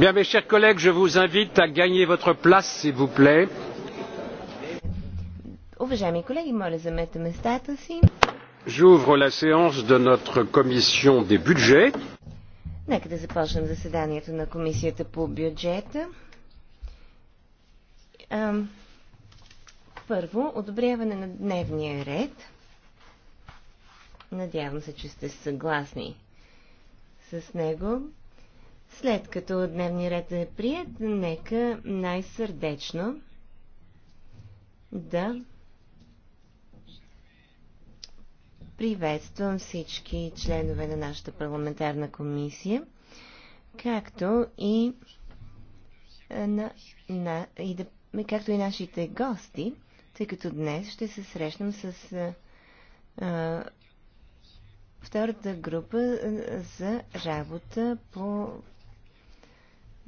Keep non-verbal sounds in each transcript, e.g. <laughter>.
Bien, mes chers collègues, je vous invite à gagner votre place, s'il vous plaît. J'ouvre la séance de notre commission des budgets. Нека да започнем заседанието на комисията по бюджета. Първо, одобряване на дневния ред. Надявам се, че сте съгласни с него. След като дневния ред е прият, нека най-сърдечно да приветствам всички членове на нашата парламентарна комисия, както и, е, на, на, и да, както и нашите гости, тъй като днес ще се срещнем с а, е, а, е, втората група за работа по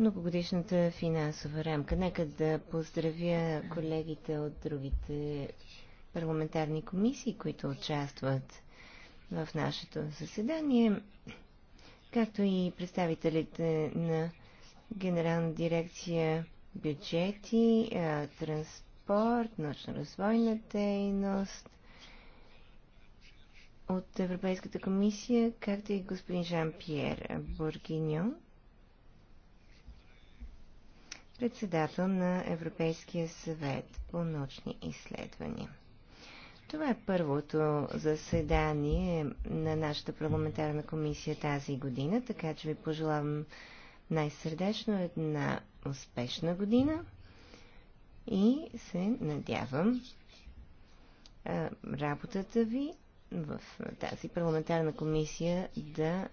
многогодишната финансова рамка. Нека да поздравя колегите от другите парламентарни комисии, които участват в нашето заседание, както и представителите на Генерална дирекция бюджети, транспорт, научно-развойна дейност от Европейската комисия, както и господин Жан-Пьер Бургиньо председател на Европейския съвет по научни изследвания. Това е първото заседание на нашата парламентарна комисия тази година, така че ви пожелавам най-сърдечно една успешна година и се надявам работата ви в тази парламентарна комисия да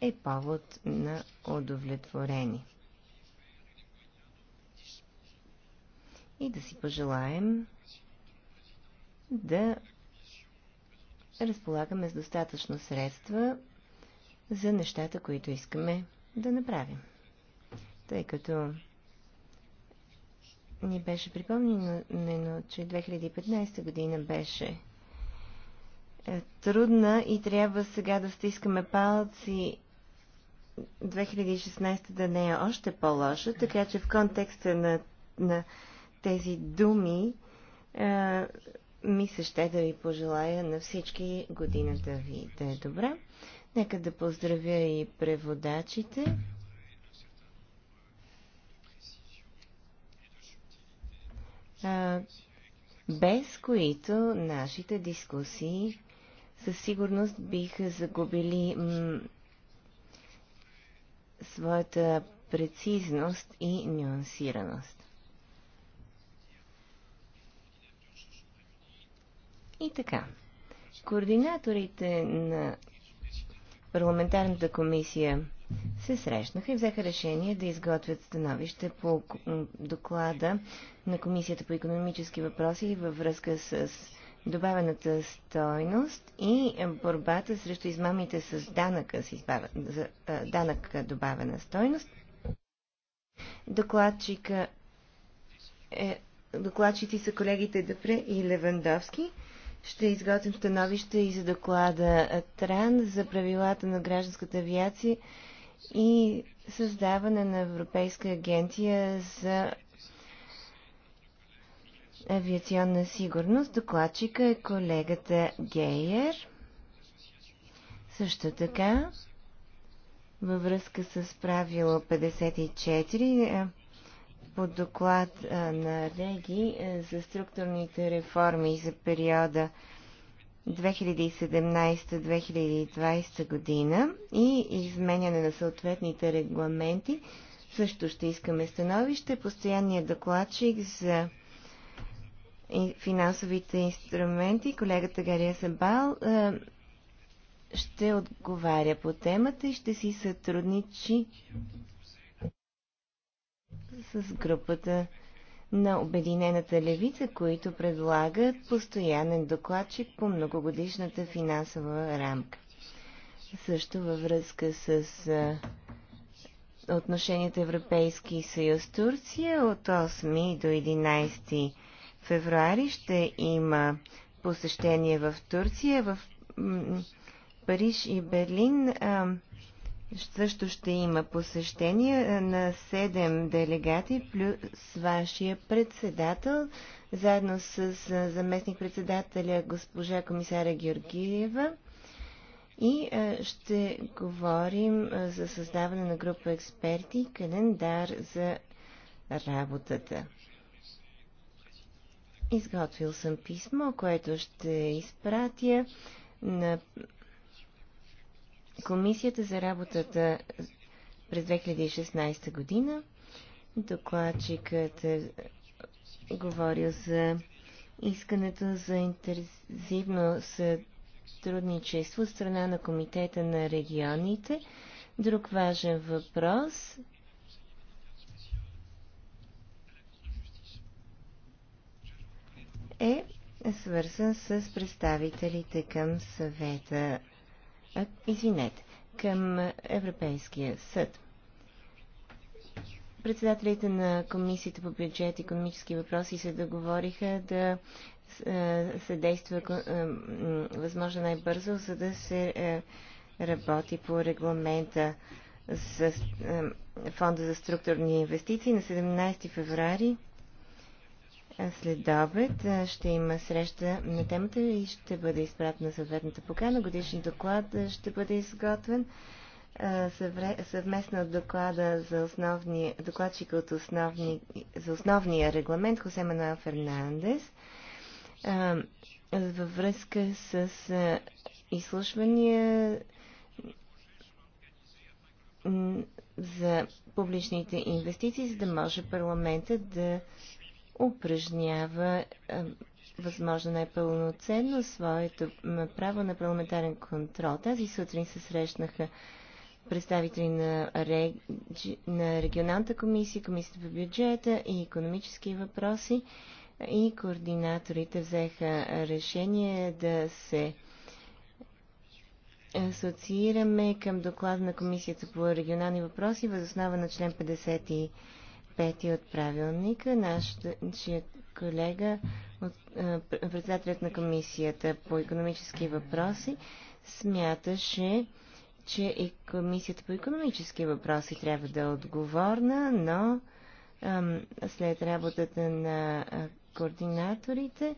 е повод на удовлетворение. и да си пожелаем да разполагаме с достатъчно средства за нещата, които искаме да направим. Тъй като ни беше припомнено, че 2015 година беше е, трудна и трябва сега да стискаме палци 2016 да не е още по-лоша, така че в контекста на, на тези думи а, ми се ще да ви пожелая на всички годината ви да е добра. Нека да поздравя и преводачите. А, без които нашите дискусии със сигурност биха загубили своята прецизност и нюансираност. И така, координаторите на парламентарната комисия се срещнаха и взеха решение да изготвят становище по доклада на Комисията по економически въпроси във връзка с добавената стойност и борбата срещу измамите с данъка, с избава, за, данък добавена стойност. Докладчика е, докладчици са колегите Дъпре и Левандовски ще изготвим становище и за доклада ТРАН за правилата на гражданската авиация и създаване на Европейска агенция за авиационна сигурност. Докладчика е колегата Гейер. Също така, във връзка с правило 54, по доклад на Реги за структурните реформи за периода 2017-2020 година и изменяне на съответните регламенти. Също ще искаме становище. Постоянният докладчик за финансовите инструменти, колегата Гария Сабал, ще отговаря по темата и ще си сътрудничи с групата на Обединената левица, които предлагат постоянен докладчик по многогодишната финансова рамка. Също във връзка с отношенията Европейски съюз-Турция от 8 до 11 февруари ще има посещение в Турция, в Париж и Берлин също ще има посещения на 7 делегати плюс вашия председател, заедно с заместник-председателя госпожа комисаря Георгиева. И ще говорим за създаване на група експерти и календар за работата. Изготвил съм писмо, което ще изпратя на Комисията за работата през 2016 година. Докладчикът е говорил за искането за интензивно сътрудничество от страна на Комитета на регионите. Друг важен въпрос е, е свързан с представителите към съвета а, извинете, към Европейския съд. Председателите на Комисията по бюджет и економически въпроси се договориха да се действа възможно най-бързо, за да се работи по регламента за Фонда за структурни инвестиции на 17 феврари след обед ще има среща на темата и ще бъде изпратена съответната покана. Годишният доклад ще бъде изготвен съвместно от доклада за основни, докладчика от основни, за основния регламент Хосе Мануел Фернандес във връзка с изслушвания за публичните инвестиции, за да може парламента да упражнява възможно най-пълноценно своето право на парламентарен контрол. Тази сутрин се срещнаха представители на, реги... на регионалната комисия, комисията по бюджета и економически въпроси и координаторите взеха решение да се асоциираме към доклада на Комисията по регионални въпроси възоснова на член и пети от правилника. Нашият колега, председателят на комисията по економически въпроси, смяташе, че и комисията по економически въпроси трябва да е отговорна, но след работата на координаторите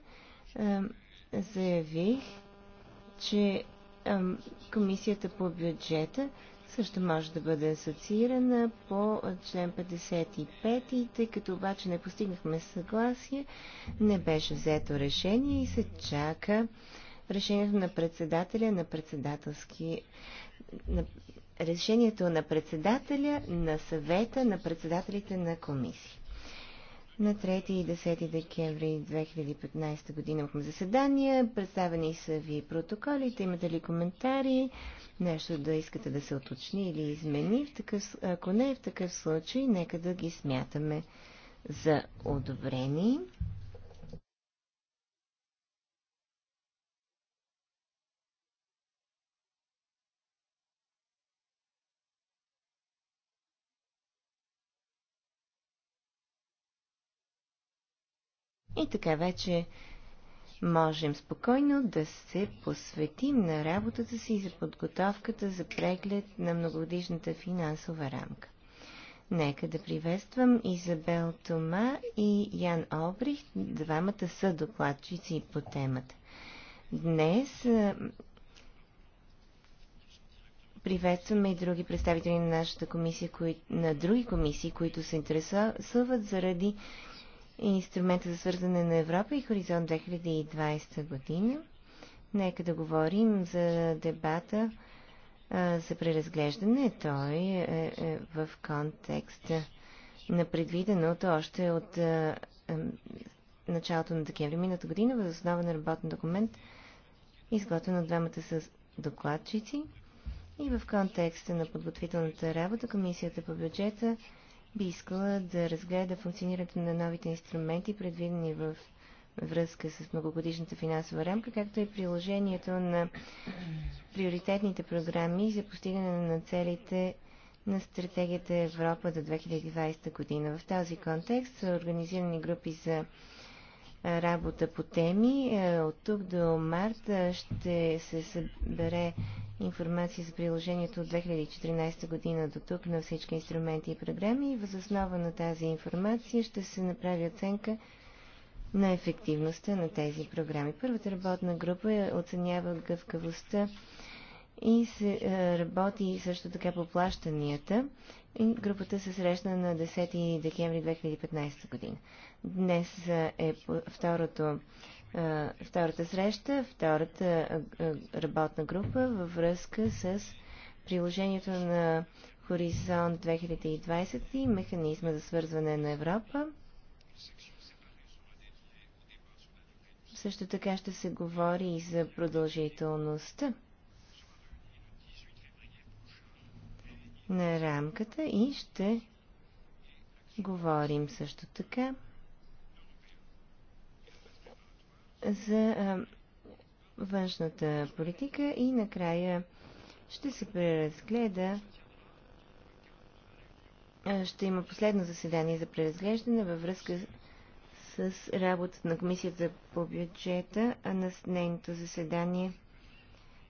заявих, че комисията по бюджета също може да бъде асоциирана по член 55, и тъй като обаче не постигнахме съгласие, не беше взето решение и се чака решението на председателя на председателски на решението на председателя на съвета на председателите на комисии на 3 и 10 декември 2015 година имахме заседания, представени са ви протоколите, имате ли коментари, нещо да искате да се оточни или измени, в такъв, ако не в такъв случай, нека да ги смятаме за одобрени. И така вече можем спокойно да се посветим на работата си за подготовката за преглед на многогодишната финансова рамка. Нека да приветствам Изабел Тома и Ян Обрих, двамата са докладчици по темата. Днес приветстваме и други представители на нашата комисия, кои, на други комисии, които се интересуват заради инструмента за свързане на Европа и Хоризонт 2020 година. Нека да говорим за дебата а, за преразглеждане. Той е, е, е в контекста на предвиденото още от а, а, началото на декември миналата година, въз основа на работен документ, изготвен от двамата с докладчици. И в контекста на подготвителната работа, Комисията по бюджета би искала да разгледа функционирането на новите инструменти, предвидени в връзка с многогодишната финансова рамка, както и приложението на приоритетните програми за постигане на целите на стратегията Европа до 2020 година. В този контекст са организирани групи за работа по теми. Е, от тук до март е, ще се събере информация за приложението от 2014 година до тук на всички инструменти и програми и възоснова на тази информация ще се направи оценка на ефективността на тези програми. Първата работна група е оценява гъвкавостта и се е, работи също така по плащанията. И групата се срещна на 10 декември 2015 година. Днес е, е второто втората среща, втората работна група във връзка с приложението на Хоризонт 2020 и механизма за свързване на Европа. Също така ще се говори и за продължителността на рамката и ще говорим също така за външната политика и накрая ще се преразгледа. Ще има последно заседание за преразглеждане във връзка с работата на Комисията по бюджета на нейното заседание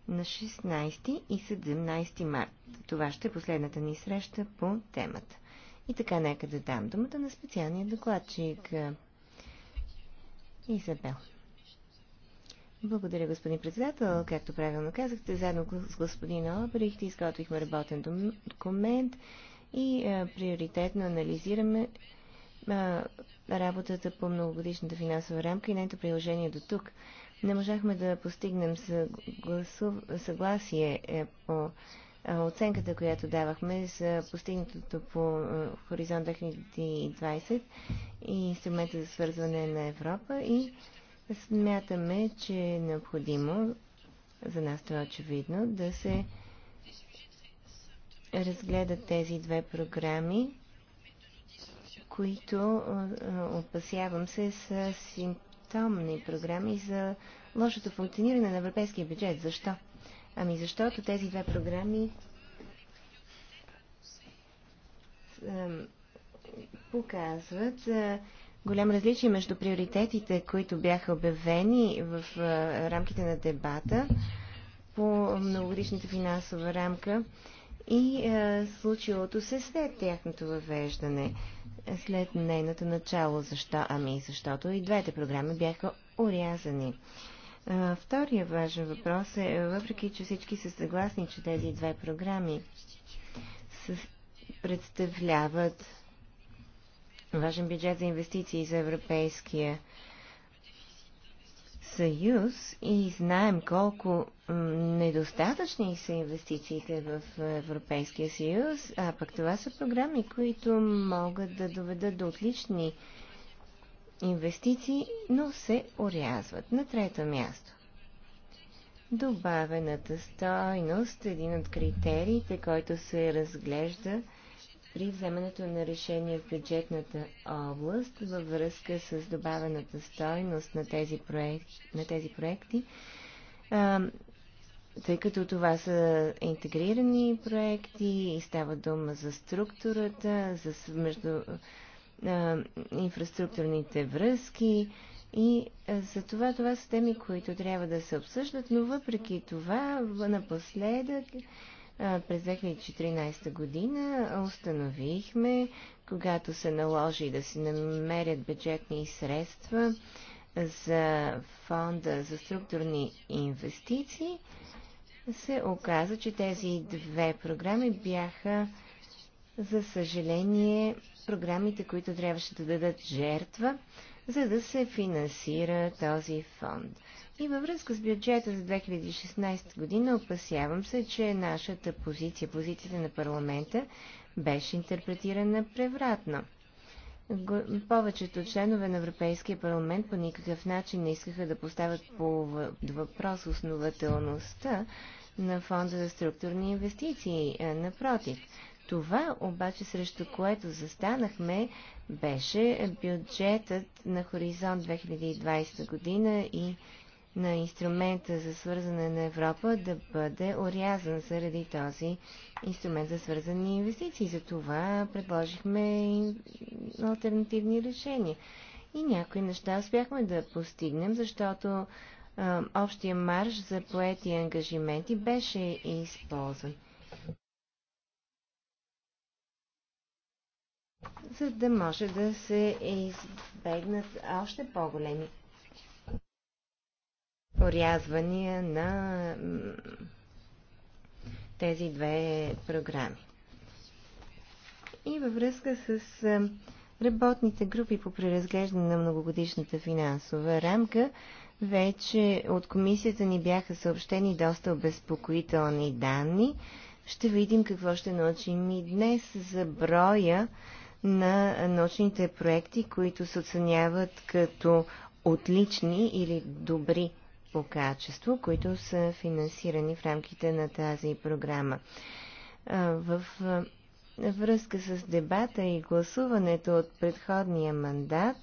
на 16 и 17 март. Това ще е последната ни среща по темата. И така, нека да дам думата на специалния докладчик Изабел. Благодаря, господин председател. Както правилно казахте, заедно с господин Обрих, изготвихме работен документ и а, приоритетно анализираме а, работата по многогодишната финансова рамка и нейното приложение до тук. Не можахме да постигнем съгласие е, по а, оценката, която давахме за постигнатото по Хоризонт 2020 и инструмента за свързване на Европа и Смятаме, че е необходимо, за нас това е очевидно, да се разгледат тези две програми, които, опасявам се, са симптомни програми за лошото функциониране на европейския бюджет. Защо? Ами защото тези две програми показват голям различие между приоритетите, които бяха обявени в рамките на дебата по многогодишната финансова рамка и случилото се след тяхното въвеждане, след нейното начало. Защо? Ами, защото и двете програми бяха урязани. втория важен въпрос е, въпреки че всички са съгласни, че тези две програми представляват важен бюджет за инвестиции за Европейския съюз и знаем колко недостатъчни са инвестициите в Европейския съюз, а пък това са програми, които могат да доведат до отлични инвестиции, но се орязват. На трето място. Добавената стойност, един от критериите, който се разглежда – при вземането на решение в бюджетната област във връзка с добавената стойност на тези, проект, на тези проекти, а, тъй като това са интегрирани проекти и става дума за структурата, за между а, инфраструктурните връзки и за това това са теми, които трябва да се обсъждат, но въпреки това напоследък през 2014 година установихме, когато се наложи да се намерят бюджетни средства за фонда за структурни инвестиции, се оказа, че тези две програми бяха, за съжаление, програмите, които трябваше да дадат жертва, за да се финансира този фонд. И във връзка с бюджета за 2016 година опасявам се, че нашата позиция, позицията на парламента, беше интерпретирана превратно. Повечето членове на Европейския парламент по никакъв начин не искаха да поставят по въпрос основателността на Фонда за структурни инвестиции. Е, напротив, това обаче срещу което застанахме беше бюджетът на Хоризонт 2020 година и на инструмента за свързане на Европа да бъде орязан заради този инструмент за свързани инвестиции. За това предложихме альтернативни решения. И някои неща успяхме да постигнем, защото а, общия марш за поети ангажименти беше използван. за да може да се избегнат още по-големи орязвания на тези две програми. И във връзка с работните групи по преразглеждане на многогодишната финансова рамка, вече от комисията ни бяха съобщени доста обезпокоителни данни. Ще видим какво ще научим и днес за броя на научните проекти, които се оценяват като отлични или добри по качество, които са финансирани в рамките на тази програма. В връзка с дебата и гласуването от предходния мандат,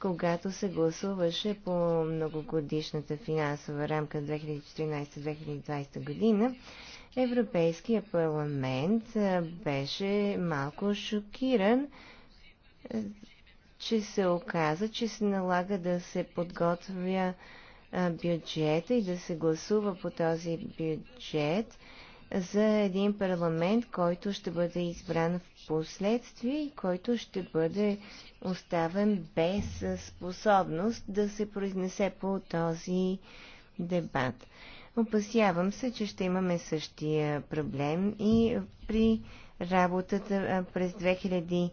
когато се гласуваше по многогодишната финансова рамка 2014-2020 година, Европейския парламент беше малко шокиран, че се оказа, че се налага да се подготвя бюджета и да се гласува по този бюджет за един парламент, който ще бъде избран в последствие и който ще бъде оставен без способност да се произнесе по този дебат. Опасявам се, че ще имаме същия проблем и при работата през 2000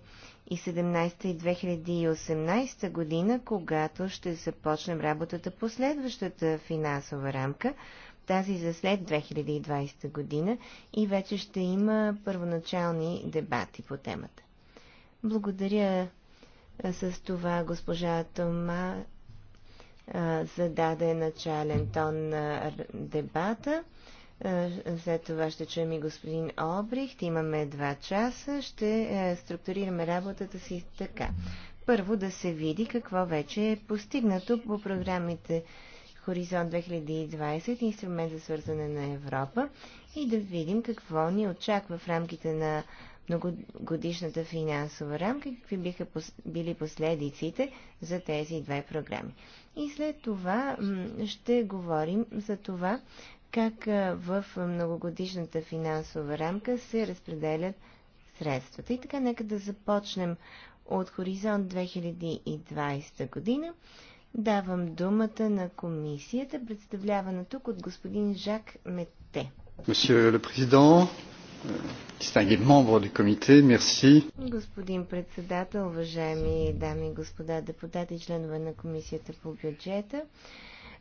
и 2018 година, когато ще започнем работата по следващата финансова рамка, тази за след 2020 година и вече ще има първоначални дебати по темата. Благодаря с това госпожа Тома зададе начален тон на дебата. Е, след това ще чуем и господин Обрихт. Имаме два часа. Ще е, структурираме работата си така. Първо да се види какво вече е постигнато по програмите Хоризонт 2020 инструмент за свързане на Европа и да видим какво ни очаква в рамките на многогодишната финансова рамка, какви биха били последиците за тези две програми. И след това ще говорим за това как в многогодишната финансова рамка се разпределят средствата. И така, нека да започнем от Хоризонт 2020 година. Давам думата на комисията, представлявана тук от господин Жак Мете. Monsieur le Président, euh, distingués membres du comité, merci. Господин председател, уважаеми дами и господа депутати, членове на комисията по бюджета,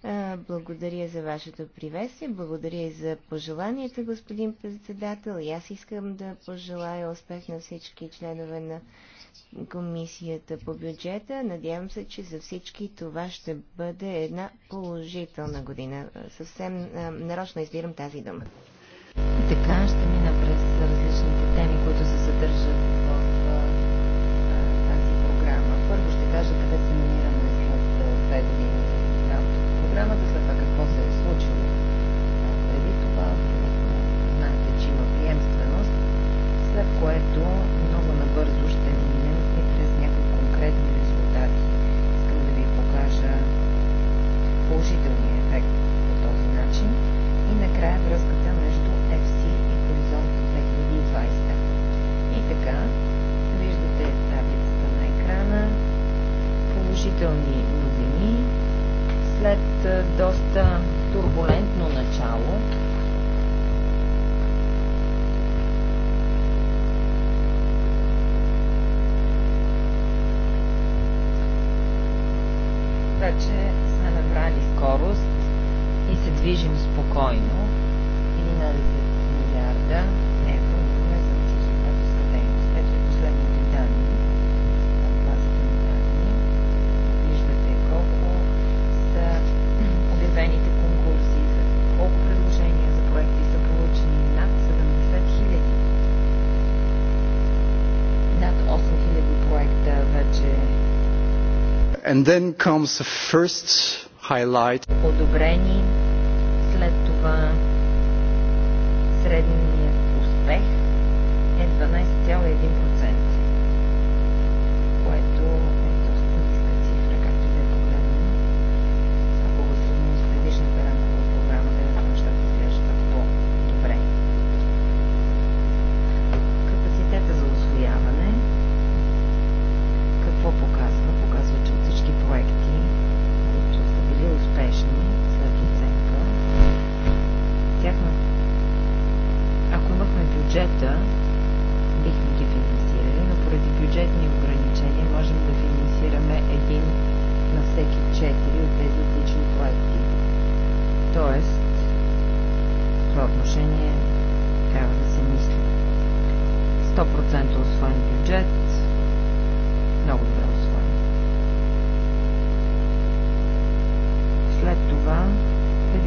е, благодаря за вашето приветствие, благодаря и за пожеланията, господин председател. И аз искам да пожелая успех на всички членове на комисията по бюджета. Надявам се, че за всички това ще бъде една положителна година. Съвсем е, нарочно избирам тази дума. And then comes the first highlight. Одобрени, след това средният успех е 12,1%.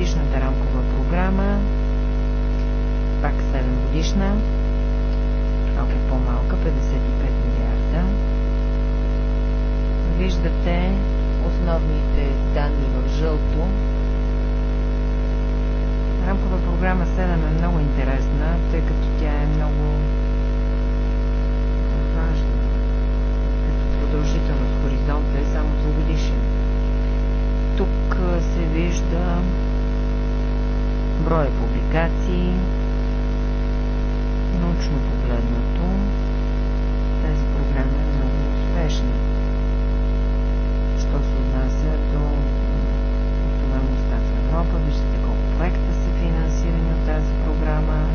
годишната рамкова програма, пак 7 годишна, малко по-малка, 55 милиарда. Виждате основните данни в жълто. Рамкова програма 7 е много интересна, тъй като тя е много важна. Като продължителност хоризонта е само двугодишен. Тук се вижда брой публикации, научно погледнато, тази програма е много успешна. Що се отнася до националността в Европа, виждате колко проекта са финансирани от тази програма,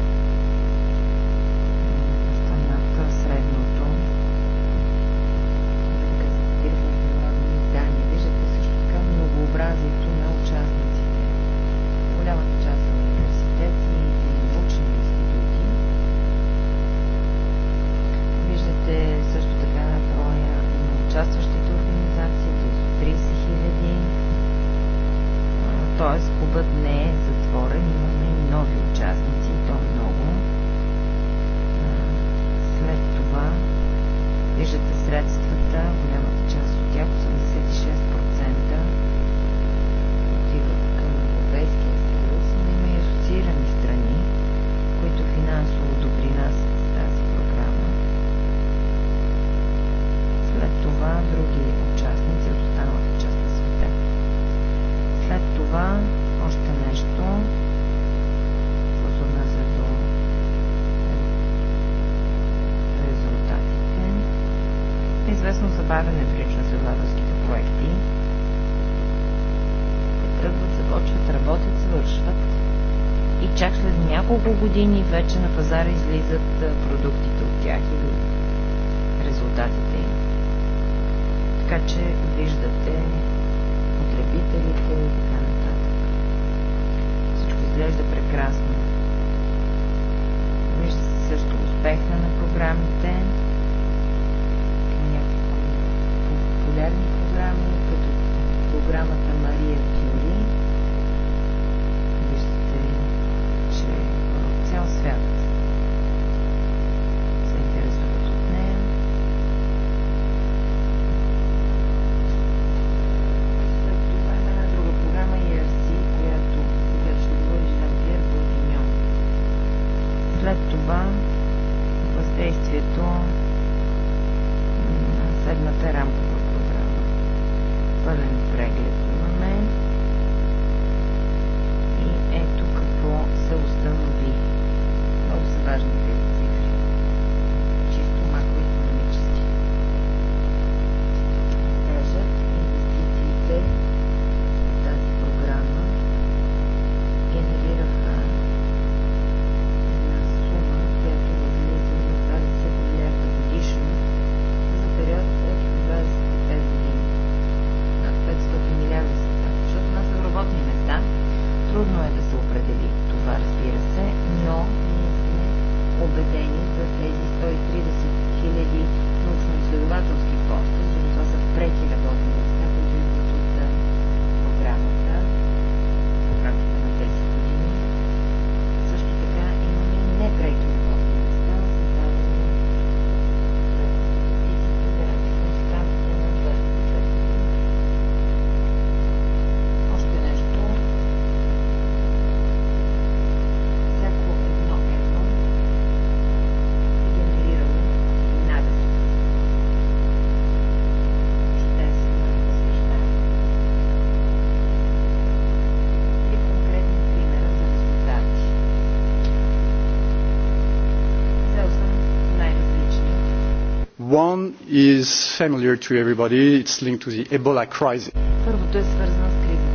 вече на пазара излизат one is familiar to everybody. It's linked to the Ebola crisis.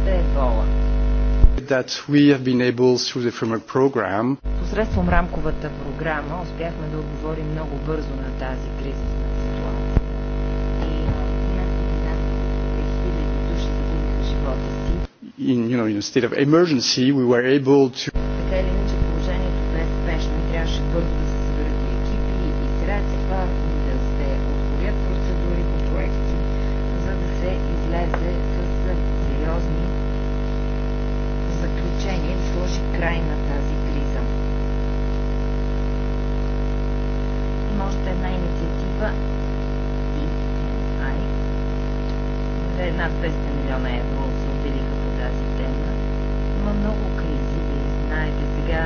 Е That we have been able through the framework program. Посредством рамковата програма успяхме да отговорим много бързо на тази кризисна ситуация. И някои нас души загубиха живота си. In, you know, in a state of emergency, we were able to. Така или иначе положението бе спешно и трябваше бързо да край на тази криза. Има още една инициатива за Над 200 милиона евро се отделиха по тази тема. Има много кризи, вие знаете сега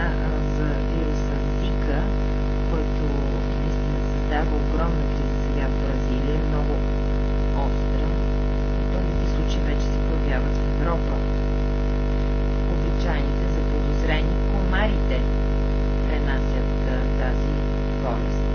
за вируса Зика, който наистина създава огромна криза сега в Бразилия, много остра. В този случай вече се появяват в Европа освен комарите, пренасят тази болест.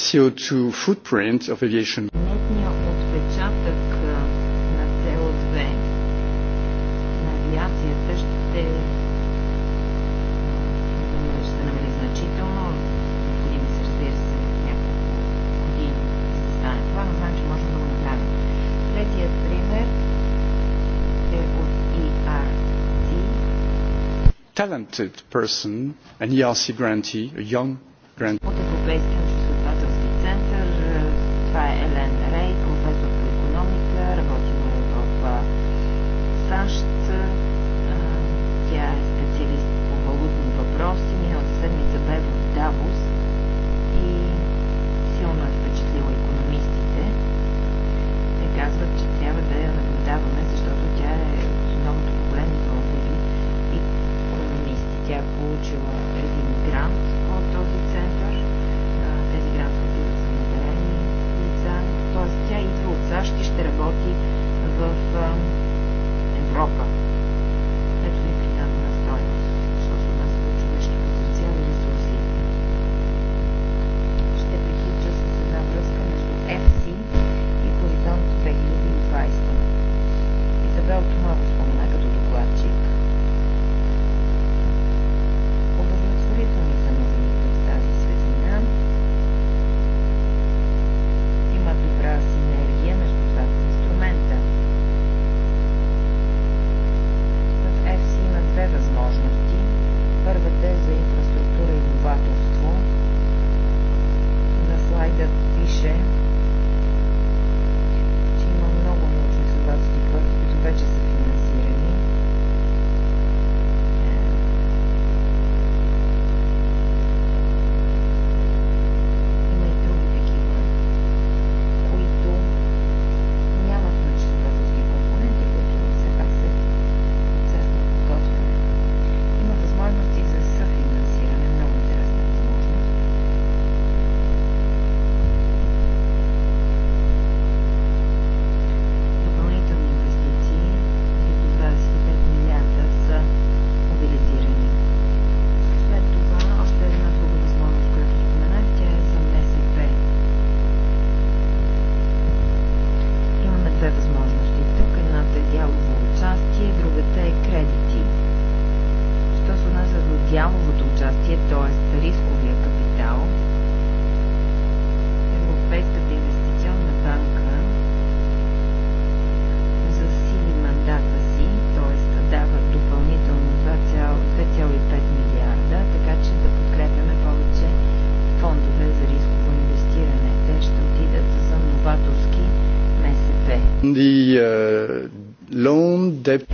CO2 footprint of aviation. Нетният отпечатък на CO2 на авиацията ще намали, ще намали значително. Необходими се, разбира се, няколко години за да стане това, но знам, че можем да го направим. Третият пример е от ERC. Talented person, an ERC grantee, a young grantee. От Европейския САЩ. on uh, loan debt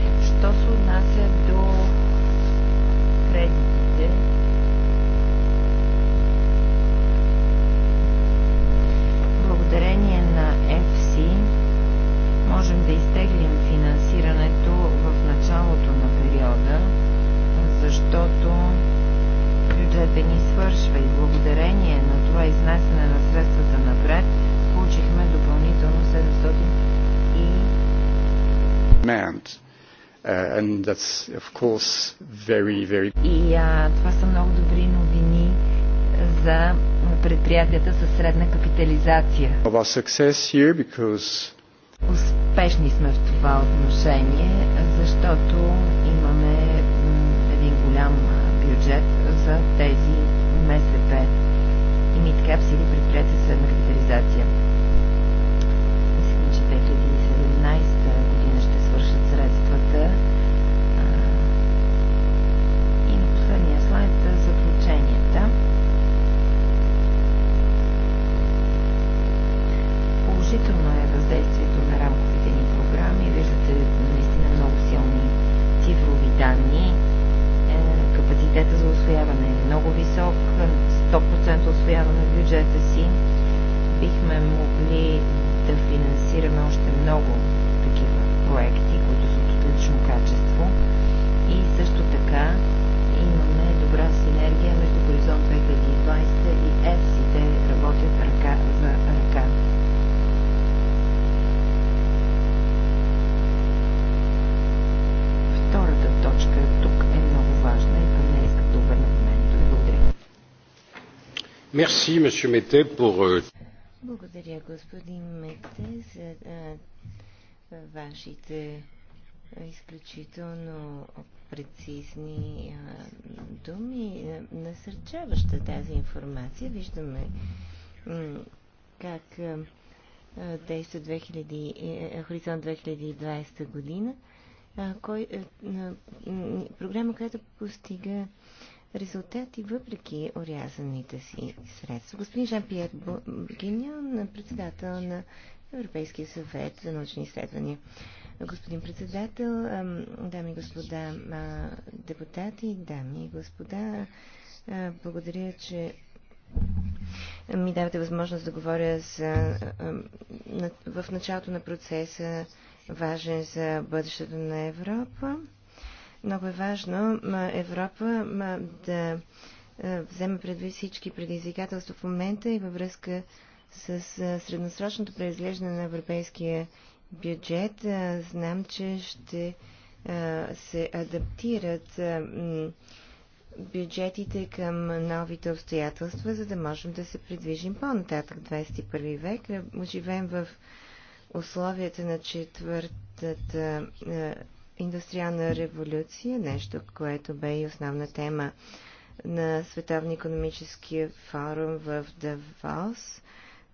that's of course very, very... И а, това са много добри новини за предприятията със средна капитализация. Our success here because... Успешни сме в това отношение, защото имаме един голям бюджет за тези МСП и така или предприятия средна капитализация. Merci, monsieur pour... Euh, Благодаря, господин Мете, за а, вашите изключително прецизни а, думи, насърчаваща тази информация. Виждаме как действа е, е, Хоризонт 2020 година, кой, е, програма, която постига резултати въпреки орязаните си средства. Господин Жан-Пьер Бугинян, председател на Европейския съвет за научни изследвания. Господин председател, дами и господа депутати, дами и господа, благодаря, че ми давате възможност да говоря за, в началото на процеса важен за бъдещето на Европа. Много е важно Европа да е, вземе предвид всички предизвикателства в момента и във връзка с е, средносрочното преизглеждане на европейския бюджет. Е, знам, че ще се адаптират бюджетите към новите обстоятелства, за да можем да се придвижим по-нататък 21 век. Живеем в условията на четвъртата индустриална революция, нещо, което бе и основна тема на Световно економическия форум в Давос,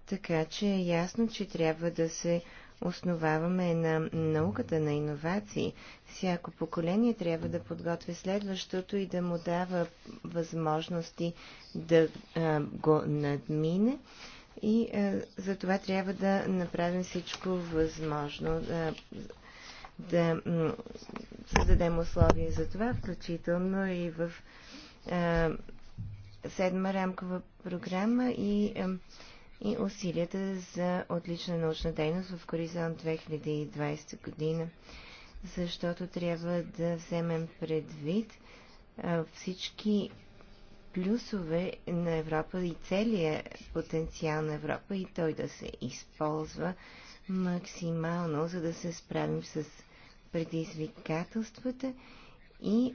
така че е ясно, че трябва да се основаваме на науката на иновации. Всяко поколение трябва да подготви следващото и да му дава възможности да а, го надмине. И а, за това трябва да направим всичко възможно а, да създадем условия за това, включително и в седма рамкова програма и, и усилията за отлична научна дейност в Хоризонт 2020 година, защото трябва да вземем предвид всички плюсове на Европа и целия потенциал на Европа и той да се използва максимално, за да се справим с предизвикателствата и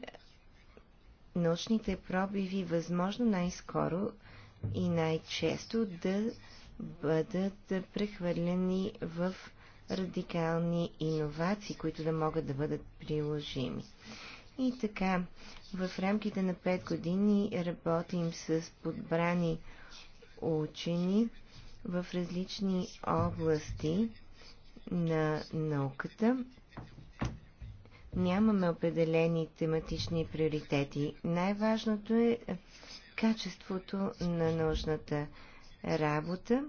научните пробиви възможно най-скоро и най-често да бъдат прехвърлени в радикални иновации, които да могат да бъдат приложими. И така, в рамките на 5 години работим с подбрани учени в различни области на науката, нямаме определени тематични приоритети. Най-важното е качеството на научната работа,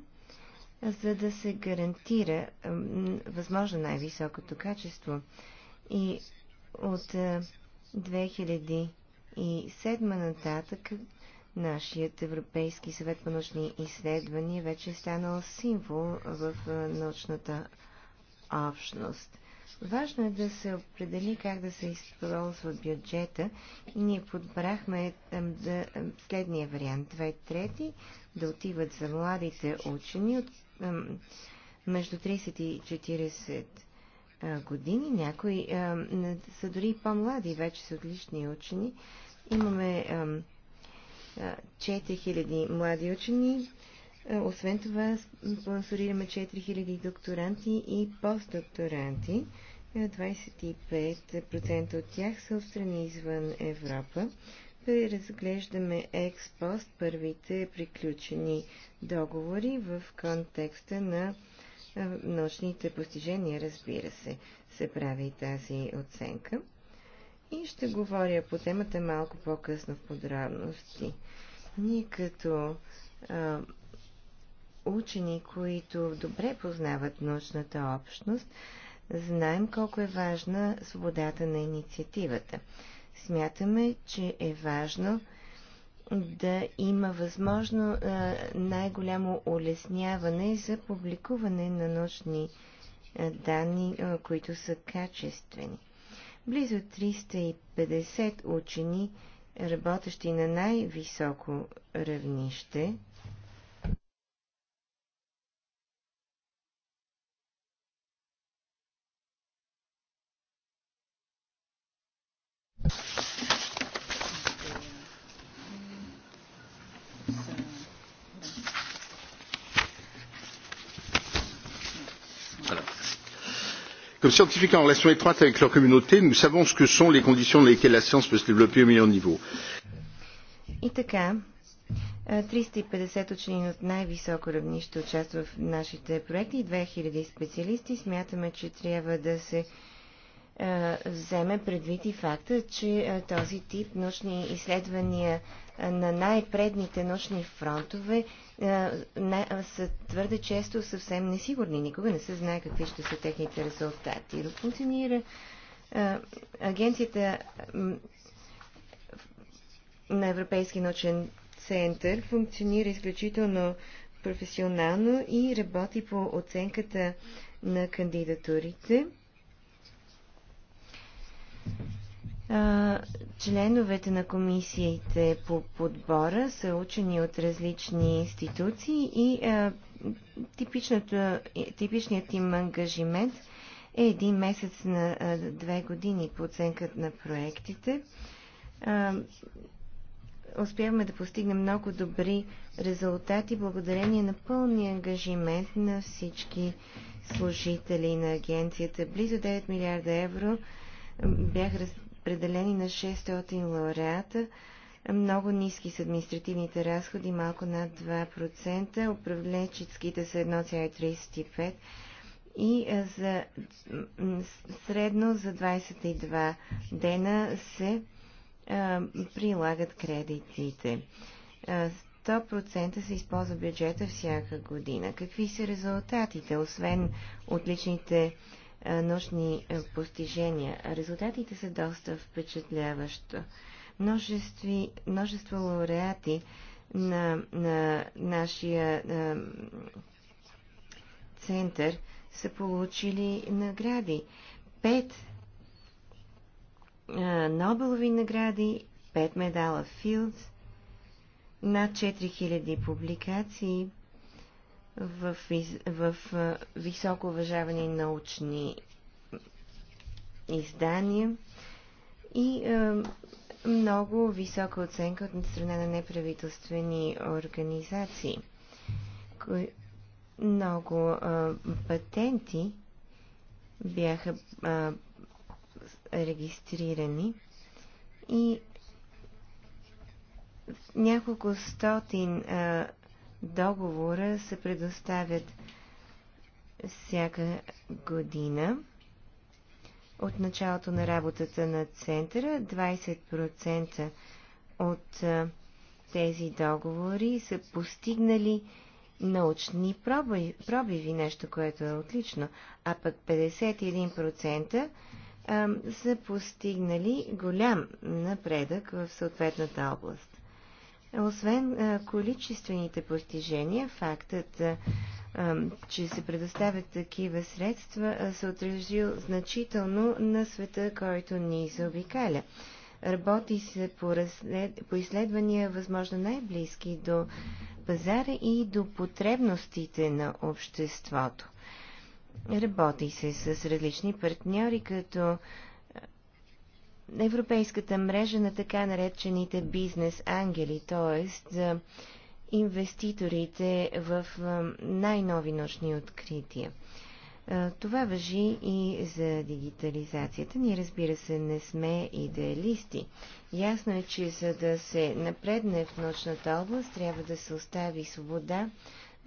за да се гарантира възможно най-високото качество. И от 2007 нататък нашият Европейски съвет по научни изследвания вече е станал символ в научната общност. Важно е да се определи как да се използва бюджета и ние подбрахме да, следния вариант. Две трети да отиват за младите учени от, между 30 и 40 години. Някои са дори по-млади, вече са отлични учени. Имаме 4000 млади учени, е, освен това, спонсорираме 4000 докторанти и постдокторанти. 25% е, от тях са от страни извън Европа. да разглеждаме експост първите приключени договори в контекста на научните постижения, разбира се, се прави тази оценка. И ще говоря по темата малко по-късно в подробности. Ние като а, учени, които добре познават научната общност, Знаем колко е важна свободата на инициативата. Смятаме, че е важно да има възможно най-голямо улесняване за публикуване на научни данни, които са качествени. Близо 350 учени, работещи на най-високо равнище, comme scientifique en relation étroite avec leur communauté nous savons ce que sont les conditions dans lesquelles la science peut se développer au meilleur niveau. И така, 350 е, учени от най-високо равнище участват в нашите проекти, 2000 специалисти. Смятаме, че трябва да се е, вземе предвид и факта, че е, този тип научни изследвания на най-предните научни фронтове е, са твърде често съвсем несигурни. Никога не се знае какви ще са техните резултати. Но функционира е, агенцията на Европейски научен център функционира изключително професионално и работи по оценката на кандидатурите. Членовете на комисиите по подбора са учени от различни институции и типичният им ангажимент е един месец на две години по оценката на проектите. Успяваме да постигнем много добри резултати благодарение на пълния ангажимент на всички служители на агенцията. Близо 9 милиарда евро бяха разпределени на 600 лауреата. Много ниски са административните разходи, малко над 2%, управленческите са 1,35% и за, средно за 22 дена се а, прилагат кредитите. 100% се използва бюджета всяка година. Какви са резултатите, освен отличните научни постижения. Резултатите са доста впечатляващо. Множестви, множество лауреати на, на нашия на, център са получили награди. Пет а, Нобелови награди, пет медала Филдс, над 4000 публикации, в, в, в високо уважавани научни издания и е, много висока оценка от страна на неправителствени организации. Кои, много е, патенти бяха е, регистрирани и няколко стотин е, договора се предоставят всяка година от началото на работата на центъра. 20% от тези договори са постигнали научни пробиви, пробиви нещо, което е отлично, а пък 51% са постигнали голям напредък в съответната област. Освен количествените постижения, фактът, че се предоставят такива средства, се отразил значително на света, който ни заобикаля. Работи се по, разслед... по изследвания, възможно най-близки до пазара и до потребностите на обществото. Работи се с различни партньори, като европейската мрежа на така наречените бизнес ангели, т.е. за инвеститорите в най-нови научни открития. Това въжи и за дигитализацията. Ние, разбира се, не сме идеалисти. Ясно е, че за да се напредне в научната област, трябва да се остави свобода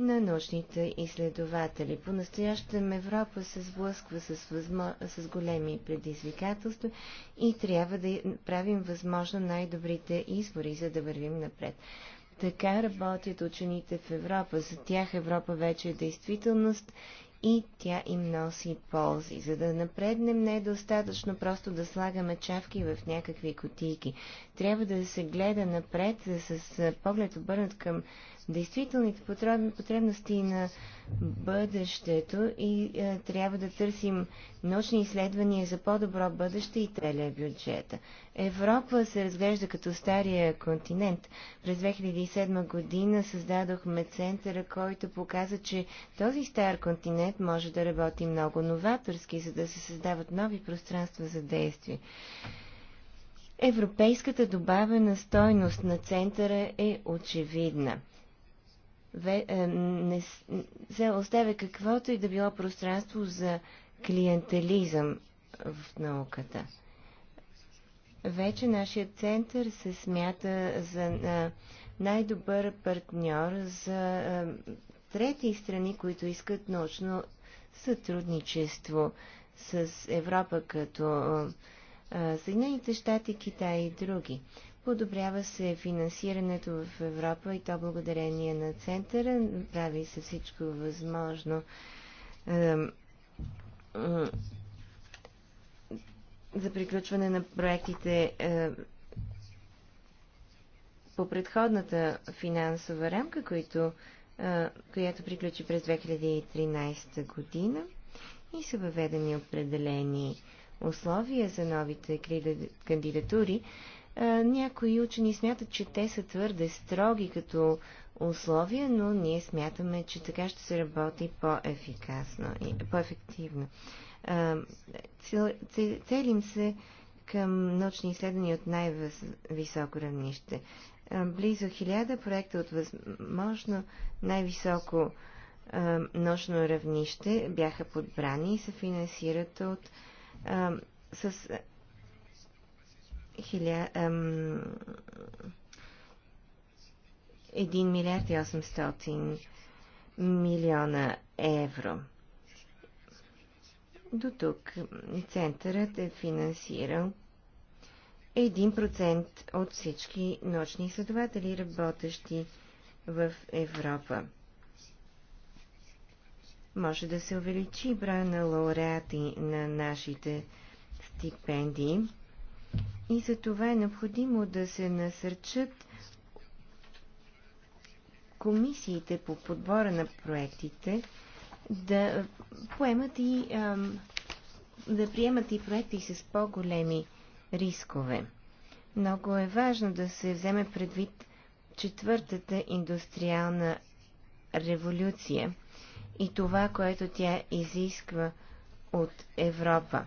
на научните изследователи. По-настоящем Европа се сблъсква с, възмо... с големи предизвикателства и трябва да правим възможно най-добрите избори, за да вървим напред. Така работят учените в Европа. За тях Европа вече е действителност и тя им носи ползи. За да напреднем не е достатъчно просто да слагаме чавки в някакви котики. Трябва да се гледа напред с поглед обърнат към действителните потребности на бъдещето и е, трябва да търсим научни изследвания за по-добро бъдеще и целия бюджета. Европа се разглежда като стария континент. През 2007 година създадохме центъра, който показа, че този стар континент може да работи много новаторски, за да се създават нови пространства за действие. Европейската добавена стойност на центъра е очевидна ве, е, не се оставя каквото и да било пространство за клиентелизъм в науката. Вече нашия център се смята за е, най-добър партньор за е, трети страни, които искат научно сътрудничество с Европа като е, Съединените щати, Китай и други. Подобрява се финансирането в Европа и то благодарение на центъра. Прави се всичко възможно за приключване на проектите по предходната финансова рамка, които, която приключи през 2013 година и са въведени определени условия за новите кандидатури, е, някои учени смятат, че те са твърде строги като условия, но ние смятаме, че така ще се работи по-ефикасно и по-ефективно. Е, целим се към научни изследвания от най-високо равнище. Е, близо хиляда проекта от възможно най-високо научно равнище бяха подбрани и се финансират от, с 1 милиард и 800 милиона евро. До тук центърът е финансирал 1% от всички научни изследователи, работещи в Европа. Може да се увеличи броя на лауреати на нашите стипендии и за това е необходимо да се насърчат комисиите по подбора на проектите да поемат и да приемат и проекти с по-големи рискове. Много е важно да се вземе предвид четвъртата индустриална революция и това, което тя изисква от Европа.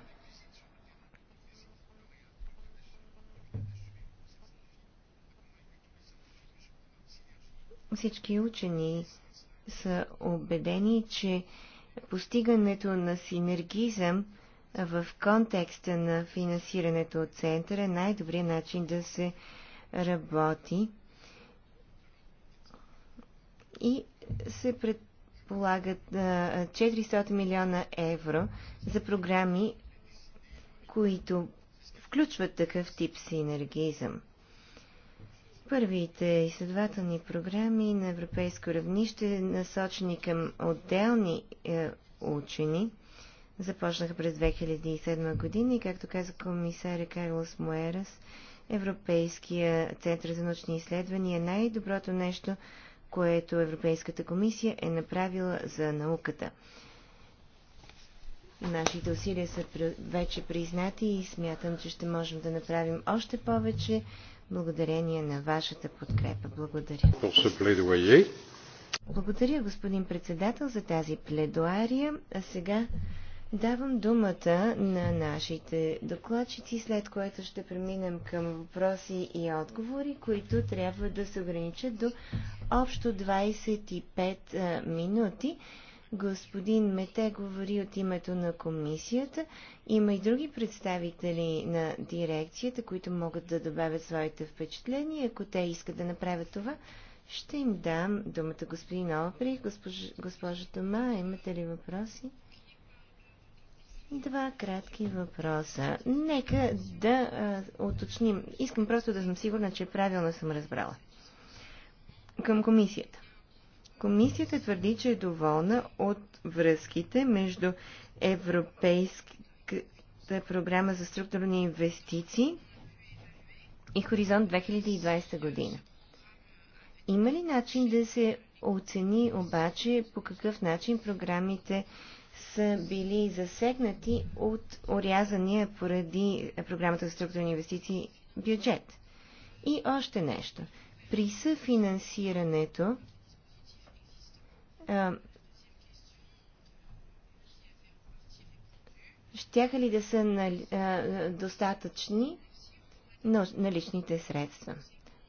Всички учени са убедени, че постигането на синергизъм в контекста на финансирането от центъра е най-добрият начин да се работи и се предполагат 400 милиона евро за програми, които включват такъв тип синергизъм. Първите изследователни програми на европейско равнище, насочени към отделни е, учени, започнаха през 2007 година и, както каза комисаря Карлос Моерас, Европейския център за научни изследвания е най-доброто нещо, което Европейската комисия е направила за науката. Нашите усилия са вече признати и смятам, че ще можем да направим още повече благодарение на вашата подкрепа. Благодаря. Благодаря, господин председател, за тази пледуария. А сега давам думата на нашите докладчици, след което ще преминем към въпроси и отговори, които трябва да се ограничат до общо 25 минути. Господин Мете говори от името на комисията. Има и други представители на дирекцията, които могат да добавят своите впечатления. Ако те искат да направят това, ще им дам думата господин Опри. Госпож... Госпожа Тома, имате ли въпроси? Два кратки въпроса. Нека да а, уточним. Искам просто да съм сигурна, че правилно съм разбрала. Към комисията. Комисията твърди, че е доволна от връзките между Европейската програма за структурни инвестиции и Хоризонт 2020 година. Има ли начин да се оцени обаче по какъв начин програмите са били засегнати от орязания поради програмата за структурни инвестиции бюджет? И още нещо. При съфинансирането е, щяха ли да са а, нали, е, достатъчни на наличните средства.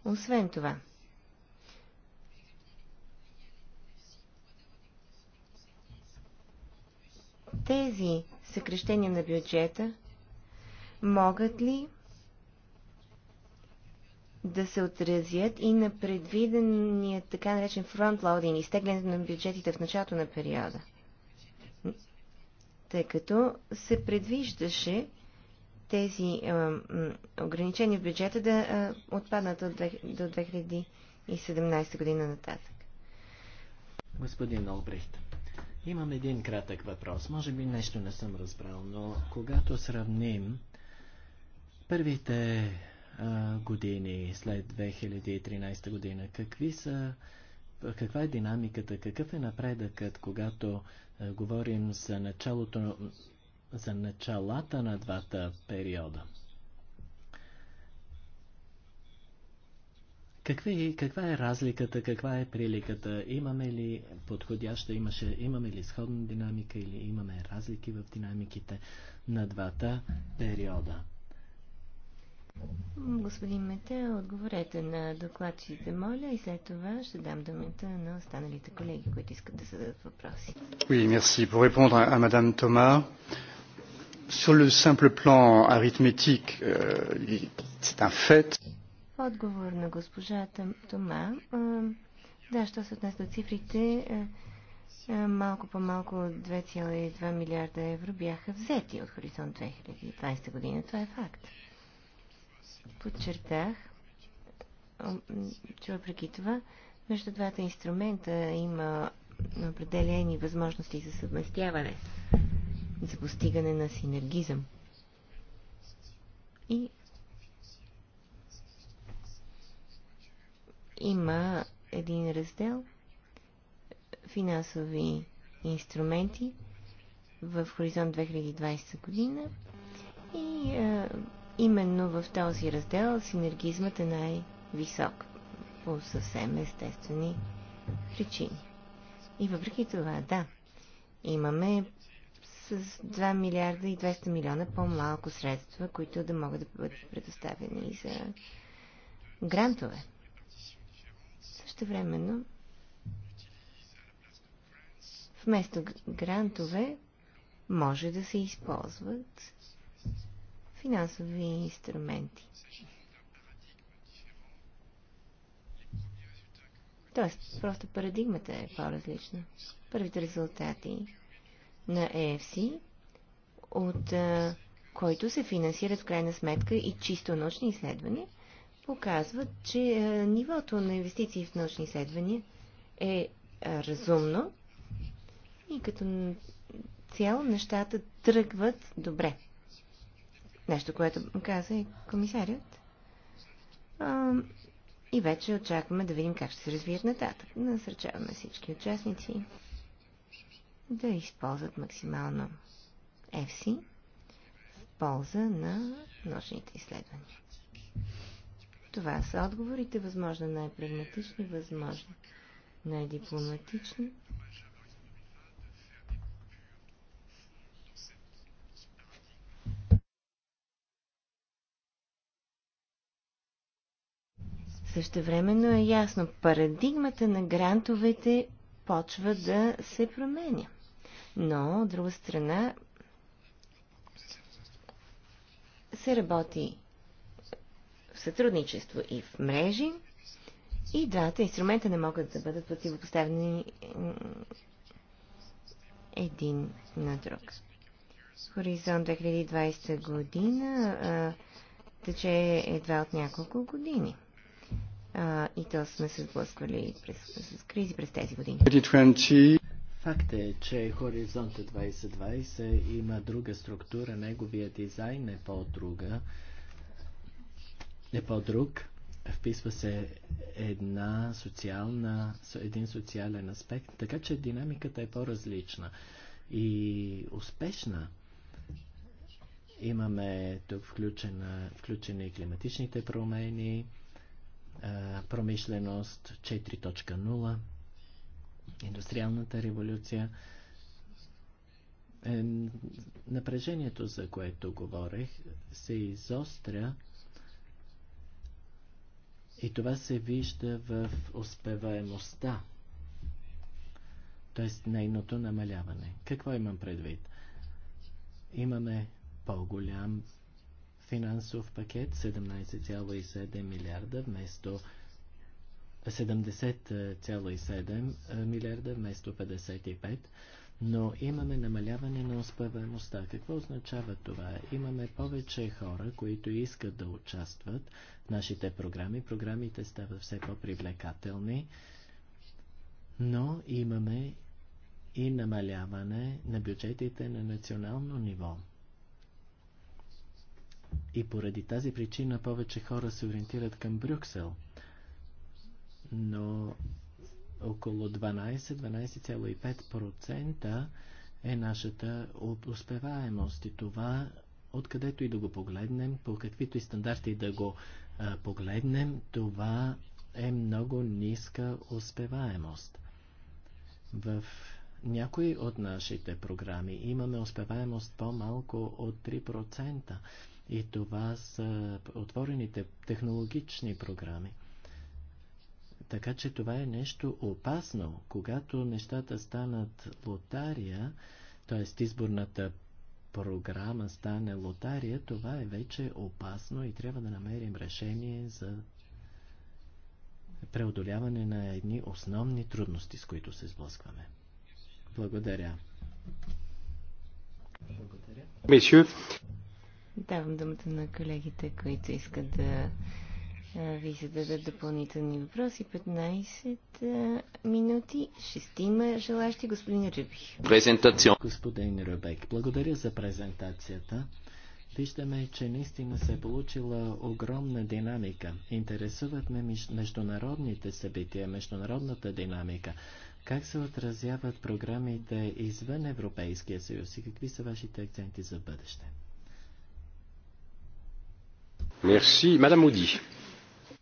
Освен това, тези съкрещения на бюджета могат ли да се отразят и на предвидения така наречен фронтлоудинг, изтеглянето на бюджетите в началото на периода. Тъй като се предвиждаше тези а, ограничения в бюджета да а, отпаднат от, до 2017 година нататък. Господин Олбрихт, имам един кратък въпрос. Може би нещо не съм разбрал, но когато сравним първите години след 2013 година. Какви са, каква е динамиката, какъв е напредъкът, когато а, говорим за, началото, за началата на двата периода? Какви, каква е разликата, каква е приликата? Имаме ли подходяща, имаше, имаме ли сходна динамика или имаме разлики в динамиките на двата периода? Господин Мете, отговорете на докладчите, моля, и след това ще дам думата на останалите колеги, които искат да зададат въпроси. Oui, merci. Pour répondre à Madame Thomas, sur le simple plan arithmétique, euh, c'est un fait. Отговор на госпожата Тома. Е, да, що се отнесе до цифрите, е, е, малко по-малко 2,2 милиарда евро бяха взети от Хоризонт 2020 година. Това е факт подчертах, че въпреки това между двата инструмента има определени възможности за съвместяване, за постигане на синергизъм. И има един раздел финансови инструменти в Хоризонт 2020 година и именно в този раздел синергизмът е най-висок по съвсем естествени причини. И въпреки това, да, имаме с 2 милиарда и 200 милиона по-малко средства, които да могат да бъдат предоставени и за грантове. Също времено, вместо грантове, може да се използват финансови инструменти. Тоест, просто парадигмата е по-различна. Първите резултати на EFC, от а, който се финансират в крайна сметка и чисто научни изследвания, показват, че а, нивото на инвестиции в научни изследвания е а, разумно и като цяло нещата тръгват добре. Нещо, което каза и комисарят. А, и вече очакваме да видим как ще се развият нататък. Насърчаваме всички участници да използват максимално FC в полза на научните изследвания. Това са отговорите, възможно най-прагматични, възможно най-дипломатични, Също времено е ясно, парадигмата на грантовете почва да се променя. Но, от друга страна, се работи в сътрудничество и в мрежи, и двата инструмента не могат да бъдат противопоставени един на друг. Хоризонт 2020 година а, тече едва от няколко години и то сме се сблъсквали с кризи през тези години. Факт е, че Хоризонт 2020 има друга структура, неговия дизайн е по-друга, е по-друг. Вписва се една социална, един социален аспект, така че динамиката е по-различна и успешна. Имаме тук включена, включени климатичните промени, промишленост 4.0, индустриалната революция. Е, напрежението, за което говорех, се изостря и това се вижда в успеваемостта, т.е. нейното намаляване. Какво имам предвид? Имаме по-голям финансов пакет 17,7 милиарда вместо 70,7 милиарда вместо 55, но имаме намаляване на успеваемостта. Какво означава това? Имаме повече хора, които искат да участват в нашите програми. Програмите стават все по-привлекателни, но имаме и намаляване на бюджетите на национално ниво. И поради тази причина повече хора се ориентират към Брюксел. Но около 12-12,5% е нашата успеваемост. И това, откъдето и да го погледнем, по каквито и стандарти да го а, погледнем, това е много ниска успеваемост. В някои от нашите програми имаме успеваемост по-малко от 3%. И това са отворените технологични програми. Така че това е нещо опасно. Когато нещата станат лотария, т.е. изборната програма стане лотария, това е вече опасно и трябва да намерим решение за преодоляване на едни основни трудности, с които се сблъскваме. Благодаря. Благодаря. Давам думата на колегите, които искат да ви зададат допълнителни въпроси. 15 минути, шестима желащи, господин Рюбих. Презентация. Господин Рюбек, благодаря за презентацията. Виждаме, че наистина се е получила огромна динамика. Интересуват ме международните събития, международната динамика. Как се отразяват програмите извън Европейския съюз и какви са вашите акценти за бъдеще? Merci. Madame Audi.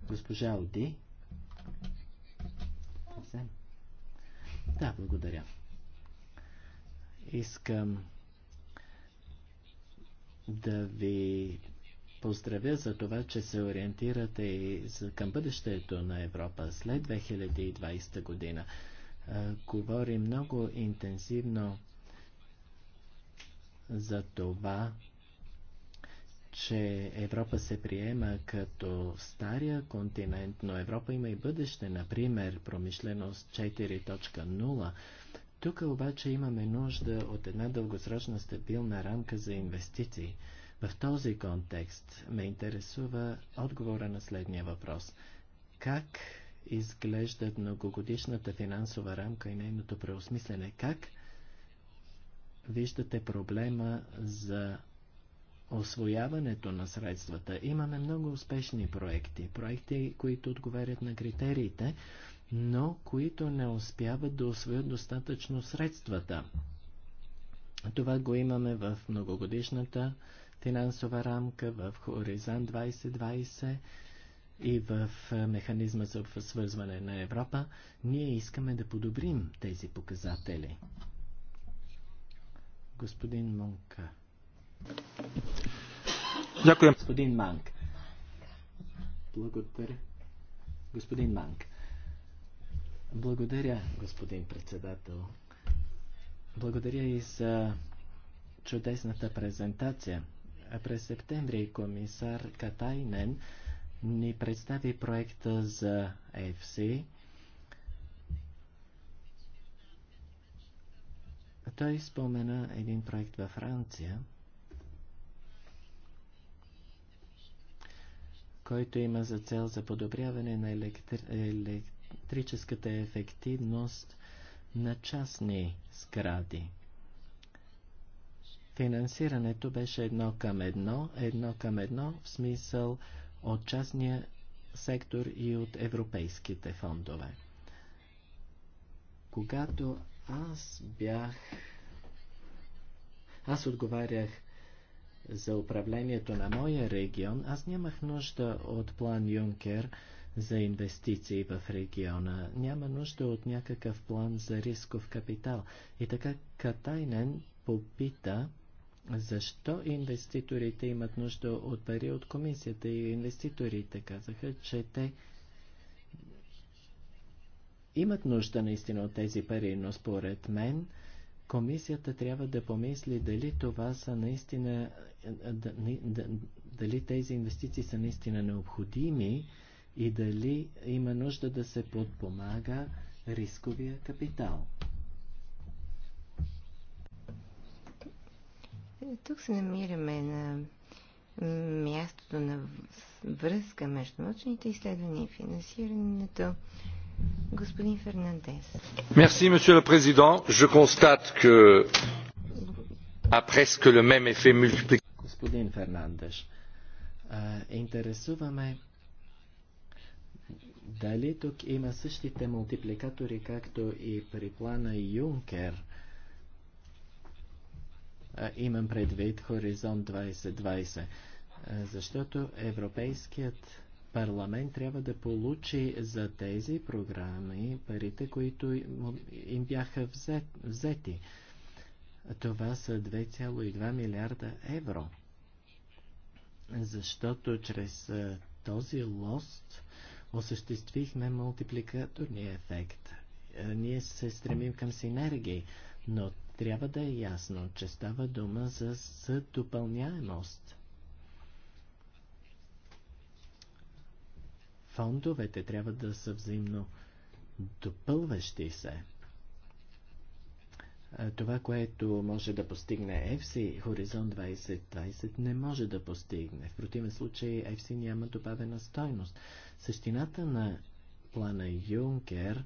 Госпожа Оди. Да, благодаря. Искам да ви поздравя за това, че се ориентирате и към бъдещето на Европа след 2020 година. Говори много интензивно за това, че Европа се приема като стария континент, но Европа има и бъдеще, например промишленост 4.0. Тук обаче имаме нужда от една дългосрочна стабилна рамка за инвестиции. В този контекст ме интересува отговора на следния въпрос. Как изглеждат многогодишната финансова рамка и нейното преосмислене? Как виждате проблема за освояването на средствата. Имаме много успешни проекти, проекти, които отговарят на критериите, но които не успяват да освоят достатъчно средствата. Това го имаме в многогодишната финансова рамка, в Хоризонт 2020 и в е, механизма за свързване на Европа. Ние искаме да подобрим тези показатели. Господин Монка. Дякую. Господин Манк. Благодаря. Господин Манк. Благодаря, господин председател. Благодаря и за чудесната презентация. През септември комисар Катайнен ни представи проекта за EFSI. Той спомена един проект във Франция – който има за цел за подобряване на електри... електрическата ефективност на частни сгради. Финансирането беше едно към едно, едно към едно в смисъл от частния сектор и от европейските фондове. Когато аз бях... Аз отговарях за управлението на моя регион, аз нямах нужда от план Юнкер за инвестиции в региона. Няма нужда от някакъв план за рисков капитал. И така Катайнен попита защо инвеститорите имат нужда от пари от комисията и инвеститорите казаха, че те имат нужда наистина от тези пари, но според мен комисията трябва да помисли дали това са наистина е, дали тези инвестиции са наистина необходими и дали има нужда да се подпомага рисковия капитал. Тук се намираме на мястото на връзка между научните изследвания и финансирането. Господин Фернандес. Мерси, monsieur президент. président. Je constate que a presque le même effet multiplicateur господин Фернандеш. А, интересуваме дали тук има същите мултипликатори, както и при плана Юнкер. А, имам предвид Хоризонт 2020, защото Европейският парламент трябва да получи за тези програми парите, които им бяха взет, взети. Това са 2,2 милиарда евро защото чрез този лост осъществихме мултипликаторния ефект. Ние се стремим към синергии, но трябва да е ясно, че става дума за съдопълняемост. Фондовете трябва да са взаимно допълващи се това, което може да постигне EFSI, Хоризонт 2020 не може да постигне. В противен случай EFSI няма добавена стойност. Същината на плана Юнкер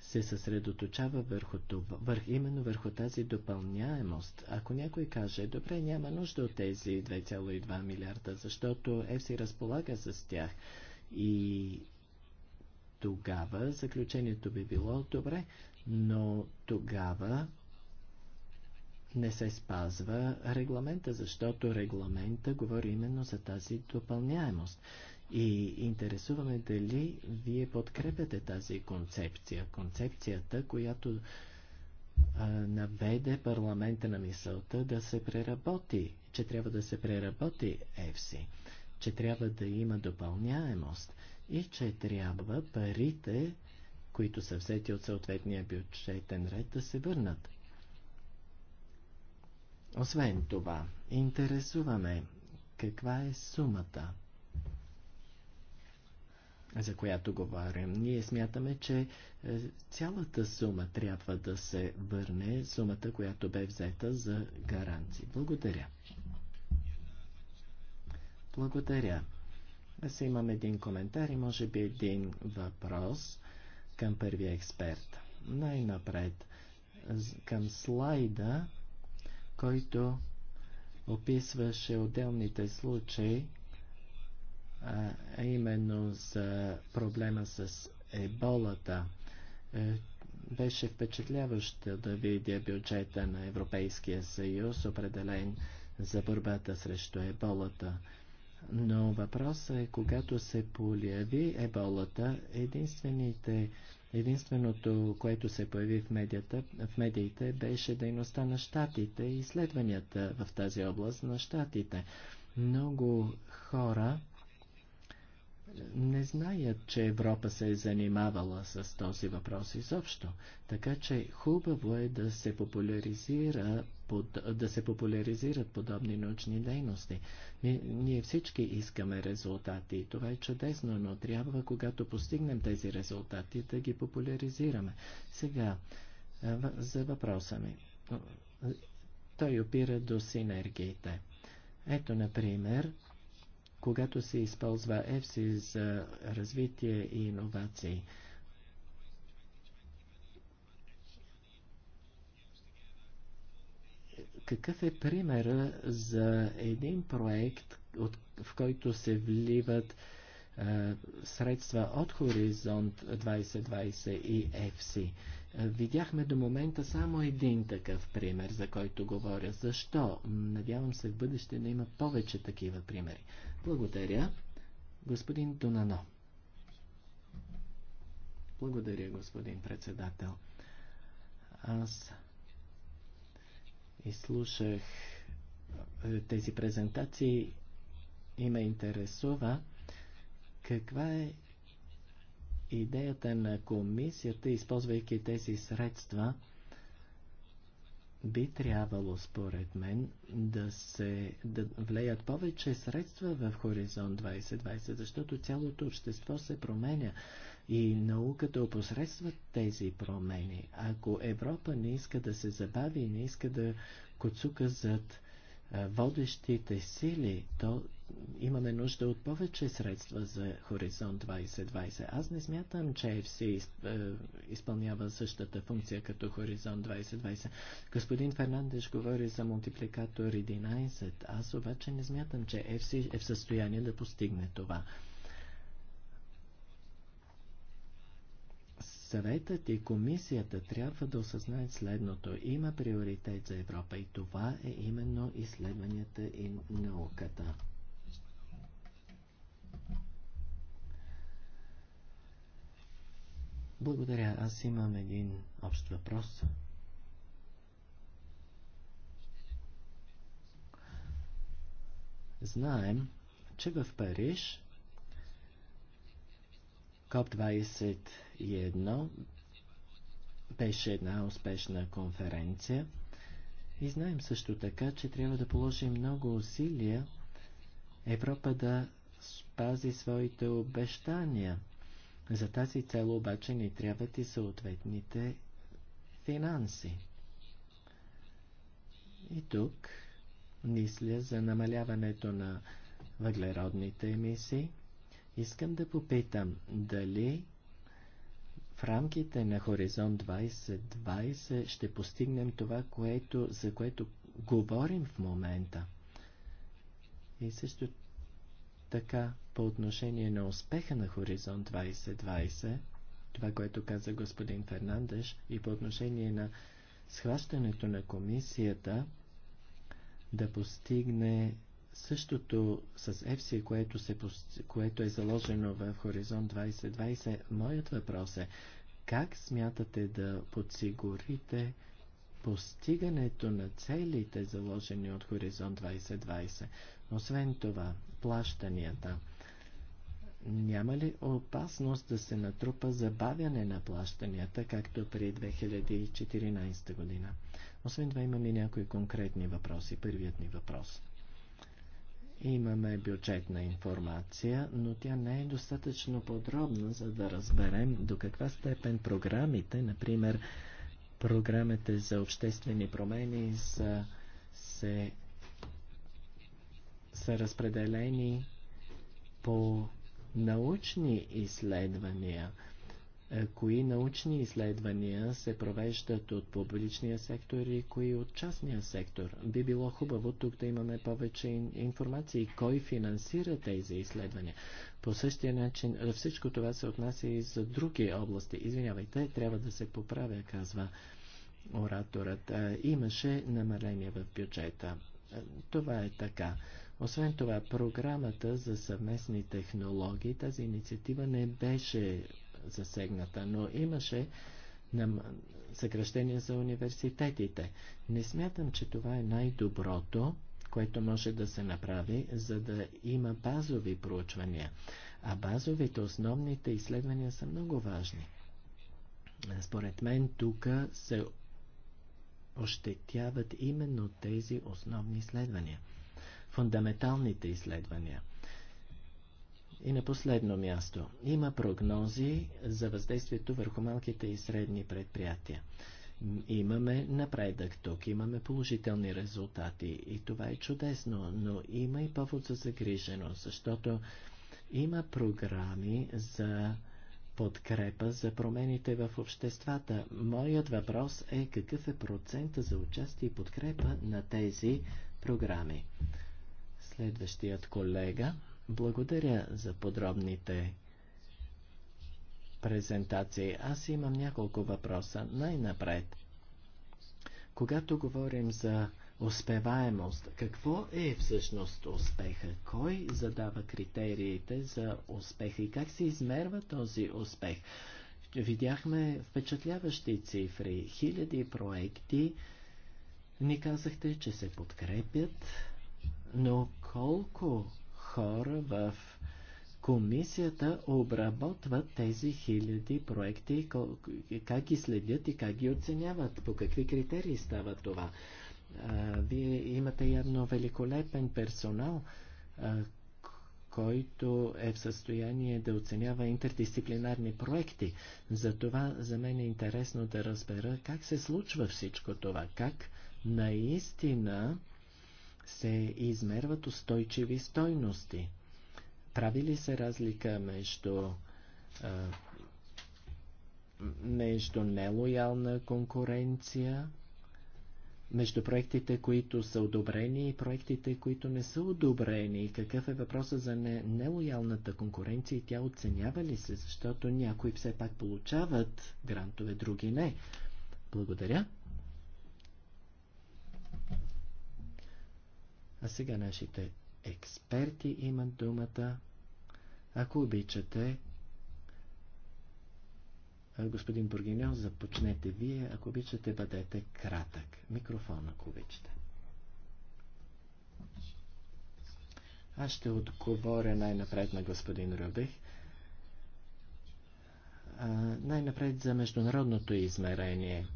се съсредоточава върху върх, именно върху тази допълняемост. Ако някой каже, добре, няма нужда от тези 2,2 милиарда, защото EFSI разполага с тях и тогава заключението би било добре, но тогава не се спазва регламента, защото регламента говори именно за тази допълняемост. И интересуваме дали вие подкрепяте тази концепция. Концепцията, която а, наведе парламента на мисълта да се преработи, че трябва да се преработи ЕФСИ, че трябва да има допълняемост и че трябва парите, които са взети от съответния бюджетен ред, да се върнат. Освен това, интересуваме каква е сумата, за която говорим. Ние смятаме, че е, цялата сума трябва да се върне, сумата, която бе взета за гаранции. Благодаря. Благодаря. Аз имам един коментар и може би един въпрос към първия експерт. Най-напред, към слайда който описваше отделните случаи, а именно за проблема с еболата. Е, беше впечатляващо да видя бюджета на Европейския съюз, определен за борбата срещу еболата. Но въпросът е, когато се появи еболата, единствените Единственото, което се появи в, медията, в медиите, беше дейността на щатите и изследванията в тази област на щатите. Много хора не знаят, че Европа се е занимавала с този въпрос изобщо. Така че хубаво е да се, популяризира, под, да се популяризират подобни научни дейности. Ние, ние всички искаме резултати. Това е чудесно, но трябва, когато постигнем тези резултати, да ги популяризираме. Сега, за въпроса ми. Той опира до синергиите. Ето, например, когато се използва ЕФСИ за развитие и иновации. Какъв е пример за един проект, от, в който се вливат е, средства от Хоризонт 2020 и ЕФСИ? Видяхме до момента само един такъв пример, за който говоря. Защо? Надявам се в бъдеще да има повече такива примери. Благодаря, господин Донано. Благодаря, господин председател. Аз изслушах е, тези презентации и ме интересува каква е идеята на комисията, използвайки тези средства, би трябвало, според мен, да се да влеят повече средства в Хоризонт 2020, защото цялото общество се променя и науката опосредства тези промени. Ако Европа не иска да се забави, не иска да коцука зад е, водещите сили, то имаме нужда от повече средства за Хоризонт 2020. Аз не смятам, че FC е, изпълнява същата функция като Хоризонт 2020. Господин Фернандеш говори за мултипликатор 11. Аз обаче не смятам, че FC е в състояние да постигне това. Съветът и комисията трябва да осъзнаят следното. Има приоритет за Европа и това е именно изследванията и науката. Благодаря. Аз имам един общ въпрос. Знаем, че в Париж КОП 20 2001 беше една успешна конференция. И знаем също така, че трябва да положим много усилия Европа да спази своите обещания. За тази цел обаче ни трябват и съответните финанси. И тук мисля за намаляването на въглеродните емисии. Искам да попитам дали в рамките на Хоризонт 2020 ще постигнем това, което, за което говорим в момента. И също така, по отношение на успеха на Хоризонт 2020, това, което каза господин Фернандеш, и по отношение на схващането на комисията да постигне Същото с EFSI, което, се, което е заложено в Хоризонт 2020, моят въпрос е как смятате да подсигурите постигането на целите, заложени от Хоризонт 2020? Освен това, плащанията. Няма ли опасност да се натрупа забавяне на плащанията, както при 2014 година? Освен това имаме някои конкретни въпроси. Първият ни въпрос – Имаме бюджетна информация, но тя не е достатъчно подробна, за да разберем до каква степен програмите, например програмите за обществени промени, са, се, са разпределени по научни изследвания – е, кои научни изследвания се провеждат от публичния сектор и кои от частния сектор. Би било хубаво тук да имаме повече информации кой финансира тези изследвания. По същия начин е, всичко това се отнася и за други области. Извинявайте, трябва да се поправя, казва ораторът. Е, имаше намаление в бюджета. Това е така. Освен това, програмата за съвместни технологии, тази инициатива не беше засегната, но имаше нам... съкръщение за университетите. Не смятам, че това е най-доброто, което може да се направи, за да има базови проучвания. А базовите, основните изследвания са много важни. Според мен тук се ощетяват именно тези основни изследвания, фундаменталните изследвания – и на последно място, има прогнози за въздействието върху малките и средни предприятия. Имаме напредък тук, имаме положителни резултати и това е чудесно, но има и повод за загриженост, защото има програми за подкрепа за промените в обществата. Моят въпрос е какъв е процента за участие и подкрепа на тези програми. Следващият колега. Благодаря за подробните презентации. Аз имам няколко въпроса. Най-напред. Когато говорим за успеваемост, какво е всъщност успеха? Кой задава критериите за успеха и как се измерва този успех? Видяхме впечатляващи цифри, хиляди проекти. Ни казахте, че се подкрепят, но колко хора в комисията обработват тези хиляди проекти, как ги следят и как ги оценяват, по какви критерии става това. вие имате явно великолепен персонал, който е в състояние да оценява интердисциплинарни проекти. Затова за мен е интересно да разбера как се случва всичко това, как наистина се измерват устойчиви стойности. Прави ли се разлика между, а, между нелоялна конкуренция, между проектите, които са одобрени и проектите, които не са одобрени? Какъв е въпросът за не, нелоялната конкуренция и тя оценява ли се, защото някои все пак получават грантове, други не? Благодаря. А сега нашите експерти имат думата. Ако обичате, господин Бургиньо, започнете вие. Ако обичате, бъдете кратък. Микрофон, ако обичате. Аз ще отговоря най-напред на господин Рубих. Най-напред за международното измерение.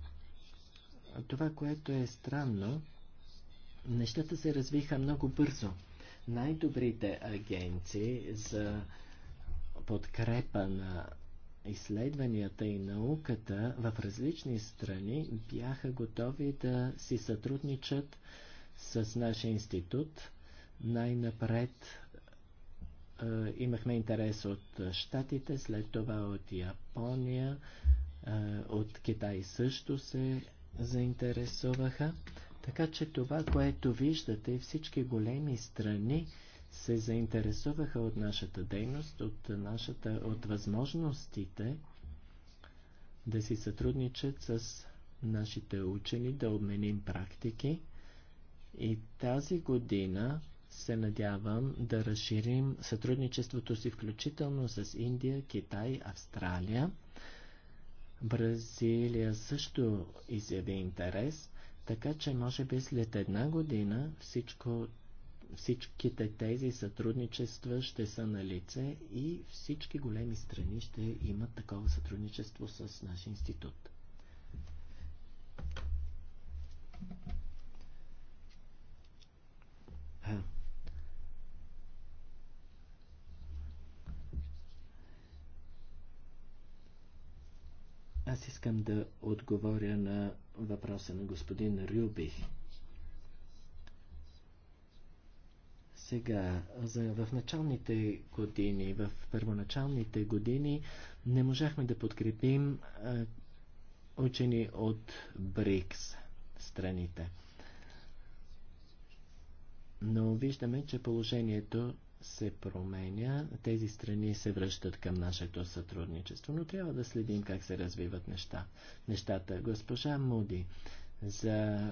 Това, което е странно, нещата се развиха много бързо. Най-добрите агенции за подкрепа на изследванията и науката в различни страни бяха готови да си сътрудничат с нашия институт. Най-напред е, имахме интерес от Штатите, след това от Япония, е, от Китай също се заинтересуваха. Така че това, което виждате, всички големи страни се заинтересуваха от нашата дейност, от, нашата, от възможностите да си сътрудничат с нашите учени, да обменим практики. И тази година се надявам да разширим сътрудничеството си включително с Индия, Китай, Австралия. Бразилия също изяви интерес – така че може би след една година всичко, всичките тези сътрудничества ще са на лице и всички големи страни ще имат такова сътрудничество с нашия институт. Искам да отговоря на въпроса на господин Рюбих. Сега, за, в началните години, в първоначалните години не можахме да подкрепим а, учени от БРИКС страните. Но виждаме, че положението се променя, тези страни се връщат към нашето сътрудничество, но трябва да следим как се развиват неща, нещата. Госпожа Муди, за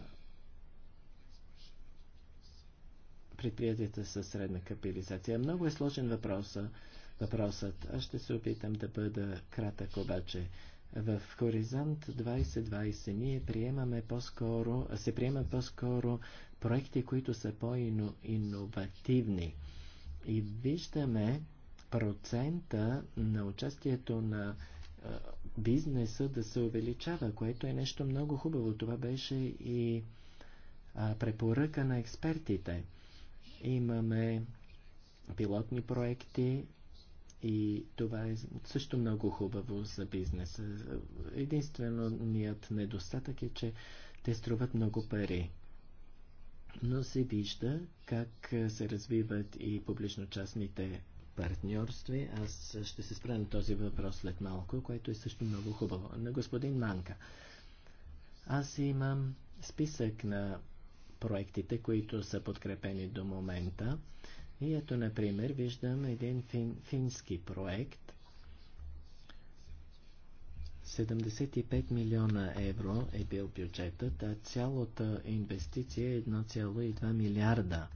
предприятията със средна капитализация. Много е сложен въпроса, въпросът. Аз ще се опитам да бъда кратък обаче. В Хоризонт 2020 ние приемаме по-скоро, се приемат по-скоро проекти, които са по-иновативни. -ино, и виждаме процента на участието на бизнеса да се увеличава, което е нещо много хубаво. Това беше и препоръка на експертите. Имаме пилотни проекти и това е също много хубаво за бизнеса. Единственият недостатък е, че те струват много пари но се вижда как се развиват и публично-частните партньорства. Аз ще се спра на този въпрос след малко, което е също много хубаво. На господин Манка. Аз имам списък на проектите, които са подкрепени до момента. И ето, например, виждам един фин, фински проект, 75 милиона евро е бил бюджетът, а цялата инвестиция е 1,2 милиарда.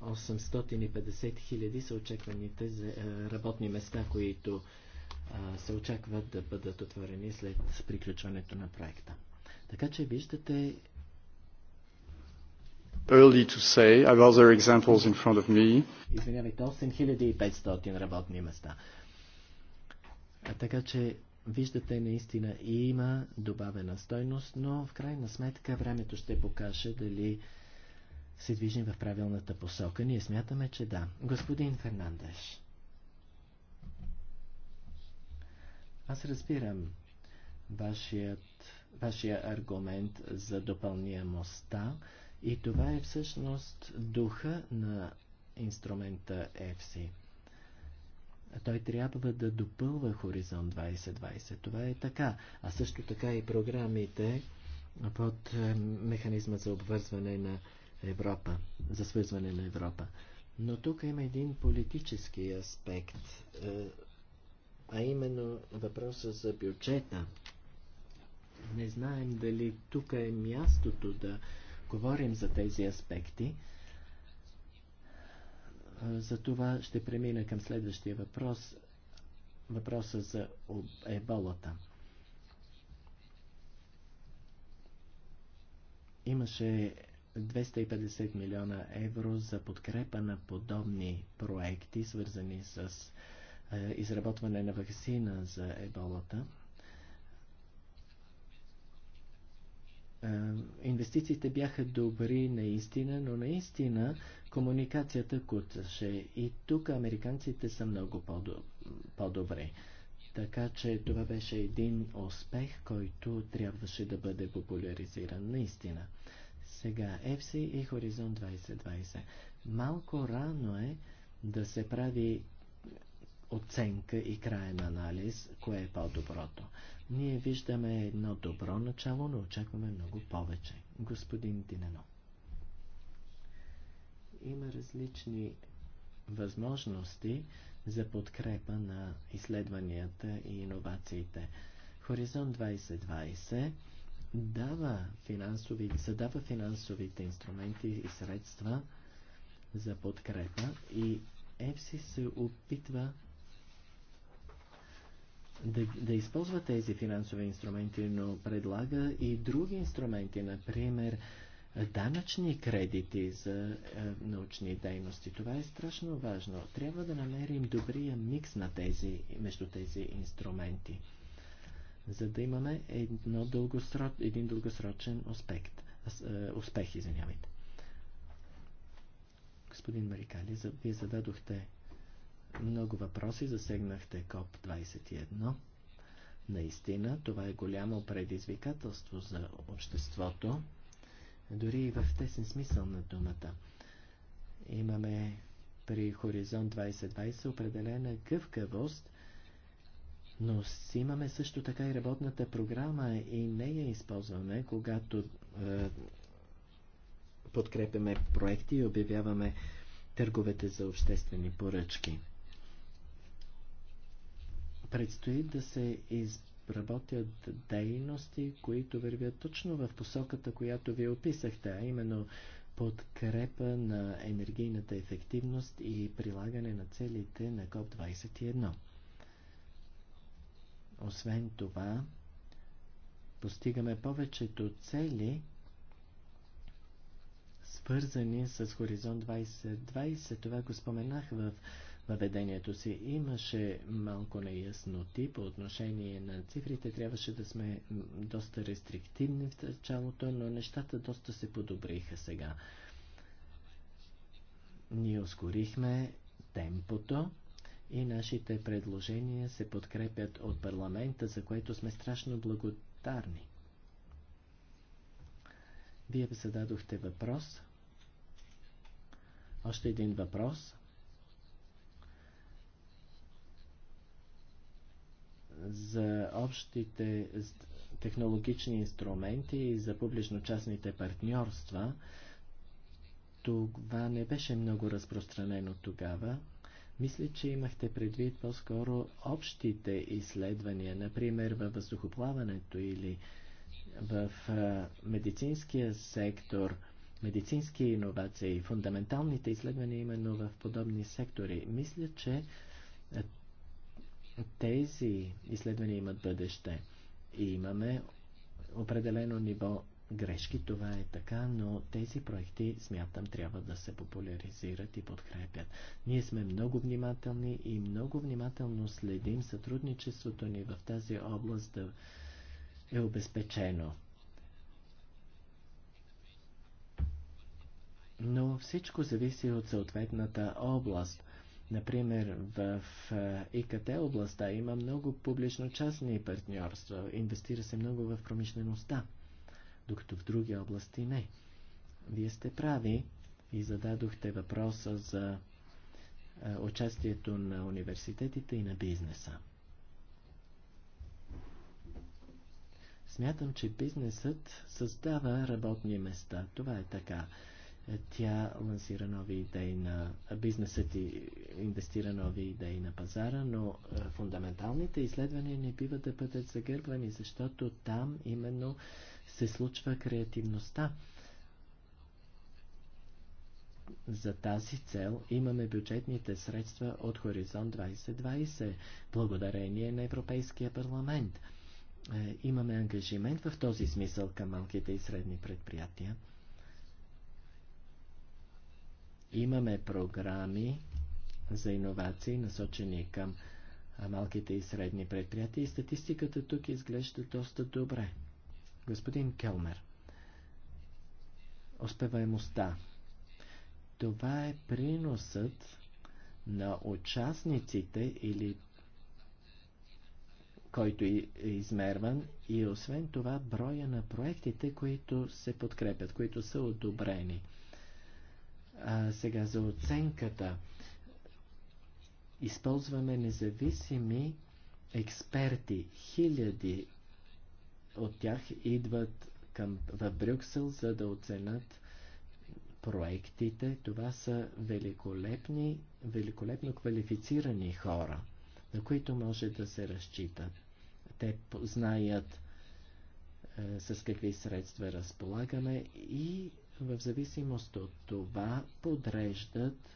850 хиляди са очакваните е, работни места, които се очакват да бъдат отворени след приключването на проекта. Така че виждате early to say. I have other examples in front of me. Извинявайте, 8500 работни места. А така че виждате, наистина има добавена стойност, но в крайна сметка времето ще покаже дали се движим в правилната посока. Ние смятаме, че да. Господин Фернандеш. Аз разбирам вашият, вашия аргумент за допълняемостта и това е всъщност духа на инструмента EFSI. Той трябва да допълва Хоризонт 2020. Това е така. А също така и програмите под е, механизма за обвързване на Европа, за свързване на Европа. Но тук има един политически аспект, е, а именно въпроса за бюджета. Не знаем дали тук е мястото да говорим за тези аспекти, за това ще премина към следващия въпрос. Въпроса за еболата. Имаше 250 милиона евро за подкрепа на подобни проекти, свързани с е, изработване на вакцина за еболата. Е, инвестициите бяха добри наистина, но наистина комуникацията куцаше. и тук американците са много по-добре. Така че това беше един успех, който трябваше да бъде популяризиран наистина. Сега FC и Хоризонт 2020. Малко рано е да се прави оценка и краен анализ, кое е по-доброто. Ние виждаме едно добро начало, но очакваме много повече. Господин Динено. Има различни възможности за подкрепа на изследванията и иновациите. Хоризонт 2020 дава финансови, задава финансовите инструменти и средства за подкрепа и ЕФСИ се опитва да, да използва тези финансови инструменти, но предлага и други инструменти, например данъчни кредити за е, научни дейности. Това е страшно важно. Трябва да намерим добрия микс на тези, между тези инструменти, за да имаме едно дългосроч, един дългосрочен успех. Е, успех, извинявайте. Господин Марикали, вие зададохте много въпроси засегнахте КОП-21. Наистина, това е голямо предизвикателство за обществото, дори и в тесен смисъл на думата. Имаме при Хоризонт 2020 определена гъвкавост, но си имаме също така и работната програма и не я използваме, когато е, подкрепяме проекти и обявяваме търговете за обществени поръчки предстои да се изработят дейности, които вървят точно в посоката, която ви описахте, а именно подкрепа на енергийната ефективност и прилагане на целите на КОП-21. Освен това, постигаме повечето цели, свързани с Хоризонт 2020. Това го споменах в въведението си. Имаше малко неясноти по отношение на цифрите. Трябваше да сме доста рестриктивни в началото, но нещата доста се подобриха сега. Ние ускорихме темпото и нашите предложения се подкрепят от парламента, за което сме страшно благодарни. Вие зададохте въпрос. Още един въпрос – за общите технологични инструменти и за публично-частните партньорства. Това не беше много разпространено тогава. Мисля, че имахте предвид по-скоро общите изследвания, например във въздухоплаването или в медицинския сектор, медицински иновации, фундаменталните изследвания именно в подобни сектори. Мисля, че тези изследвания имат бъдеще. И имаме определено ниво грешки, това е така, но тези проекти, смятам, трябва да се популяризират и подкрепят. Ние сме много внимателни и много внимателно следим сътрудничеството ни в тази област да е обезпечено. Но всичко зависи от съответната област. Например, в е, ИКТ областта има много публично-частни партньорства, инвестира се много в промишлеността, докато в други области не. Вие сте прави и зададохте въпроса за е, участието на университетите и на бизнеса. Смятам, че бизнесът създава работни места. Това е така. Тя лансира нови идеи на бизнесът и инвестира нови идеи на пазара, но е, фундаменталните изследвания не бива да бъдат загърбвани, защото там именно се случва креативността. За тази цел имаме бюджетните средства от Хоризонт 2020, благодарение на Европейския парламент. Е, имаме ангажимент в този смисъл към малките и средни предприятия. Имаме програми за иновации, насочени към малките и средни предприятия и статистиката тук изглежда доста добре. Господин Келмер, успеваемостта. Това е приносът на участниците или който е измерван и освен това броя на проектите, които се подкрепят, които са одобрени. А, сега за оценката. Използваме независими експерти. Хиляди от тях идват към, в Брюксел, за да оценят проектите. Това са великолепни, великолепно квалифицирани хора, на които може да се разчитат. Те знаят е, с какви средства разполагаме и в зависимост от това подреждат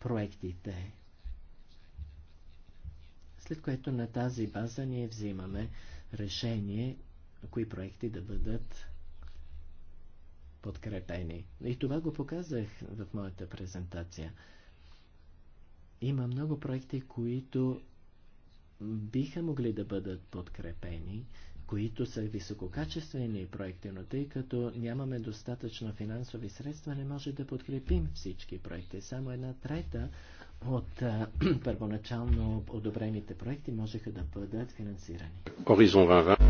проектите. След което на тази база ние взимаме решение кои проекти да бъдат подкрепени. И това го показах в моята презентация. Има много проекти, които биха могли да бъдат подкрепени които са висококачествени проекти, но тъй като нямаме достатъчно финансови средства, не може да подкрепим всички проекти. Само една трета от <clears throat> първоначално одобрените проекти можеха да бъдат финансирани. Хоризон 2020. Много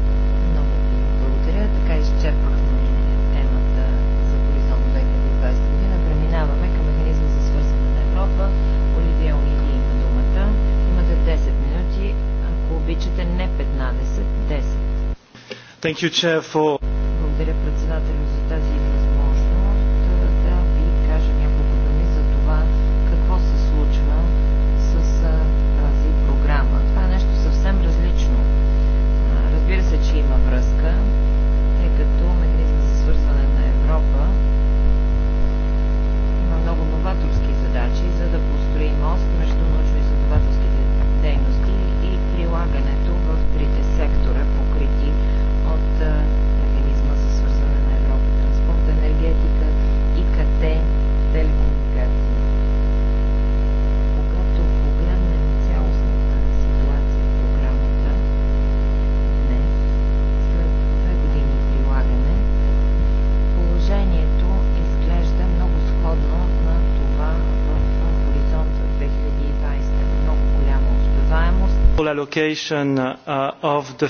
благодаря. Така изчерпахме Thank you, Chair, for... application of the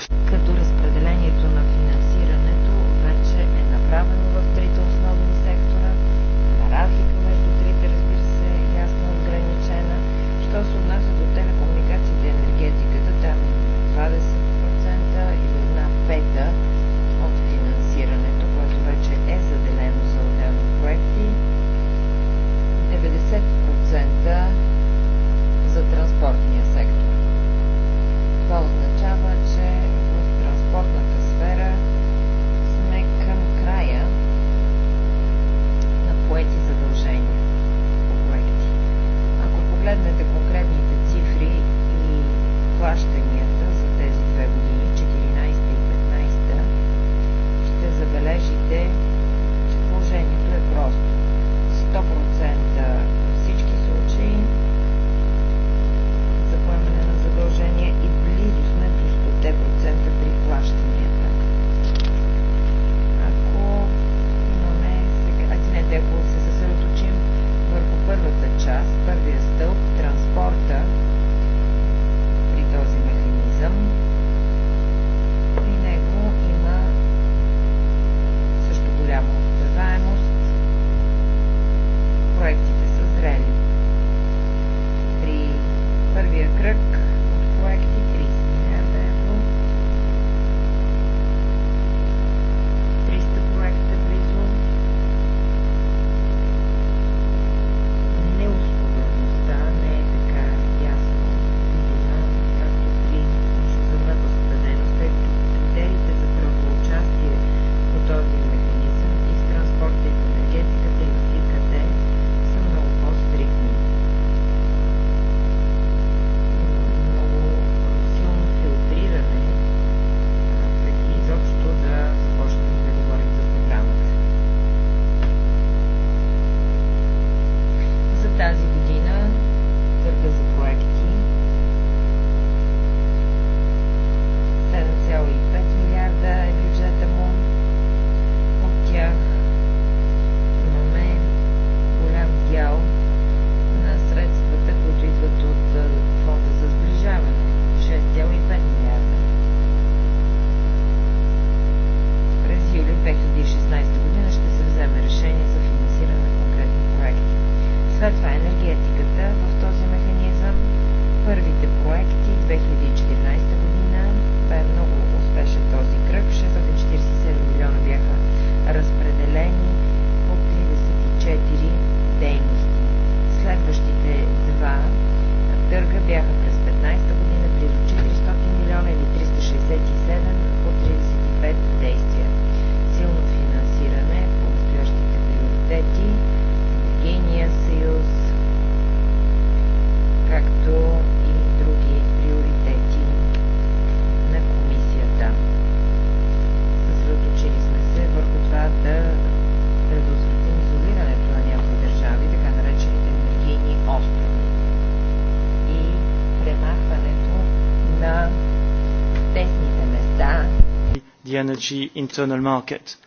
energy internal market.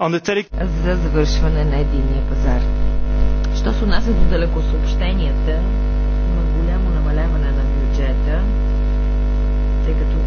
За завършване на единния пазар. Що се отнася до далекосъобщенията, има голямо намаляване на бюджета, тъй като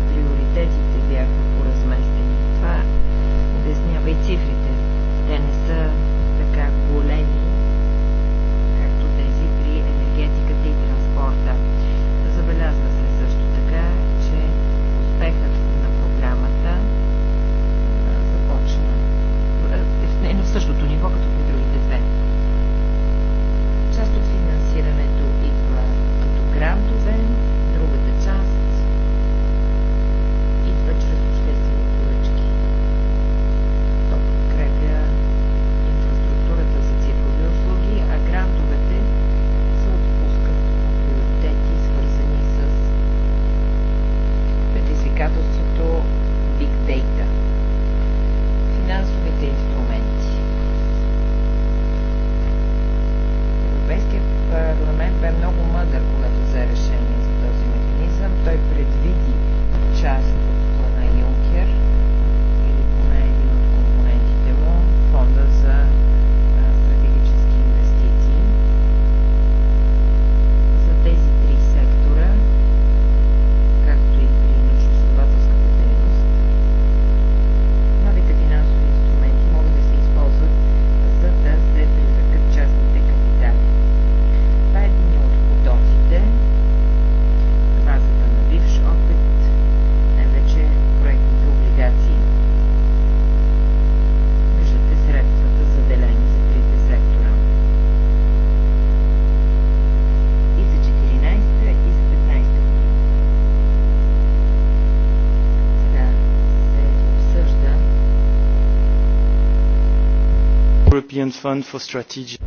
Fund for Strategic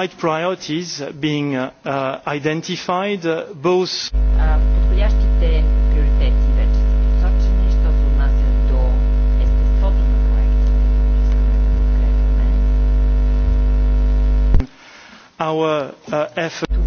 right priorities being identified both our efforts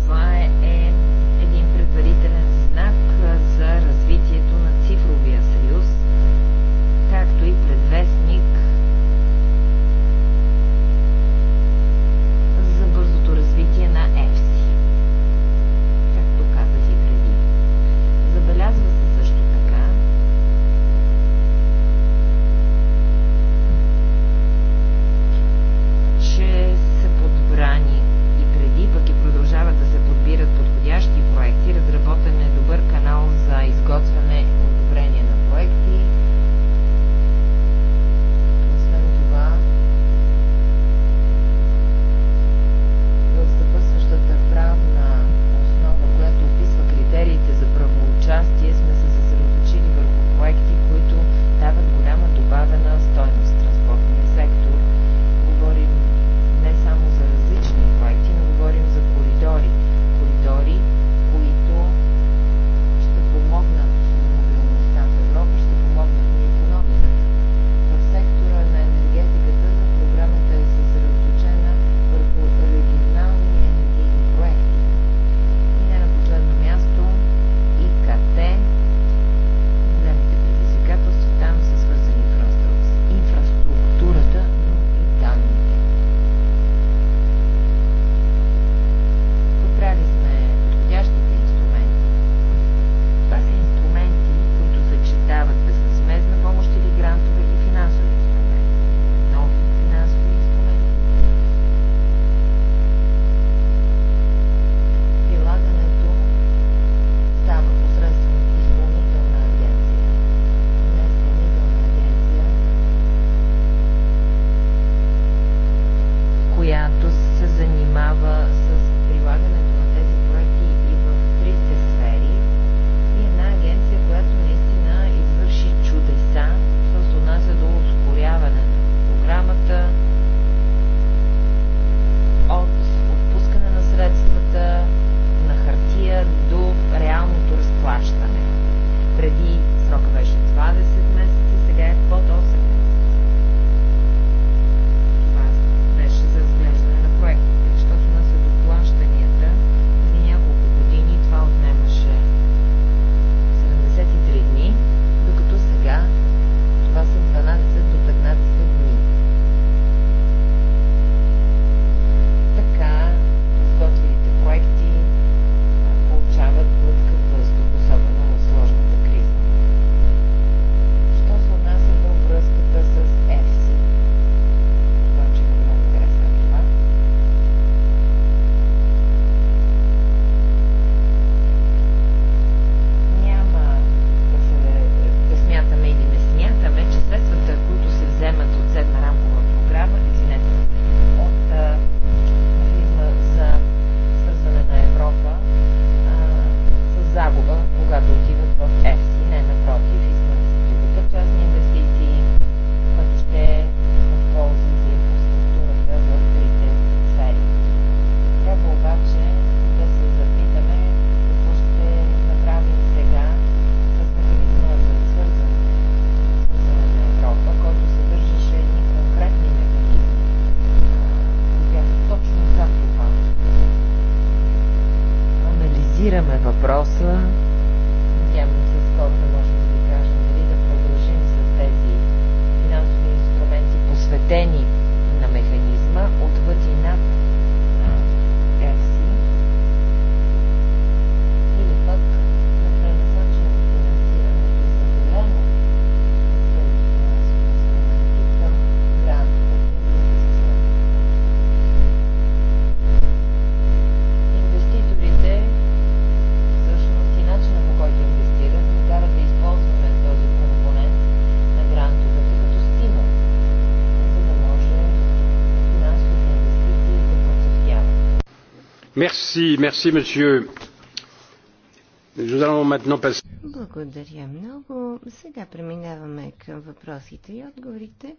Благодаря много. Сега преминаваме към въпросите и отговорите.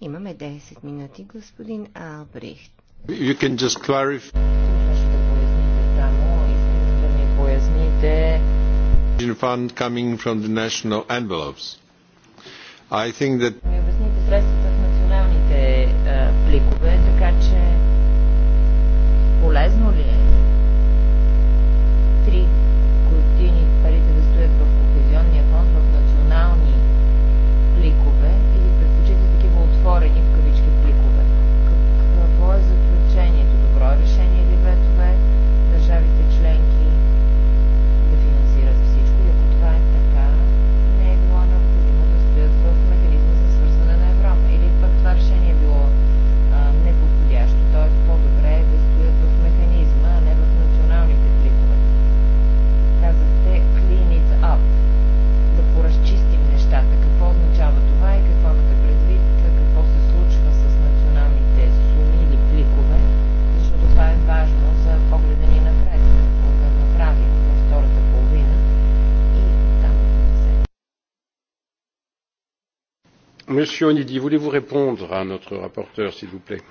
Имаме 10 минути, господин Албрихт. You can just clarify. Fund coming from the national envelopes. I think that. Monsieur Onidi, voulez-vous répondre à notre rapporteur, s'il vous plaît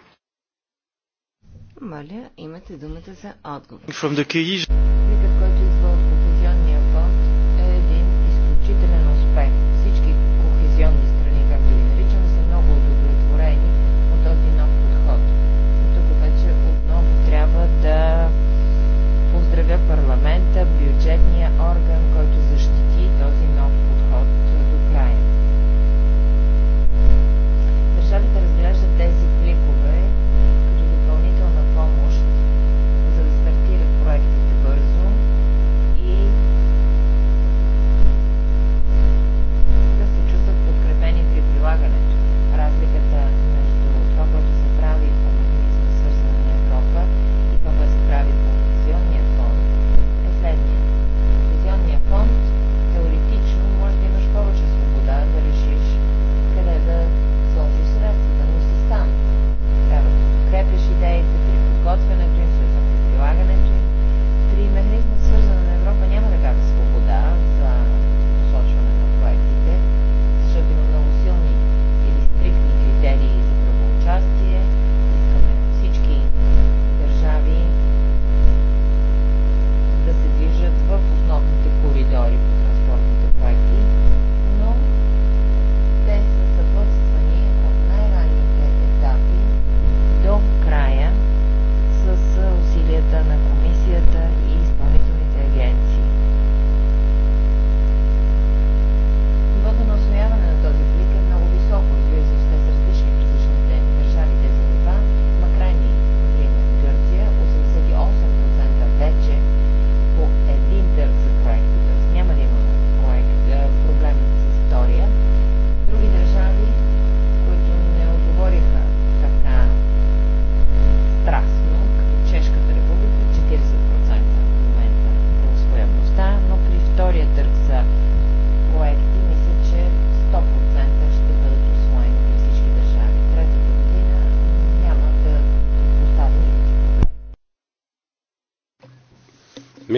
Моля, имате думата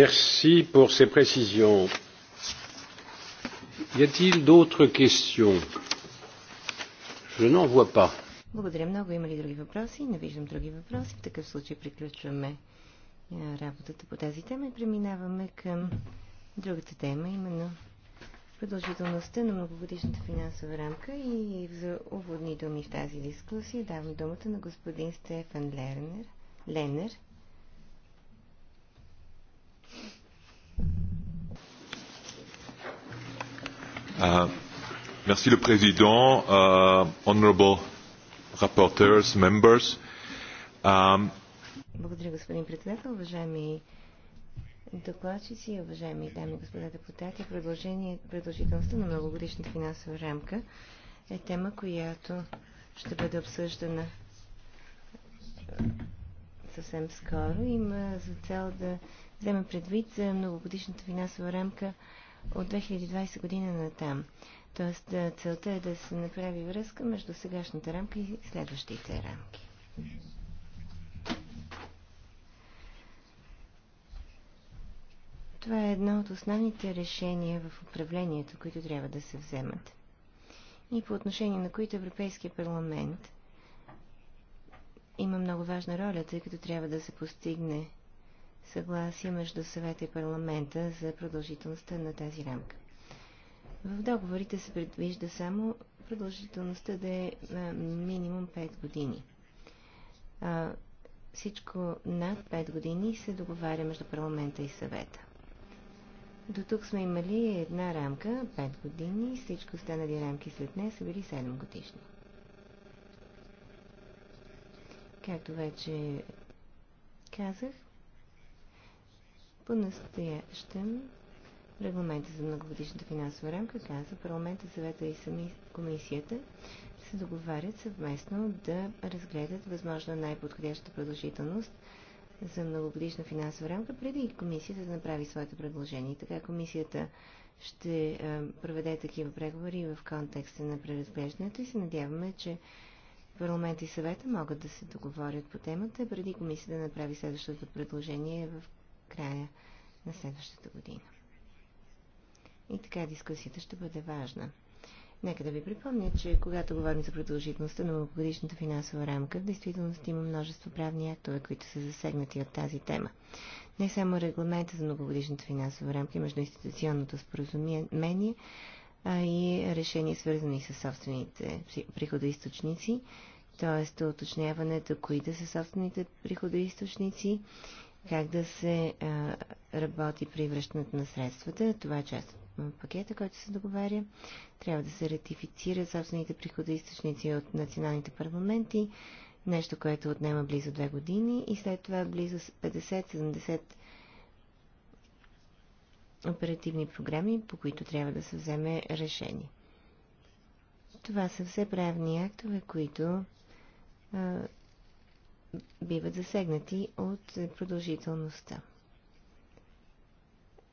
Merci pour ces précisions. Y a-t-il d'autres questions Je n'en vois pas. Благодаря много. Има ли други въпроси? Не виждам други въпроси. В такъв случай приключваме е, работата по тази тема и преминаваме към другата тема, именно продължителността на многогодишната финансова рамка и за уводни думи в тази дискусия давам думата на господин Стефан Лернер, Ленер, Euh, merci le Président, uh, honorable rapporteurs, members. Um... Благодаря, господин председател. Уважаеми докладчици, уважаеми дами и господа депутати, продължителността на многогодишната финансова рамка е тема, която ще бъде обсъждана съвсем скоро. Има за цел да вземе предвид за е, многогодишната финансова рамка от 2020 година на там. Тоест е, целта е да се направи връзка между сегашната рамка и следващите рамки. Това е едно от основните решения в управлението, които трябва да се вземат. И по отношение на които Европейския парламент има много важна роля, тъй като трябва да се постигне съгласие между съвета и парламента за продължителността на тази рамка. В договорите се предвижда само продължителността да е минимум 5 години. А, всичко над 5 години се договаря между парламента и съвета. До тук сме имали една рамка, 5 години, всички останали рамки след нея са били 7 годишни. Както вече казах, по-настоящем регламента за многогодишната финансова рамка казва парламента, съвета и сами комисията се договарят съвместно да разгледат възможно най-подходяща продължителност за многогодишна финансова рамка, преди комисията да направи своите предложения. така комисията ще проведе такива преговори в контекста на преразглеждането и се надяваме, че парламент и съвета могат да се договорят по темата, преди комисията да направи следващото предложение в края на следващата година. И така дискусията ще бъде важна. Нека да ви припомня, че когато говорим за продължителността на многогодишната финансова рамка, в действителност има множество правни актове, които са засегнати от тази тема. Не само регламента за многогодишната финансова рамка и междуинституционното споразумение, а и решения свързани с собствените приходоисточници, т.е. уточняването кои да са собствените приходоисточници как да се а, работи при връщането на средствата. Това е част от пакета, който се договаря. Трябва да се ратифицира собствените източници от националните парламенти, нещо, което отнема близо две години и след това близо 50-70 оперативни програми, по които трябва да се вземе решение. Това са все правни актове, които биват засегнати от продължителността.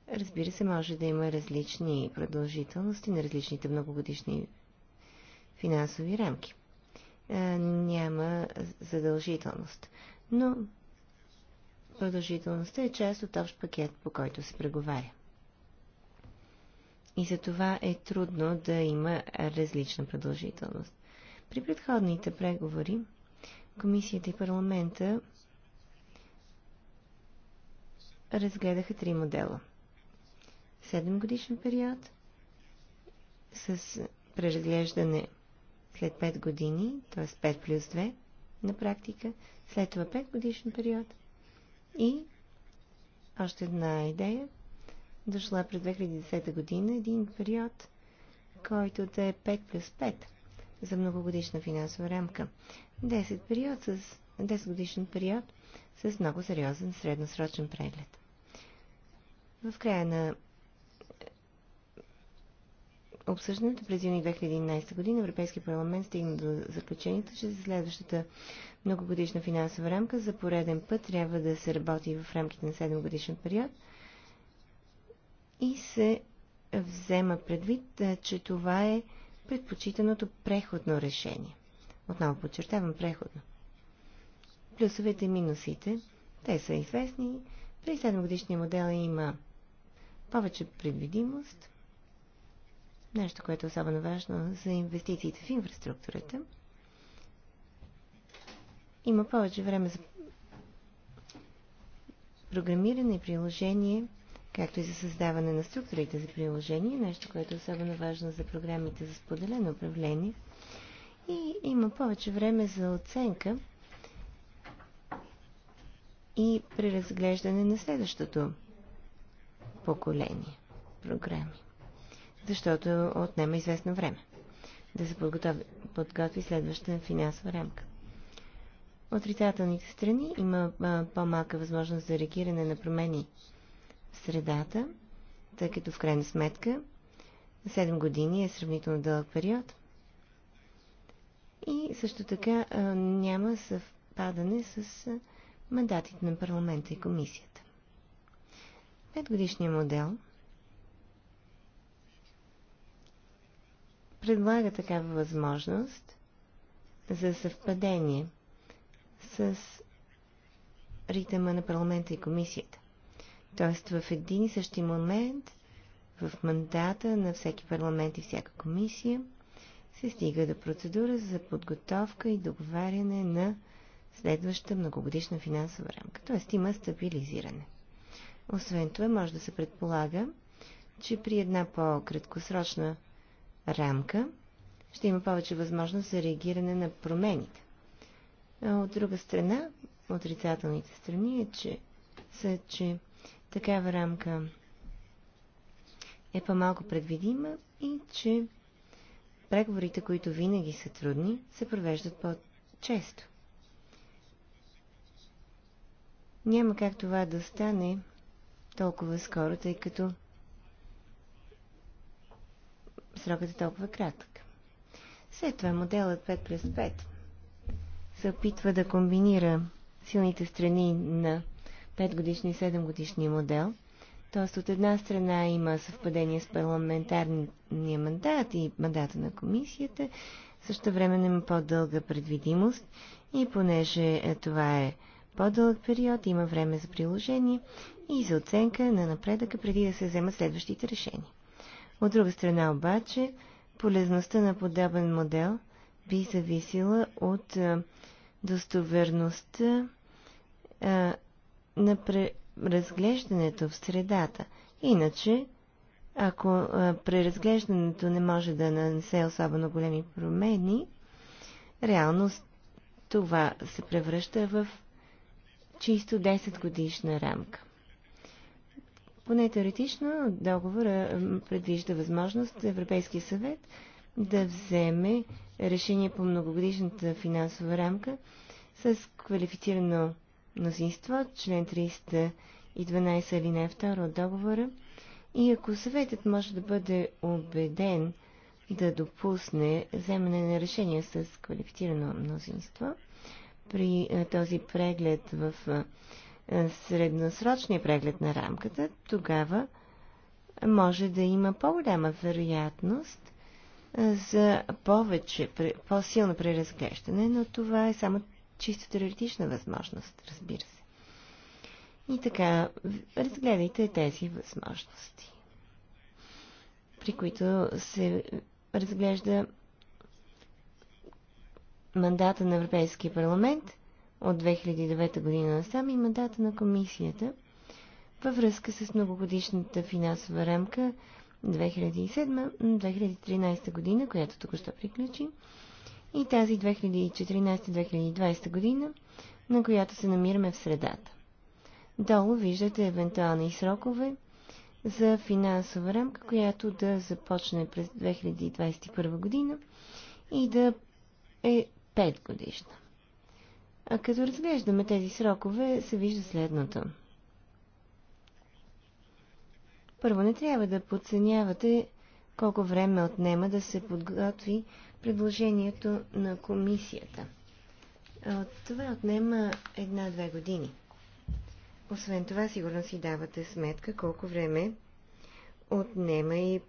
Разбира се, може да има различни продължителности на различните многогодишни финансови рамки. няма задължителност. Но продължителността е част от общ пакет, по който се преговаря. И за това е трудно да има различна продължителност. При предходните преговори Комисията и парламента разгледаха три модела. 7 годишен период с преразглеждане след 5 години, т.е. 5 плюс 2 на практика, след това 5 годишен период и още една идея, дошла през 2010 година, един период, който да е 5 плюс 5 за многогодишна финансова рамка. 10, период с, 10 годишен период с много сериозен средносрочен преглед. В края на обсъждането през юни 2011 година Европейския парламент стигна до заключението, че за следващата многогодишна финансова рамка за пореден път трябва да се работи в рамките на 7 годишен период и се взема предвид, че това е предпочитаното преходно решение. Отново подчертавам преходно. Плюсовете и минусите, те са известни. При 7 годишния модел има повече предвидимост, нещо, което е особено важно за инвестициите в инфраструктурата. Има повече време за програмиране и приложение – както и за създаване на структурите за приложение, нещо, което е особено важно за програмите за споделено управление. И има повече време за оценка и преразглеждане на следващото поколение програми. Защото отнема известно време да се подготови, подготви следващата финансова рамка. Отрицателните страни има по-малка възможност за реагиране на промени средата, тъй като в крайна сметка 7 години е сравнително дълъг период. И също така няма съвпадане с мандатите на парламента и комисията. Петгодишният модел предлага такава възможност за съвпадение с ритъма на парламента и комисията. Тоест в един и същи момент в мандата на всеки парламент и всяка комисия се стига до процедура за подготовка и договаряне на следваща многогодишна финансова рамка. Тоест има стабилизиране. Освен това, може да се предполага, че при една по-краткосрочна рамка ще има повече възможност за реагиране на промените. А от друга страна, отрицателните страни е, че, са, че такава рамка е по-малко предвидима и че преговорите, които винаги са трудни, се провеждат по-често. Няма как това да стане толкова скоро, тъй като срокът е толкова кратък. След това моделът 5 през 5 се опитва да комбинира силните страни на 5 годишни и 7-годишния модел. Тоест, от една страна има съвпадение с парламентарния мандат и мандата на комисията, също време има по-дълга предвидимост и понеже е, това е по-дълъг период, има време за приложение и за оценка на напредъка преди да се вземат следващите решения. От друга страна обаче, полезността на подобен модел би зависела от е, достоверността е, на преразглеждането в средата. Иначе, ако преразглеждането не може да нанесе особено големи промени, реално това се превръща в чисто 10 годишна рамка. Поне теоретично договора предвижда възможност Европейския съвет да вземе решение по многогодишната финансова рамка с квалифицирано мнозинство, член 312 алинея 2 от договора, и ако съветът може да бъде убеден да допусне вземане на решение с квалифицирано мнозинство, при този преглед в средносрочния преглед на рамката, тогава може да има по-голяма вероятност за повече, по-силно преразглеждане, но това е само чисто теоретична възможност, разбира се. И така, разгледайте тези възможности, при които се разглежда мандата на Европейския парламент от 2009 година насам и мандата на комисията във връзка с многогодишната финансова рамка 2007-2013 година, която току-що приключи, и тази 2014-2020 година, на която се намираме в средата. Долу виждате евентуални срокове за финансова рамка, която да започне през 2021 година и да е 5 годишна. А като разглеждаме тези срокове, се вижда следното. Първо, не трябва да подценявате колко време отнема да се подготви предложението на комисията. това отнема една-две години. Освен това, сигурно си давате сметка колко време отнема и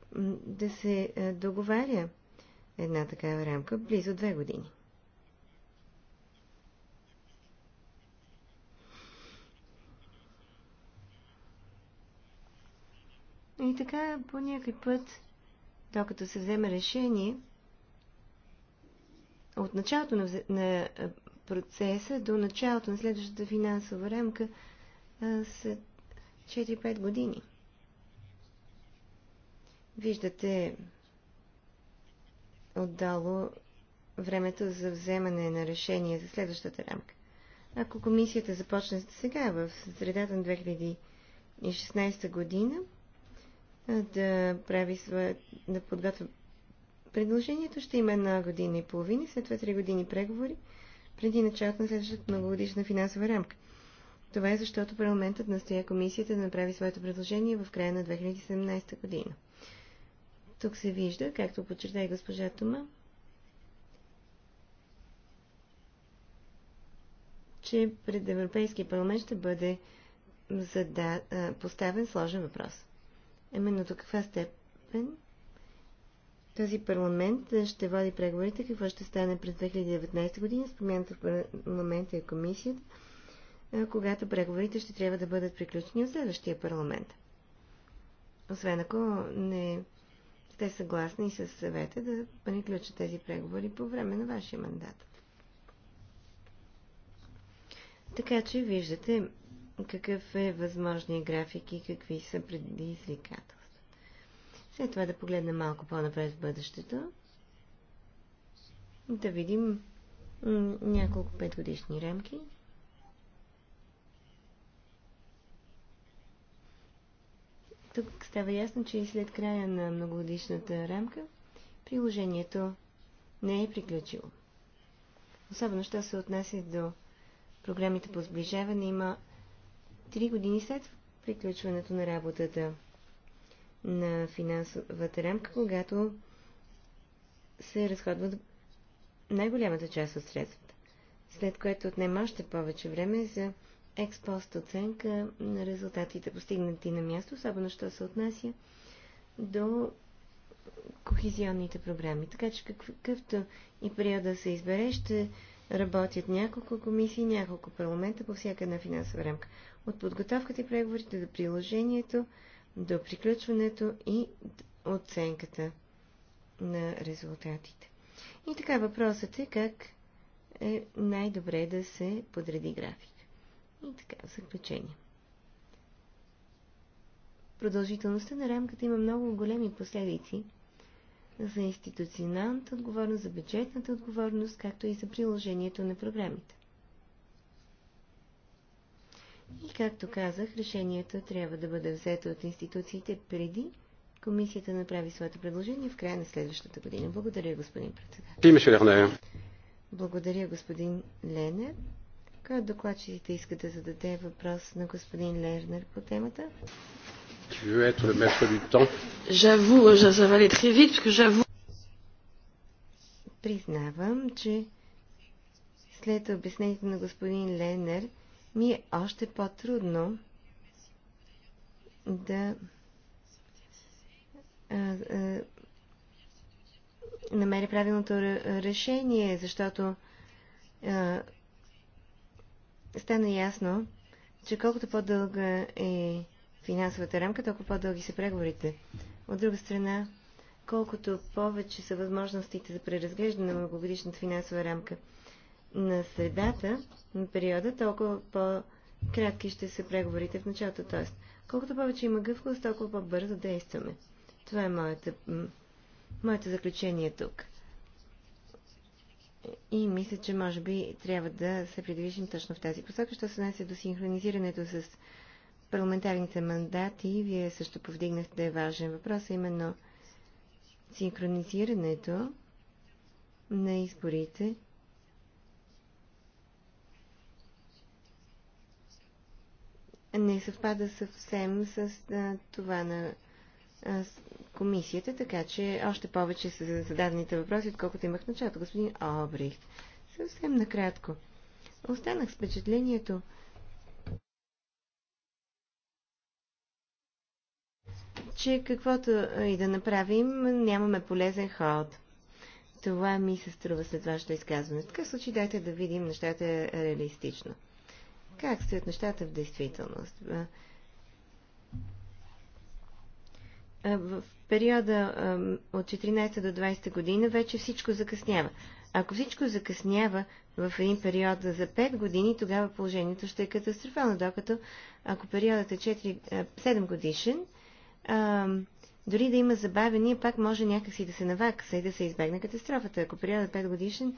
да се договаря една такава рамка близо две години. И така по някой път, докато се вземе решение, от началото на, на процеса до началото на следващата финансова рамка а, са 4-5 години. Виждате отдало времето за вземане на решение за следващата рамка. Ако комисията започне сега, в средата на 2016 година, да прави своя, да подготвя Предложението ще има една година и половина, след това три години преговори, преди началото на следващата многогодишна финансова рамка. Това е защото парламентът настоя комисията да направи своето предложение в края на 2017 година. Тук се вижда, както подчерта и госпожа Тома, че пред Европейския парламент ще бъде зада... поставен сложен въпрос. Именно до каква степен този парламент е, ще води преговорите какво ще стане през 2019 година с промяната в парламента и е комисията, е, когато преговорите ще трябва да бъдат приключени от следващия парламент. Освен ако не сте съгласни с съвета да приключат тези преговори по време на вашия мандат. Така че виждате какъв е възможният график и какви са предизвикателства. След това да погледнем малко по-напред в бъдещето. Да видим няколко петгодишни рамки. Тук става ясно, че и след края на многогодишната рамка приложението не е приключило. Особено, що се отнася до програмите по сближаване, има 3 години след приключването на работата на финансовата рамка, когато се разходват най-голямата част от средствата, след което отнема още повече време за експост оценка на резултатите постигнати на място, особено що се отнася до кохезионните програми. Така че какъвто и период да се избере, ще работят няколко комисии, няколко парламента по всяка една финансова рамка. От подготовката и преговорите до приложението до приключването и оценката на резултатите. И така въпросът е как е най-добре да се подреди график. И така, в заключение. Продължителността на рамката има много големи последици за институционалната отговорност, за бюджетната отговорност, както и за приложението на програмите. И както казах, решението трябва да бъде взето от институциите преди комисията направи своето предложение в края на следващата година. Благодаря, господин председател. Благодаря, господин Ленер. Кой от докладчиците иска да зададе въпрос на господин Лернер по темата? Признавам, че след обяснението на господин Ленер, ми е още по-трудно да намеря правилното решение, защото а, стана ясно, че колкото по-дълга е финансовата рамка, толкова по-дълги са преговорите. От друга страна, колкото повече са възможностите за преразглеждане на многогодишната финансова рамка, на средата на периода, толкова по-кратки ще са преговорите в началото. Т.е. колкото повече има гъвкост, толкова по-бързо действаме. Това е моята, моето заключение тук. И мисля, че може би трябва да се придвижим точно в тази посока. Що се нася до синхронизирането с парламентарните мандати, вие също повдигнахте важен въпрос, а именно синхронизирането на изборите не съвпада съвсем с а, това на а, комисията, така че още повече са зададените въпроси, отколкото имах началото. Господин Обрихт, съвсем накратко. Останах с впечатлението, че каквото и да направим, нямаме полезен ход. Това ми се струва след вашето изказване. В такъв случай дайте да видим нещата реалистично. Как стоят нещата в действителност? В периода от 14 до 20 година вече всичко закъснява. Ако всичко закъснява в един период за 5 години, тогава положението ще е катастрофално, докато ако периодът е 4, 7 годишен, дори да има забавения, пак може някакси да се навакса и да се избегне катастрофата. Ако периодът е 5 годишен,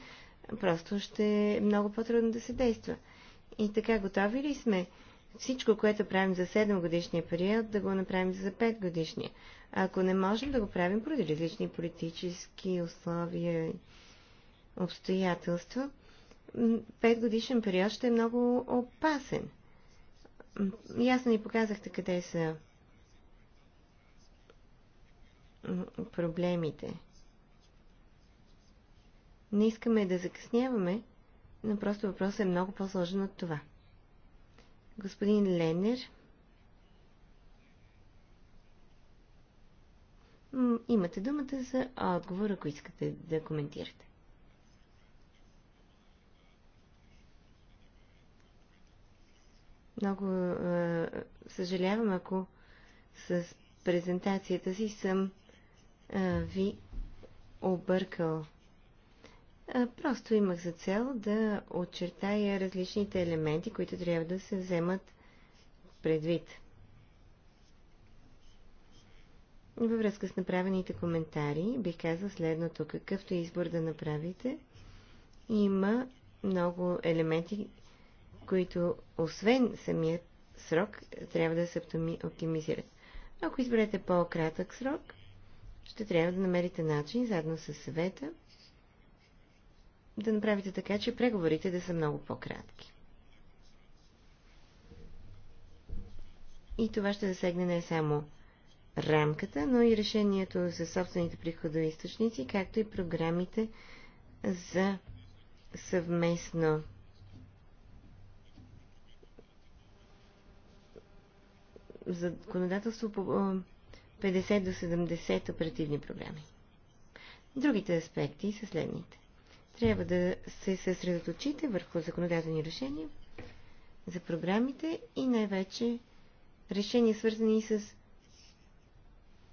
просто ще е много по-трудно да се действа. И така готови ли сме всичко, което правим за 7 годишния период, да го направим за 5 годишния? Ако не можем да го правим поради различни политически условия и обстоятелства, 5 годишен период ще е много опасен. Ясно ни показахте къде са проблемите. Не искаме да закъсняваме, но просто въпросът е много по-сложен от това. Господин Ленер имате думата за отговор, ако искате да коментирате. Много е, съжалявам, ако с презентацията си съм е, ви объркал. Просто имах за цел да очертая различните елементи, които трябва да се вземат предвид. Във връзка с направените коментари, бих казал следното. Какъвто избор да направите, има много елементи, които освен самият срок, трябва да се оптимизират. Ако изберете по-кратък срок, ще трябва да намерите начин, заедно с съвета, да направите така, че преговорите да са много по-кратки. И това ще засегне не само рамката, но и решението за собствените приходоисточници, както и програмите за съвместно законодателство по 50 до 70 оперативни програми. Другите аспекти са следните. Трябва да се съсредоточите върху законодателни решения за програмите и най-вече решения, свързани с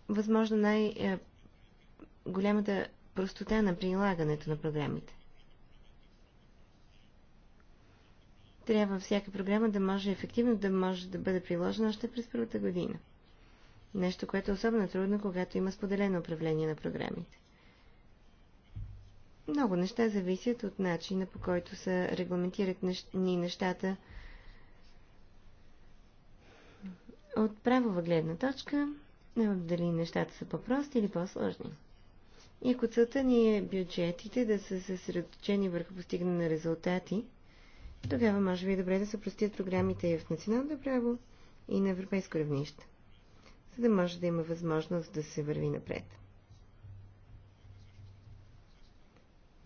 възможно най-голямата простота на прилагането на програмите. Трябва всяка програма да може ефективно да може да бъде приложена още през първата година. Нещо, което е особено трудно, когато има споделено управление на програмите много неща зависят от начина по който се регламентират нещ... ни нещата от правова гледна точка, не дали нещата са по-прости или по-сложни. И ако целта ни е бюджетите да са съсредоточени върху постигане на резултати, тогава може би е добре да се простят програмите и в националното право, и на европейско равнище, за да може да има възможност да се върви напред.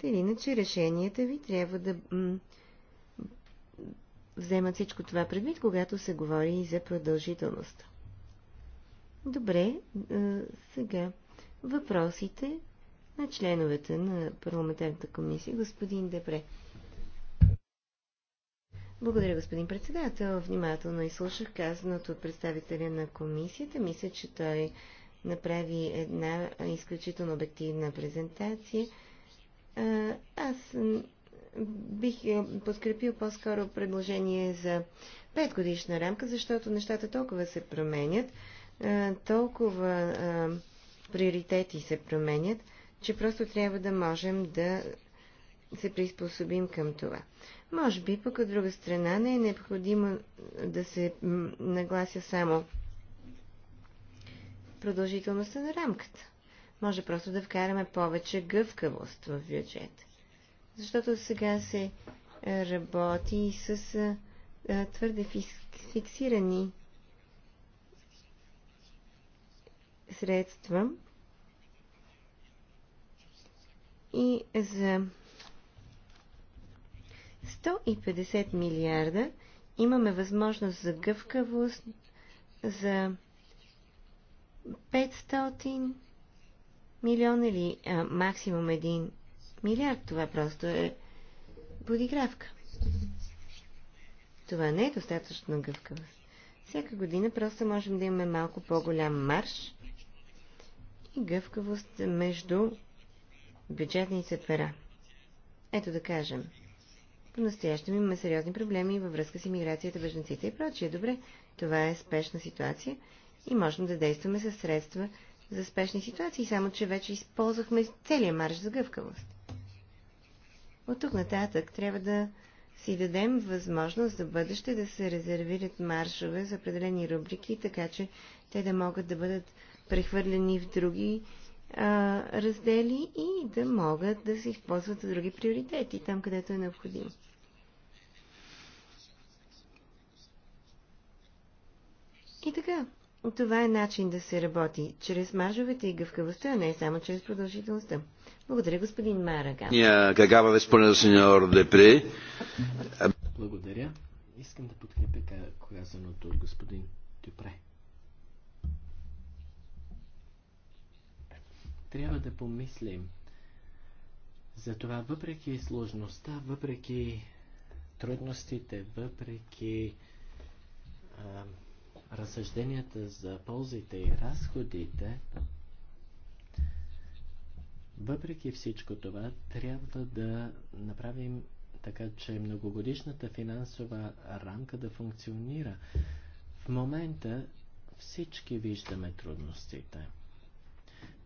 или иначе решенията ви трябва да вземат всичко това предвид, когато се говори и за продължителност. Добре, е, сега въпросите на членовете на парламентарната комисия, господин Депре. Благодаря, господин председател. Внимателно изслушах казаното от представителя на комисията. Мисля, че той направи една изключително обективна презентация аз бих подкрепил по-скоро предложение за 5 годишна рамка, защото нещата толкова се променят, толкова приоритети се променят, че просто трябва да можем да се приспособим към това. Може би пък от друга страна не е необходимо да се наглася само продължителността на рамката. Може просто да вкараме повече гъвкавост в бюджета. Защото сега се работи с твърде фиксирани средства и за 150 милиарда имаме възможност за гъвкавост за 500 милион или а, максимум 1 милиард. Това просто е подигравка. Това не е достатъчно гъвкавост. Всяка година просто можем да имаме малко по-голям марш и гъвкавост между бюджетните пера. Ето да кажем. По-настоящем имаме сериозни проблеми във връзка с иммиграцията, беженците и прочие. Добре, това е спешна ситуация и можем да действаме със средства за спешни ситуации, само че вече използвахме целия марш за гъвкавост. От тук нататък трябва да си дадем възможност за бъдеще да се резервират маршове за определени рубрики, така че те да могат да бъдат прехвърлени в други а, раздели и да могат да се използват за други приоритети, там където е необходимо. И така, това е начин да се работи чрез мажовете и гъвкавостта, а не само чрез продължителността. Благодаря, господин Марага. Благодаря. Искам да подкрепя казаното от господин Дюпре. Трябва да помислим за това, въпреки сложността, въпреки трудностите, въпреки а, разсъжденията за ползите и разходите, въпреки всичко това, трябва да направим така, че многогодишната финансова рамка да функционира. В момента всички виждаме трудностите.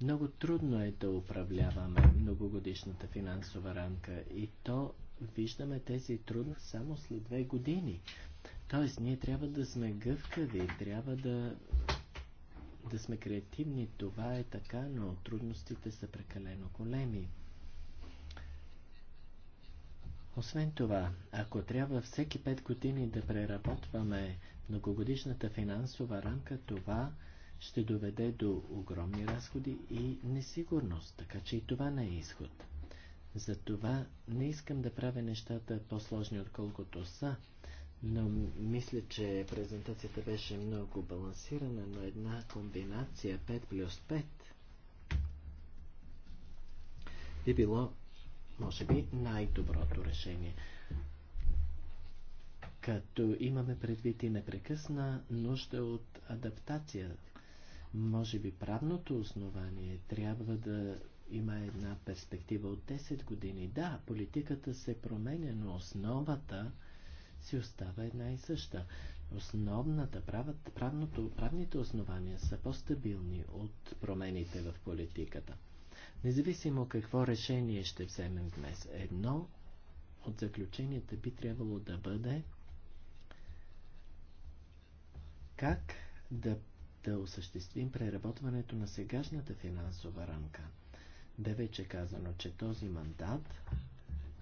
Много трудно е да управляваме многогодишната финансова рамка и то виждаме тези трудности само след две години. Тоест, ние трябва да сме гъвкави, трябва да, да сме креативни. Това е така, но трудностите са прекалено големи. Освен това, ако трябва всеки 5 години да преработваме многогодишната финансова рамка, това ще доведе до огромни разходи и несигурност, така че и това не е изход. Затова не искам да правя нещата по-сложни, отколкото са. Но мисля, че презентацията беше много балансирана, но една комбинация 5 плюс 5 би било, може би, най-доброто решение. Като имаме предвид и непрекъсна нужда от адаптация, може би правното основание трябва да има една перспектива от 10 години. Да, политиката се променя, но основата – си остава една и съща. Основната, правът, правното, правните основания са по-стабилни от промените в политиката. Независимо какво решение ще вземем днес, едно от заключенията би трябвало да бъде как да, да осъществим преработването на сегашната финансова рамка. Бе вече казано, че този мандат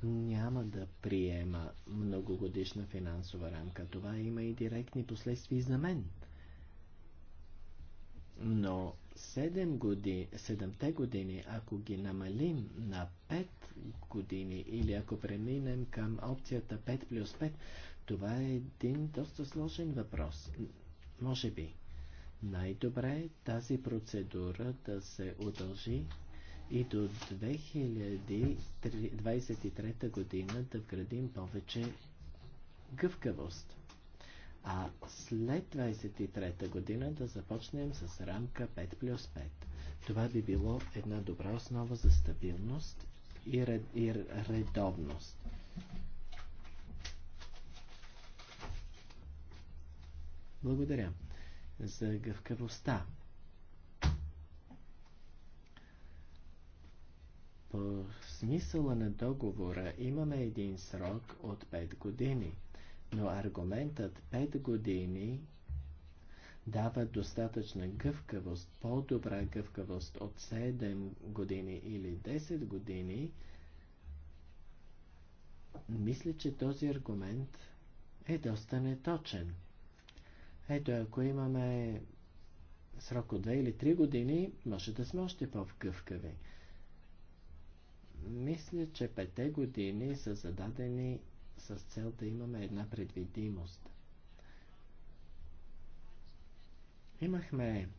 няма да приема многогодишна финансова рамка. Това има и директни последствия за мен. Но 7 години, 7 години, ако ги намалим на 5 години или ако преминем към опцията 5 плюс 5, това е един доста сложен въпрос. Може би най-добре е тази процедура да се удължи и до 2023 година да вградим повече гъвкавост. А след 23 година да започнем с рамка 5 плюс 5. Това би било една добра основа за стабилност и, ред, и редовност. Благодаря за гъвкавостта. По смисъла на договора имаме един срок от 5 години, но аргументът 5 години дава достатъчна гъвкавост, по-добра гъвкавост от 7 години или 10 години, мисля, че този аргумент е доста неточен. Ето, ако имаме срок от 2 или 3 години, може да сме още по-гъвкави. Мисля, че пете години са зададени с цел да имаме една предвидимост. Имахме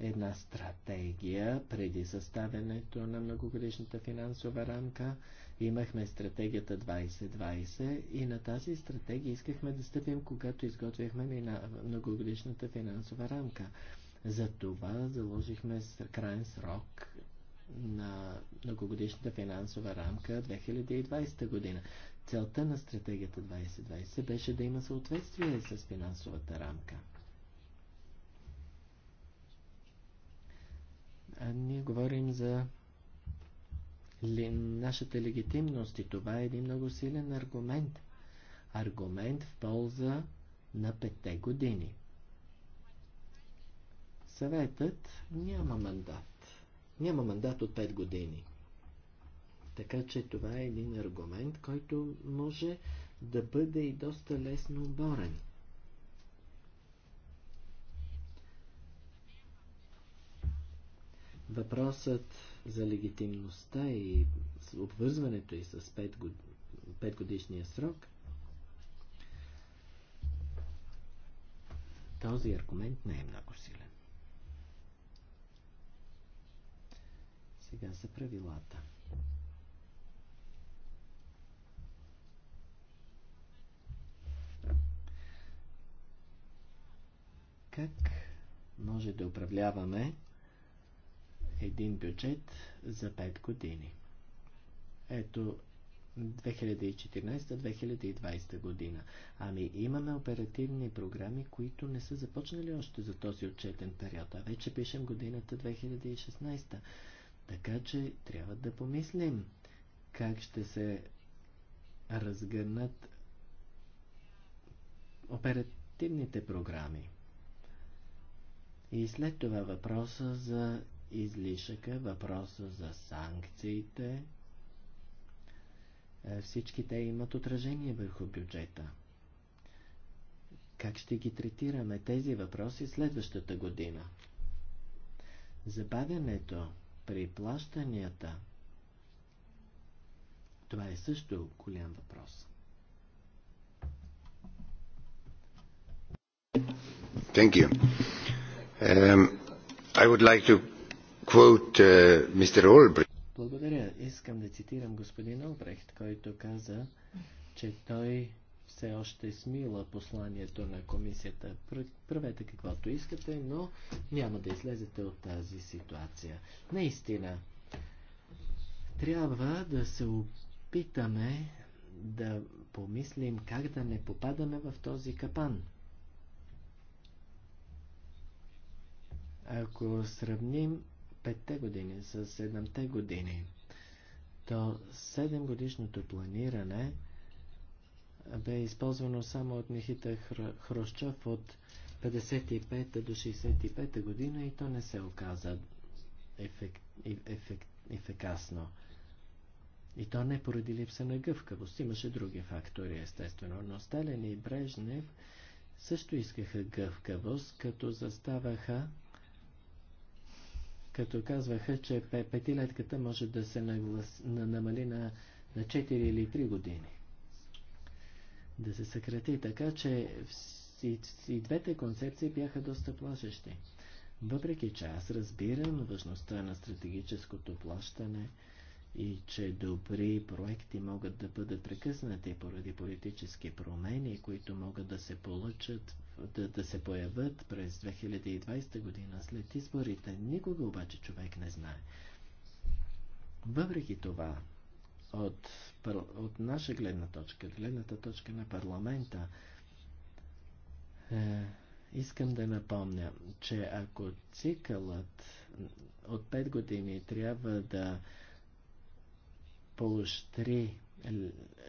една стратегия преди съставянето на многогодишната финансова рамка. Имахме стратегията 2020 и на тази стратегия искахме да стъпим, когато изготвяхме многогодишната финансова рамка. За това заложихме крайен срок на многогодишната финансова рамка 2020 година. Целта на стратегията 2020 беше да има съответствие с финансовата рамка. А ние говорим за ли, нашата легитимност и това е един много силен аргумент. Аргумент в полза на петте години. Съветът няма мандат няма мандат от 5 години. Така че това е един аргумент, който може да бъде и доста лесно оборен. Въпросът за легитимността и обвързването и с 5, годишния срок, този аргумент не е много силен. Сега за правилата. Как може да управляваме един бюджет за 5 години? Ето 2014-2020 година. Ами имаме оперативни програми, които не са започнали още за този отчетен период, а вече пишем годината 2016. Така че трябва да помислим как ще се разгърнат оперативните програми. И след това въпроса за излишъка, въпроса за санкциите. Е, всички те имат отражение върху бюджета. Как ще ги третираме тези въпроси следващата година? Забавянето при плащанията, това е също голям въпрос. Thank you. Um, I would like to quote uh, Mr. Благодаря. Искам да цитирам господин Олбрехт, който каза, че той все още смила посланието на комисията. Правете каквото искате, но няма да излезете от тази ситуация. Наистина, трябва да се опитаме да помислим как да не попадаме в този капан. Ако сравним 5-те години с 7-те години, то 7 годишното планиране – бе използвано само от Нихита Хрущов от 55 до 65 година и то не се оказа ефекасно. И то не поради липса на гъвкавост. Имаше други фактори, естествено, но Сталин и Брежнев също искаха гъвкавост, като заставаха като казваха, че петилетката може да се наглас, на, намали на, на 4 или 3 години да се съкрати. Така че и, и двете концепции бяха доста плашещи. Въпреки че аз разбирам важността на стратегическото плащане и че добри проекти могат да бъдат прекъснати поради политически промени, които могат да се получат, да, да се появят през 2020 година след изборите, никога обаче човек не знае. Въпреки това, от, от наша гледна точка, от гледната точка на парламента, е, искам да напомня, че ако цикълът от 5 години трябва да поощри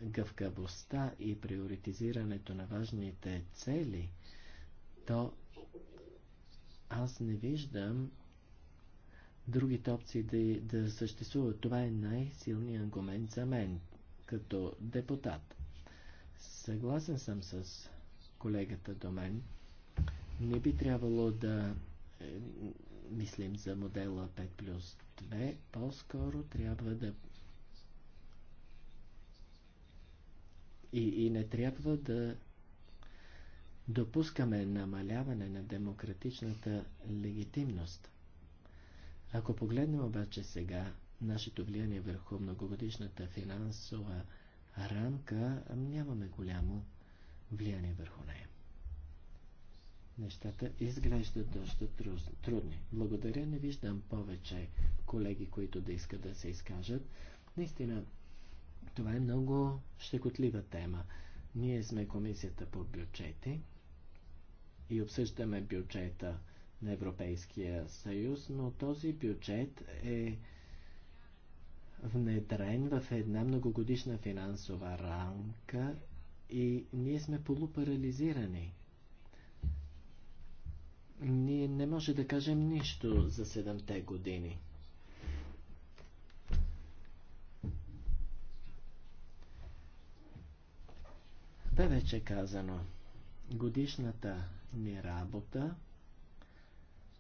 гъвкавостта и приоритизирането на важните цели, то аз не виждам другите опции да, да съществуват. Това е най-силният аргумент за мен като депутат. Съгласен съм с колегата до мен. Не би трябвало да е, мислим за модела 5 плюс 2. По-скоро трябва да И, и не трябва да допускаме намаляване на демократичната легитимност. Ако погледнем обаче сега нашето влияние върху многогодишната финансова рамка, нямаме голямо влияние върху нея. Нещата изглеждат доста трудни. Благодаря, не виждам повече колеги, които да искат да се изкажат. Наистина, това е много щекотлива тема. Ние сме комисията по бюджети и обсъждаме бюджета на Европейския съюз, но този бюджет е внедрен в една многогодишна финансова рамка и ние сме полупарализирани. Ние не може да кажем нищо за седемте години. Бе вече казано, годишната ни работа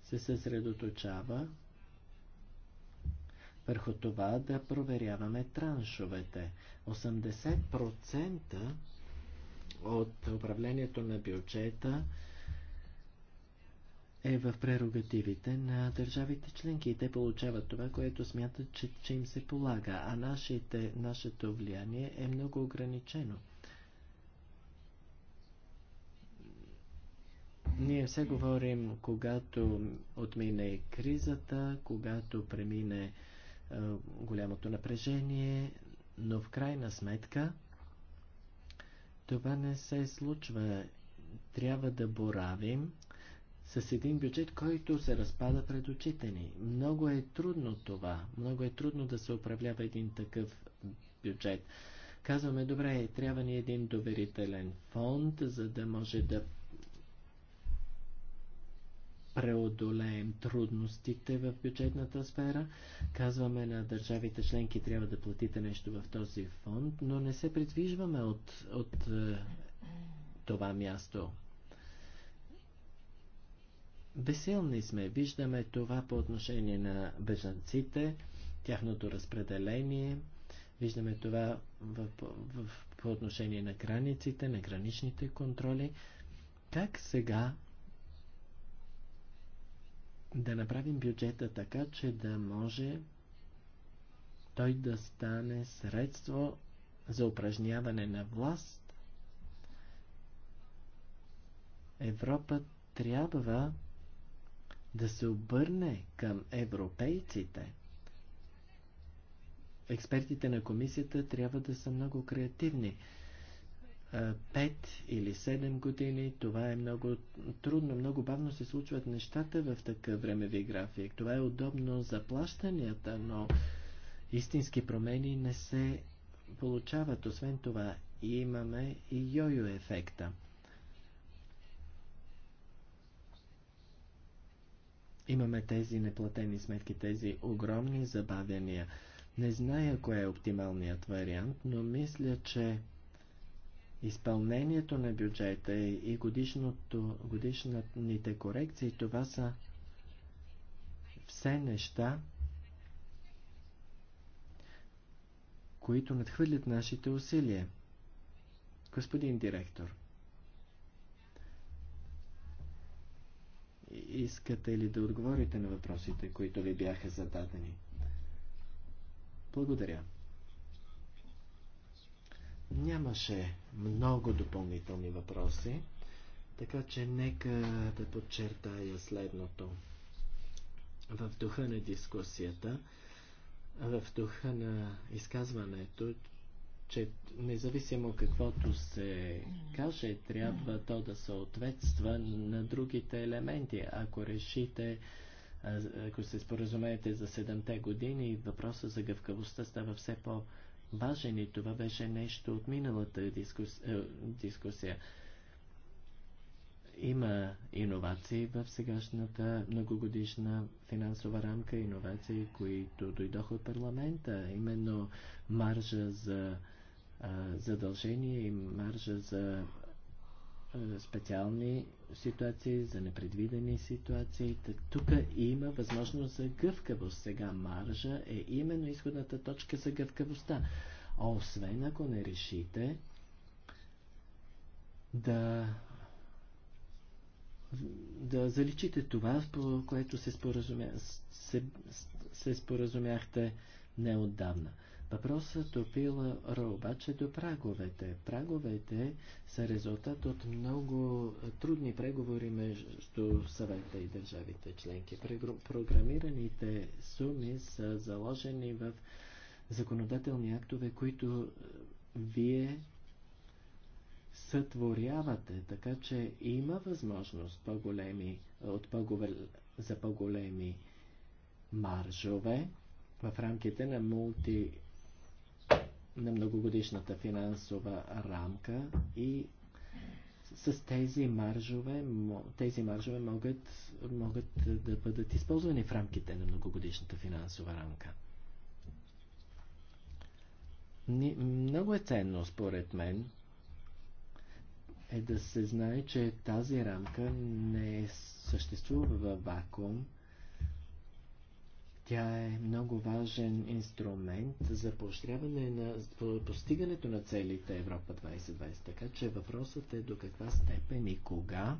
се съсредоточава върху това да проверяваме траншовете. 80% от управлението на бюджета е в прерогативите на държавите членки и те получават това, което смятат, че, че им се полага, а нашите, нашето влияние е много ограничено. Ние все говорим, когато отмине кризата, когато премине голямото напрежение, но в крайна сметка това не се случва. Трябва да боравим с един бюджет, който се разпада пред очите ни. Много е трудно това. Много е трудно да се управлява един такъв бюджет. Казваме, добре, трябва ни един доверителен фонд, за да може да преодолеем трудностите в бюджетната сфера. Казваме на държавите членки трябва да платите нещо в този фонд, но не се придвижваме от, от е, това място. Бесилни сме. Виждаме това по отношение на бежанците, тяхното разпределение. Виждаме това в, в, по отношение на границите, на граничните контроли. Как сега да направим бюджета така, че да може той да стане средство за упражняване на власт. Европа трябва да се обърне към европейците. Експертите на комисията трябва да са много креативни. 5 е, или 7 години. Това е много трудно, много бавно се случват нещата в такъв времеви график. Това е удобно за плащанията, но истински промени не се получават. Освен това, имаме и йо-йо ефекта. Имаме тези неплатени сметки, тези огромни забавяния. Не зная кое е оптималният вариант, но мисля, че изпълнението на бюджета и годишните корекции, това са все неща, които надхвърлят нашите усилия. Господин директор, искате ли да отговорите на въпросите, които ви бяха зададени? Благодаря. Нямаше много допълнителни въпроси, така че нека да подчертая следното. В духа на дискусията, в духа на изказването, че независимо каквото се каже, трябва то да съответства на другите елементи. Ако решите, ако се споразумеете за седемте години, въпроса за гъвкавостта става все по- важен и това беше нещо от миналата дискус... Е, дискусия. Има иновации в сегашната многогодишна финансова рамка, иновации, които дойдоха от парламента, именно маржа за задължение и маржа за е, специални ситуации, за непредвидени ситуации. Тук има възможност за гъвкавост. Сега маржа е именно изходната точка за гъвкавостта. Освен ако не решите да да заличите това, по което се, споразумя, се, се споразумяхте неотдавна. Въпросът допила обаче до праговете. Праговете са резултат от много трудни преговори между съвета и държавите членки. Програмираните суми са заложени в законодателни актове, които е, вие сътворявате, така че има възможност по-големи, от по за по-големи маржове в рамките на мулти на многогодишната финансова рамка и с тези маржове, тези маржове могат, могат да бъдат използвани в рамките на многогодишната финансова рамка. Много е ценно, според мен, е да се знае, че тази рамка не съществува в вакуум, тя е много важен инструмент за поощряване на постигането на целите Европа 2020. Така че въпросът е до каква степен и кога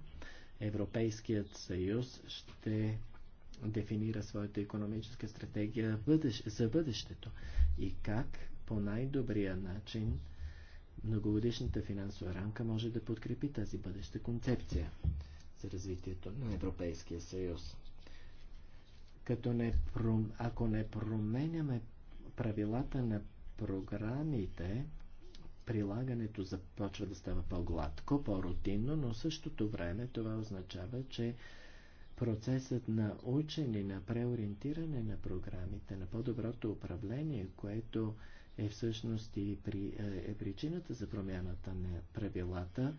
Европейският съюз ще дефинира своята економическа стратегия за бъдещето и как по най-добрия начин многогодишната финансова рамка може да подкрепи тази бъдеща концепция за развитието на Европейския съюз. Като не пром... Ако не променяме правилата на програмите, прилагането започва да става по-гладко, по-рутинно, но същото време това означава, че процесът на учене, на преориентиране на програмите, на по-доброто управление, което е всъщност и при, е, е причината за промяната на правилата,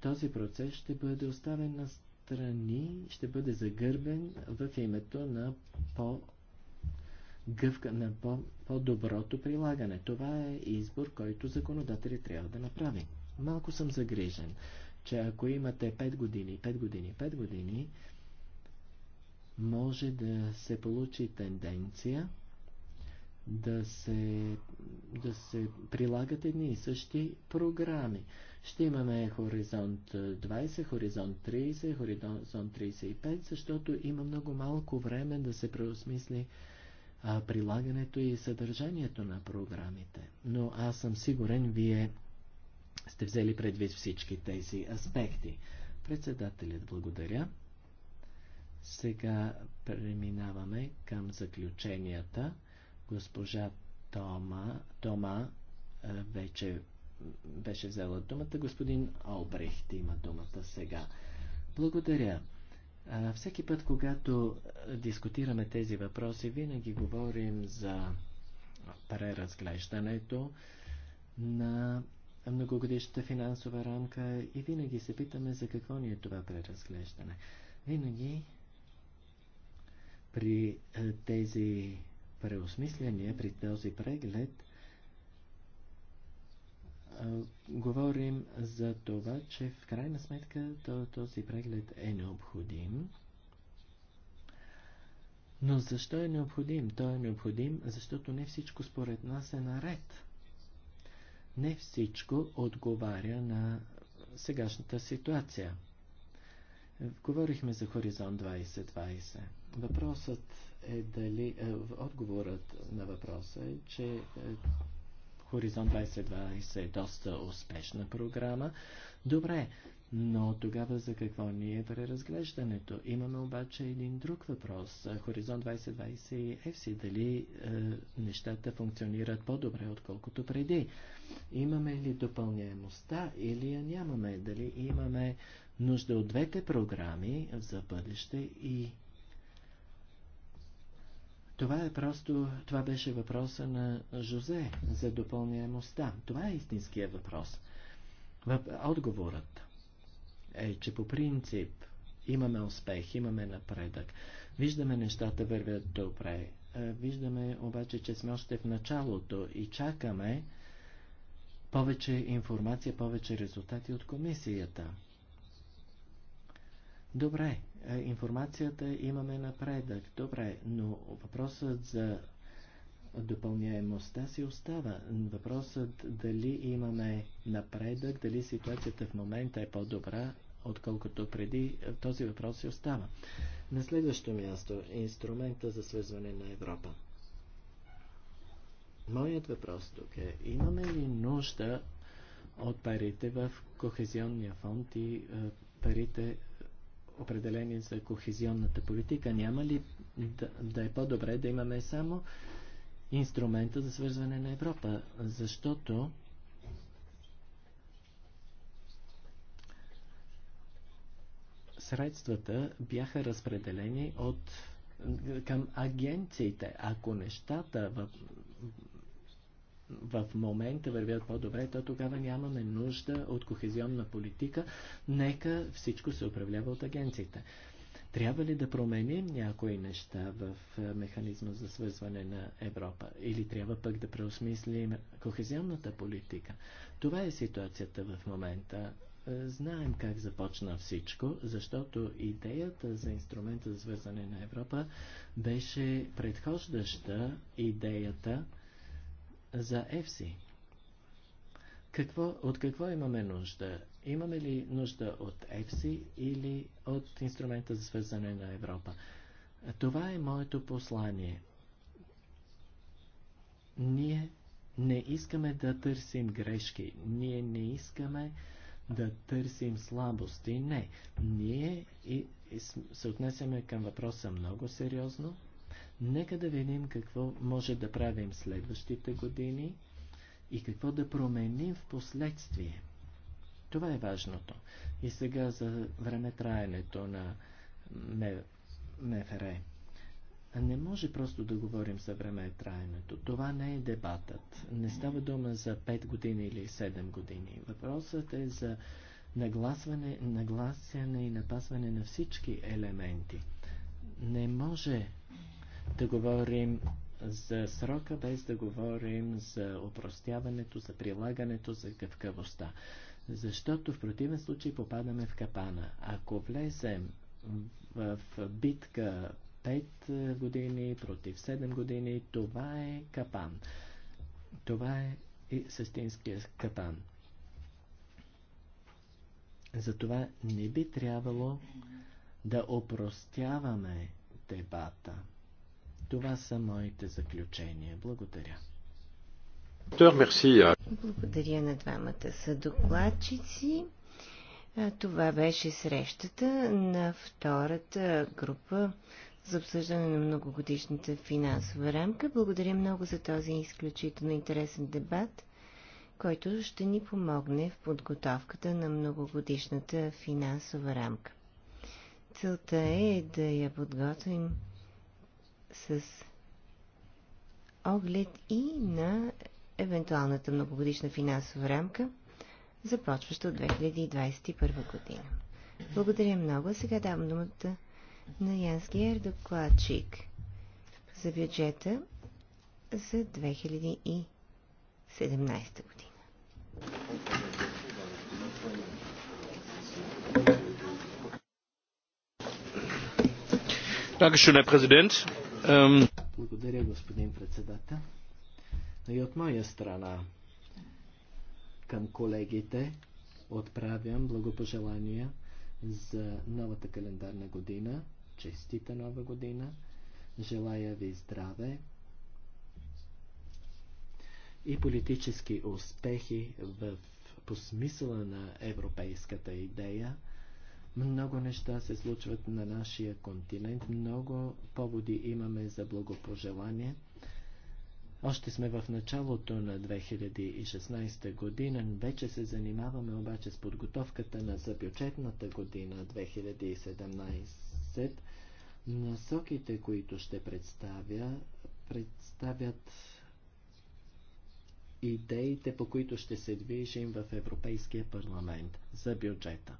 този процес ще бъде оставен на отстрани ще бъде загърбен в името на по гъвка на по- по-доброто прилагане. Това е избор, който законодателят трябва да направи. Малко съм загрижен, че ако имате 5 години, 5 години, 5 години, може да се получи тенденция да се, да се прилагат едни и същи програми ще имаме хоризонт 20, хоризонт 30, хоризонт 35, защото има много малко време да се преосмисли а, прилагането и съдържанието на програмите. Но аз съм сигурен, вие сте взели предвид всички тези аспекти. Председателят благодаря. Сега преминаваме към заключенията. Госпожа Тома, Тома вече беше взела думата. Господин Албрехт има думата сега. Благодаря. А, всеки път, когато дискутираме тези въпроси, винаги говорим за преразглеждането на многогодишната финансова рамка и винаги се питаме за какво ни е това преразглеждане. Винаги при тези преосмисления, при този преглед, говорим за това, че в крайна сметка този преглед е необходим. Но защо е необходим? Той е необходим, защото не всичко според нас е наред. Не всичко отговаря на сегашната ситуация. Говорихме за Хоризонт 2020. Въпросът е дали... Е, отговорът на въпроса е, че е, Хоризонт 2020 е доста успешна програма. Добре, но тогава за какво ни е преразглеждането? Имаме обаче един друг въпрос. Хоризонт 2020 и FC. дали е, нещата функционират по-добре, отколкото преди? Имаме ли допълняемостта или я нямаме? Дали имаме нужда от двете програми за бъдеще и това е просто, това беше въпроса на Жозе за допълняемостта. Това е истинския въпрос. Отговорът е, че по принцип имаме успех, имаме напредък. Виждаме нещата вървят добре. Виждаме обаче, че сме още в началото и чакаме повече информация, повече резултати от комисията. Добре, е, информацията имаме напредък. Добре, но въпросът за допълняемостта си остава. Въпросът дали имаме напредък, дали ситуацията в момента е по-добра, отколкото преди, този въпрос си остава. На следващо място е инструмента за свързване на Европа. Моят въпрос тук е, имаме ли нужда от парите в Кохезионния фонд и е, парите определени за кохезионната политика. Няма ли да, да е по-добре да имаме само инструмента за свързване на Европа? Защото средствата бяха разпределени от към агенциите. Ако нещата в, в момента вървят по-добре, то тогава нямаме нужда от кохезионна политика. Нека всичко се управлява от агенциите. Трябва ли да променим някои неща в е, механизма за свързване на Европа? Или трябва пък да преосмислим кохезионната политика? Това е ситуацията в момента. Е, знаем как започна всичко, защото идеята за инструмента за свързване на Европа беше предхождаща идеята за Евси. Какво, от какво имаме нужда? Имаме ли нужда от ЕФСИ или от инструмента за свързане на Европа? Това е моето послание. Ние не искаме да търсим грешки. Ние не искаме да търсим слабости. Не. Ние и, и се отнесеме към въпроса много сериозно. Нека да видим какво може да правим следващите години и какво да променим в последствие. Това е важното. И сега за време, траенето на МФР. Не може просто да говорим за време траенето. Това не е дебатът. Не става дума за 5 години или 7 години. Въпросът е за нагласване, нагласяне и напасване на всички елементи. Не може да говорим за срока, без да говорим за упростяването, за прилагането, за гъвкавостта. Защото в противен случай попадаме в капана. Ако влезем в битка 5 е, години против 7 години, това е капан. Това е и същинския капан. Затова не би трябвало да опростяваме дебата. Това са моите заключения. Благодаря. Благодаря на двамата са докладчици. Това беше срещата на втората група за обсъждане на многогодишната финансова рамка. Благодаря много за този изключително интересен дебат, който ще ни помогне в подготовката на многогодишната финансова рамка. Целта е да я подготвим с оглед и на евентуалната многогодишна финансова рамка, започваща от 2021 година. Благодаря много. Сега давам думата на Янскиер докладчик за бюджета за 2017 година. Dankeschön, Herr Präsident. Благодаря, господин председател. И от моя страна към колегите отправям благопожелания за новата календарна година. Честита нова година! Желая ви здраве и политически успехи в, по смисъла на европейската идея много неща се случват на нашия континент, много поводи имаме за благопожелание. Още сме в началото на 2016 година, вече се занимаваме обаче с подготовката на за бюджетната година 2017. Насоките, които ще представя, представят идеите, по които ще се движим в Европейския парламент за бюджета.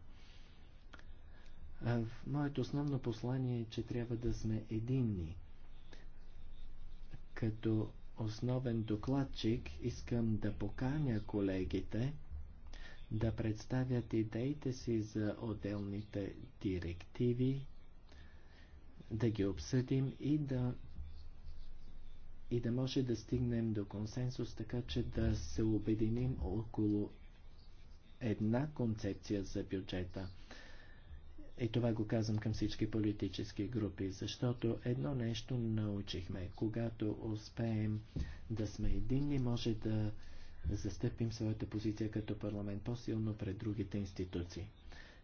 Моето основно послание е, че трябва да сме единни. Като основен докладчик искам да поканя колегите да представят идеите си за отделните директиви, да ги обсъдим и да и да може да стигнем до консенсус, така че да се обединим около една концепция за бюджета – и това го казвам към всички политически групи, защото едно нещо научихме. Когато успеем да сме единни, може да застъпим своята позиция като парламент по-силно пред другите институции.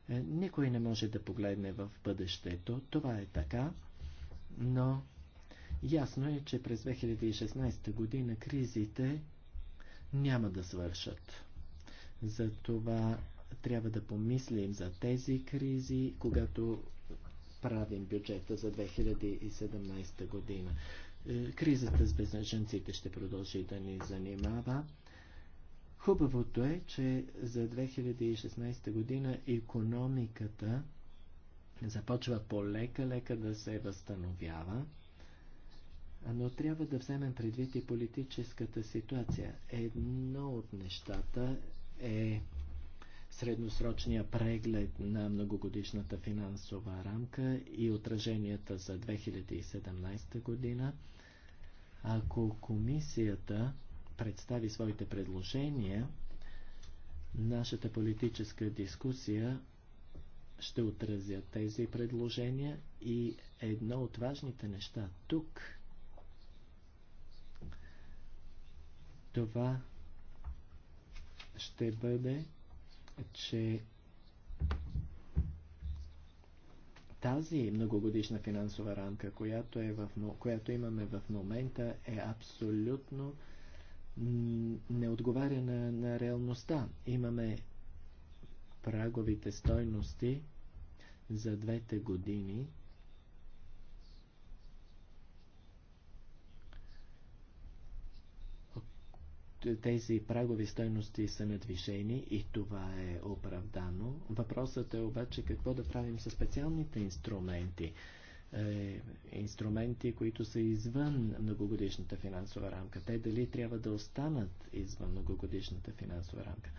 Е, никой не може да погледне в бъдещето, това е така, но ясно е, че през 2016 година кризите няма да свършат. Затова трябва да помислим за тези кризи, когато правим бюджета за 2017 година. Е, кризата с безнаженците ще продължи да ни занимава. Хубавото е, че за 2016 година економиката започва полека-лека да се възстановява, но трябва да вземем предвид и политическата ситуация. Едно от нещата е средносрочния преглед на многогодишната финансова рамка и отраженията за 2017 година, ако комисията представи своите предложения, нашата политическа дискусия ще отразя тези предложения и едно от важните неща тук това ще бъде че тази многогодишна финансова рамка, която, е в, която имаме в момента, е абсолютно не отговаря на, на реалността. Имаме праговите стойности за двете години тези прагови стойности са надвижени и това е оправдано. Въпросът е обаче какво да правим с специалните инструменти. Е, инструменти, които са извън многогодишната финансова рамка. Те дали трябва да останат извън многогодишната финансова рамка.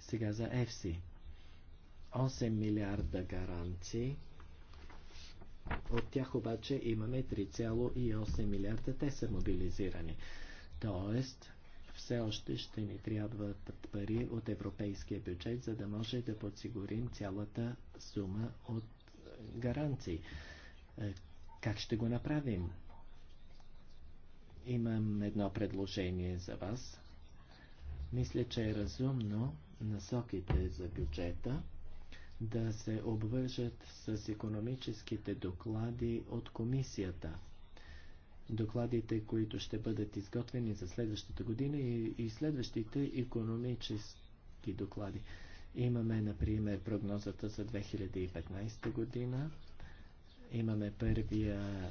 Сега за EFSI. 8 милиарда гаранции. От тях обаче имаме 3,8 милиарда. Те са мобилизирани. Тоест, все още ще ни трябват пари от европейския бюджет, за да може да подсигурим цялата сума от е, гаранции. Е, как ще го направим? Имам едно предложение за вас. Мисля, че е разумно насоките за бюджета да се обвържат с економическите доклади от комисията – докладите, които ще бъдат изготвени за следващата година и, и следващите економически доклади. Имаме, например, прогнозата за 2015 година. Имаме първия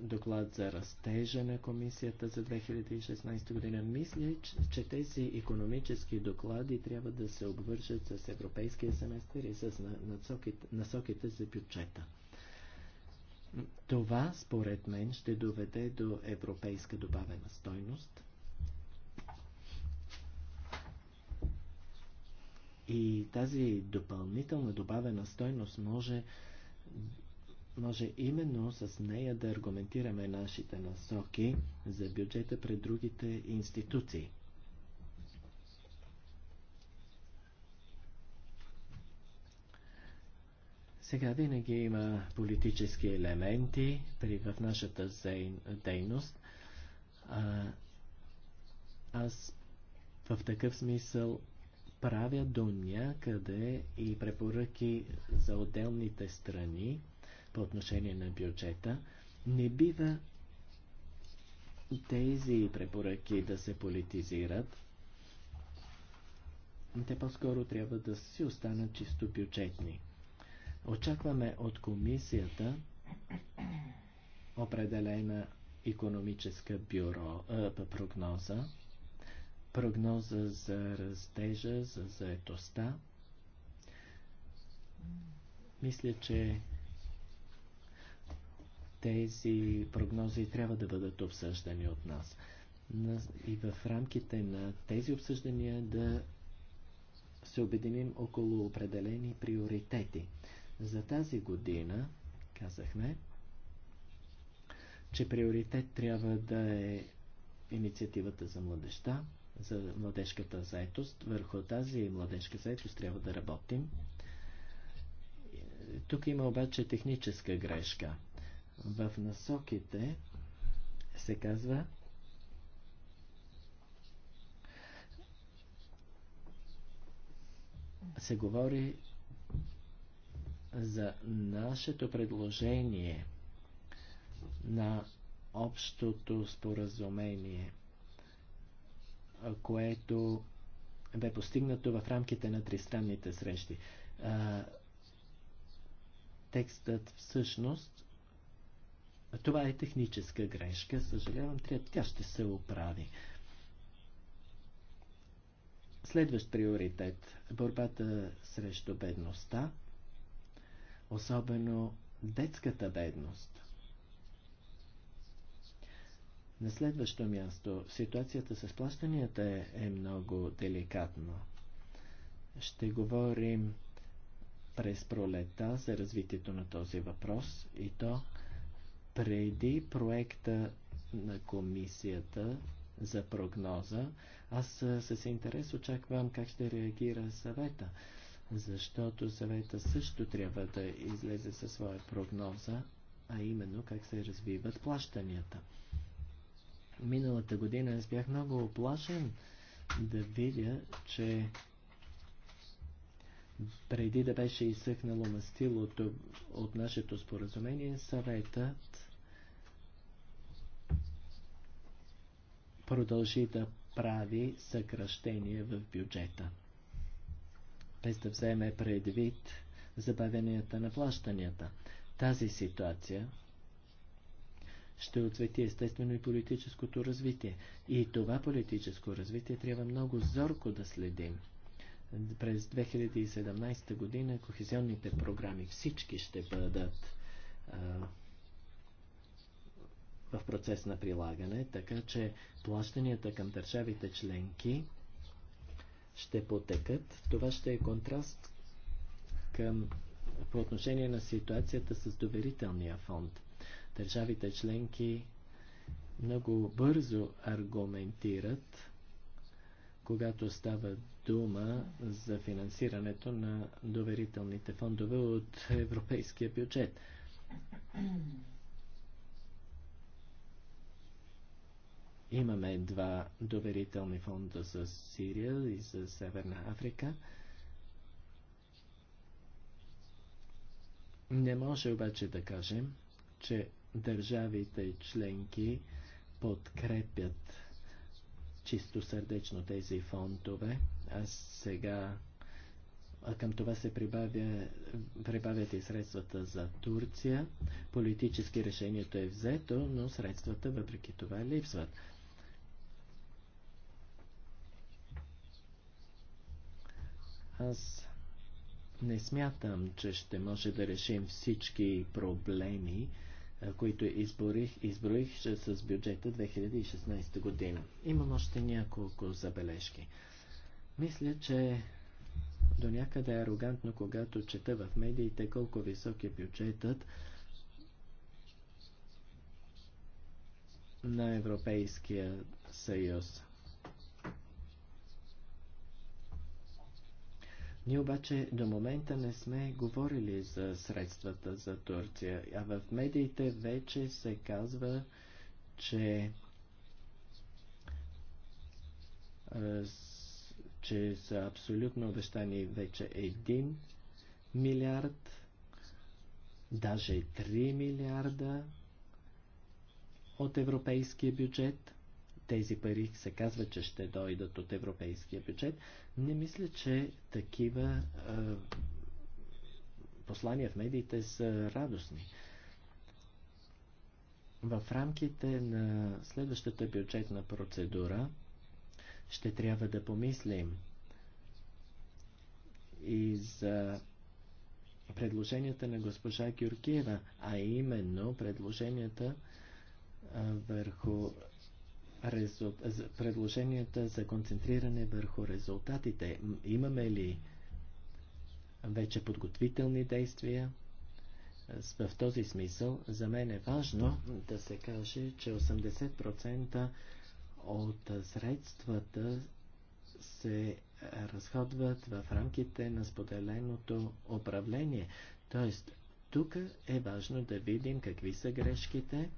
доклад за растежа на комисията за 2016 година. Мисля, че, че тези економически доклади трябва да се обвържат с европейския семестър и с насоките, насоките за бюджета. Това, според мен, ще доведе до европейска добавена стойност. И тази допълнителна добавена стойност може, може именно с нея да аргументираме нашите насоки за бюджета пред другите институции. Сега винаги има политически елементи при, в нашата дейност. А, аз в такъв смисъл правя до някъде и препоръки за отделните страни по отношение на бюджета. Не бива тези препоръки да се политизират. Те по-скоро трябва да си останат чисто бюджетни. Очакваме от комисията определена економическа бюро, е, прогноза, прогноза за растежа, за заетостта. Мисля, че тези прогнози трябва да бъдат обсъждани от нас. И в рамките на тези обсъждания да се обединим около определени приоритети. За тази година казахме, че приоритет трябва да е инициативата за младеща, за младежката заетост. Върху тази младежка заетост трябва да работим. Тук има обаче техническа грешка. В насоките се казва се говори за нашето предложение на общото споразумение, което бе постигнато в рамките на тристранните срещи. А, текстът всъщност това е техническа грешка. Съжалявам, тя ще се оправи. Следващ приоритет – борбата срещу бедността особено детската бедност. На следващо място, ситуацията с плащанията е много деликатна. Ще говорим през пролета за развитието на този въпрос и то преди проекта на комисията за прогноза. Аз с интерес очаквам как ще реагира съвета защото съвета също трябва да излезе със своя прогноза, а именно как се развиват плащанията. Миналата година аз бях много оплашен да видя, че преди да беше изсъхнало мастилото от нашето споразумение, съветът продължи да прави съкръщение в бюджета без да вземе предвид забавенията на плащанията. Тази ситуация ще отцвети естествено и политическото развитие. И това политическо развитие трябва много зорко да следим. През 2017 година кохезионните програми всички ще бъдат а, в процес на прилагане, така че плащанията към държавите членки ще потекат. Това ще е контраст към, по отношение на ситуацията с доверителния фонд. Държавите членки много бързо аргументират, когато става дума за финансирането на доверителните фондове от европейския бюджет. Имаме два доверителни фонда за Сирия и за Северна Африка. Не може обаче да кажем, че държавите и членки подкрепят чисто сърдечно тези фондове, а сега а към това се прибавя, прибавят и средствата за Турция. Политически решението е взето, но средствата въпреки това липсват. Аз не смятам, че ще може да решим всички проблеми, които изборих, изброих с бюджета 2016 година. Имам още няколко забележки. Мисля, че до някъде е арогантно, когато чета в медиите колко висок е бюджетът на Европейския съюз. Ние обаче до момента не сме говорили за средствата за Турция, а в медиите вече се казва, че че са абсолютно обещани вече 1 милиард, даже 3 милиарда от европейския бюджет – тези пари се казва, че ще дойдат от европейския бюджет. Не мисля, че такива а, послания в медиите са радостни. В рамките на следващата бюджетна процедура ще трябва да помислим и за предложенията на госпожа Георгиева, а именно предложенията а, върху предложенията за концентриране върху резултатите. Имаме ли вече подготвителни действия? В този смисъл за мен е важно да се каже, че 80% от средствата се разходват в рамките на споделеното управление. Тоест, тук е важно да видим какви са грешките,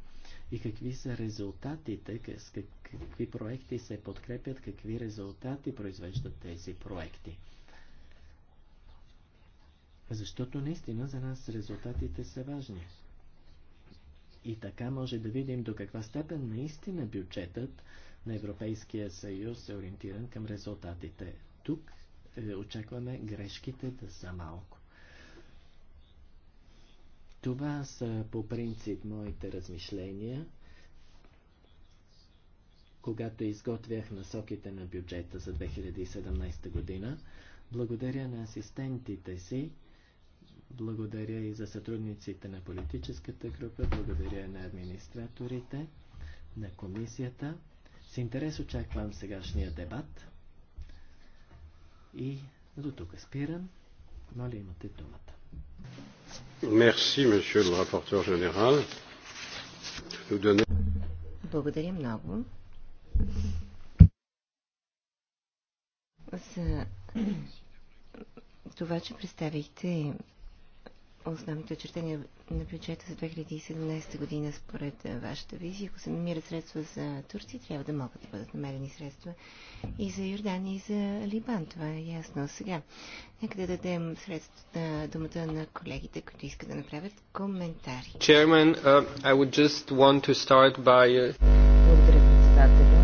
и какви са резултатите, с какви проекти се подкрепят, какви резултати произвеждат тези проекти. Защото наистина за нас резултатите са важни. И така може да видим до каква степен наистина бюджетът на Европейския съюз е ориентиран към резултатите. Тук е, очакваме грешките да са малко. Това са по принцип моите размишления, когато изготвях насоките на бюджета за 2017 година. Благодаря на асистентите си, благодаря и за сътрудниците на политическата група, благодаря на администраторите, на комисията. С интерес очаквам сегашния дебат. И до тук спирам. Моля, имате думата. Благодаря много за това, че представихте основните очертания на бюджета за 2017 година според е, вашата визия? Ако се намират средства за Турция, трябва да могат да бъдат намерени средства и за Йордания, и за Либан. Това е ясно. Сега, нека да дадем средства на е, думата на колегите, които искат да направят коментари. Chairman, uh, I would just want to start by... Uh, Благодаря, председателя.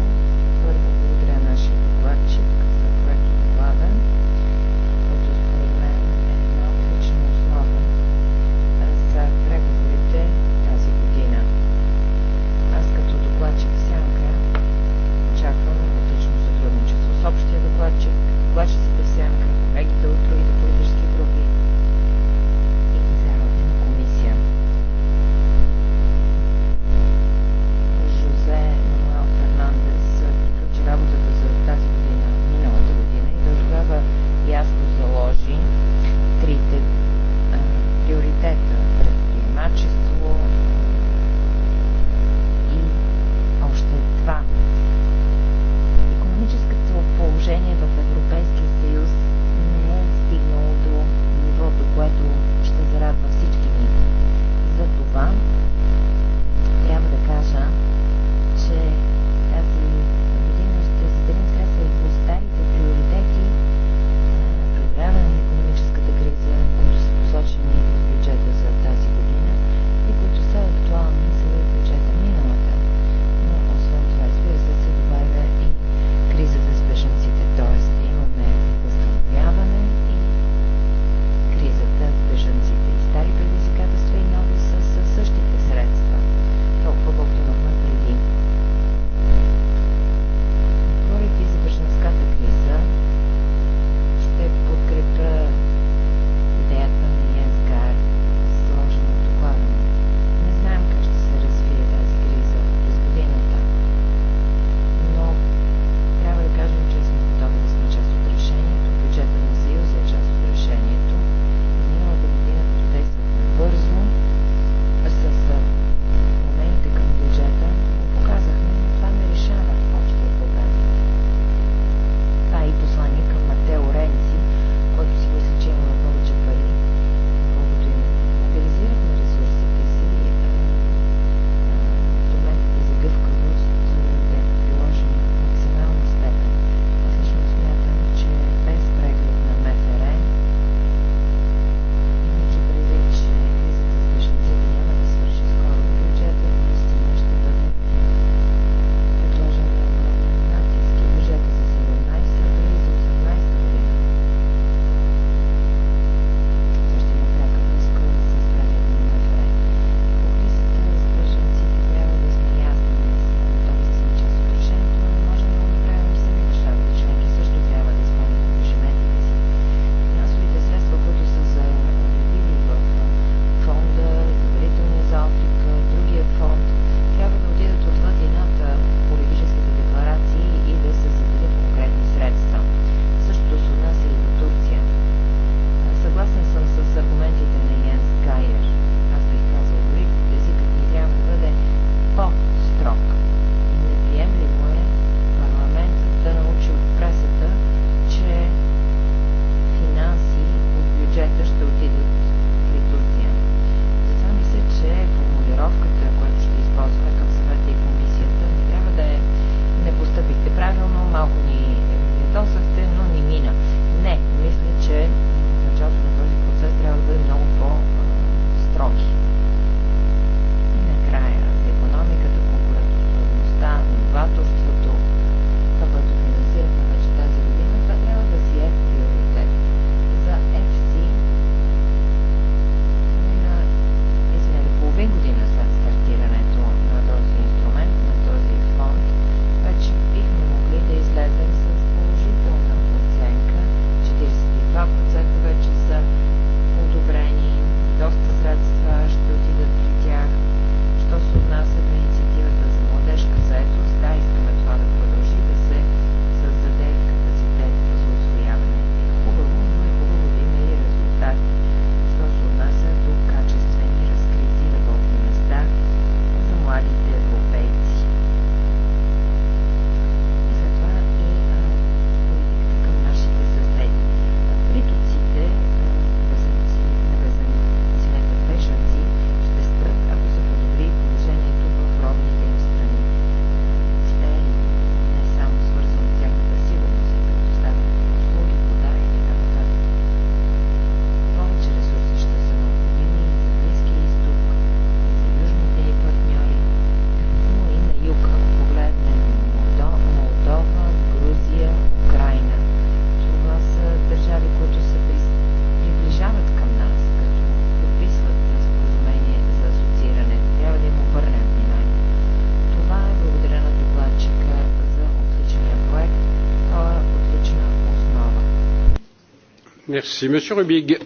Merci, monsieur Rubig.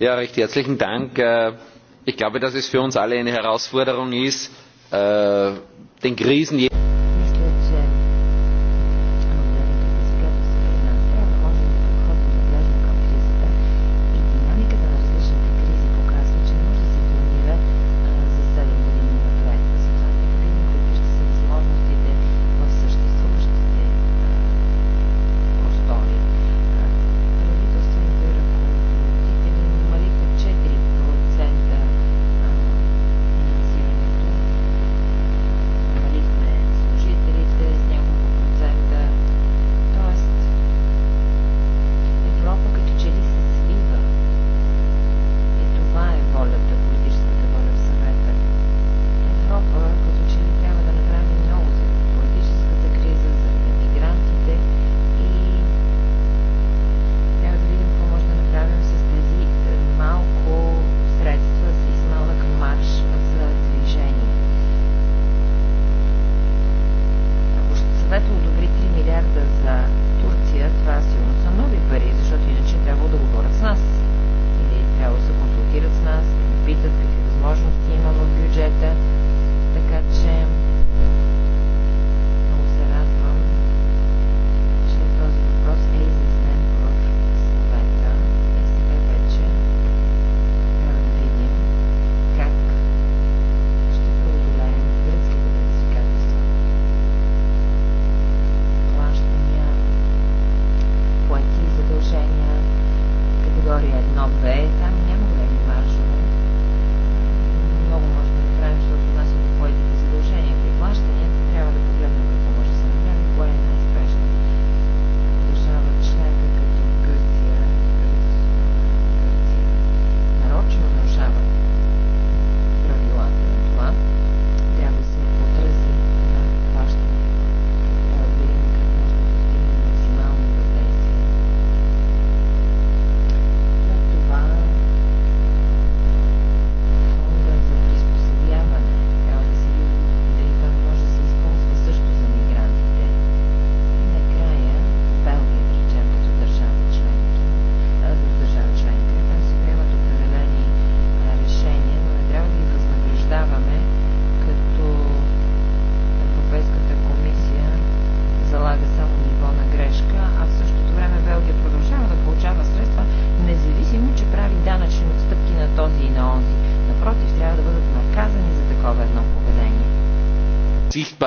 Ja, recht herzlichen Dank. Ich glaube, dass es für uns alle eine Herausforderung ist, den Krisen jetzt.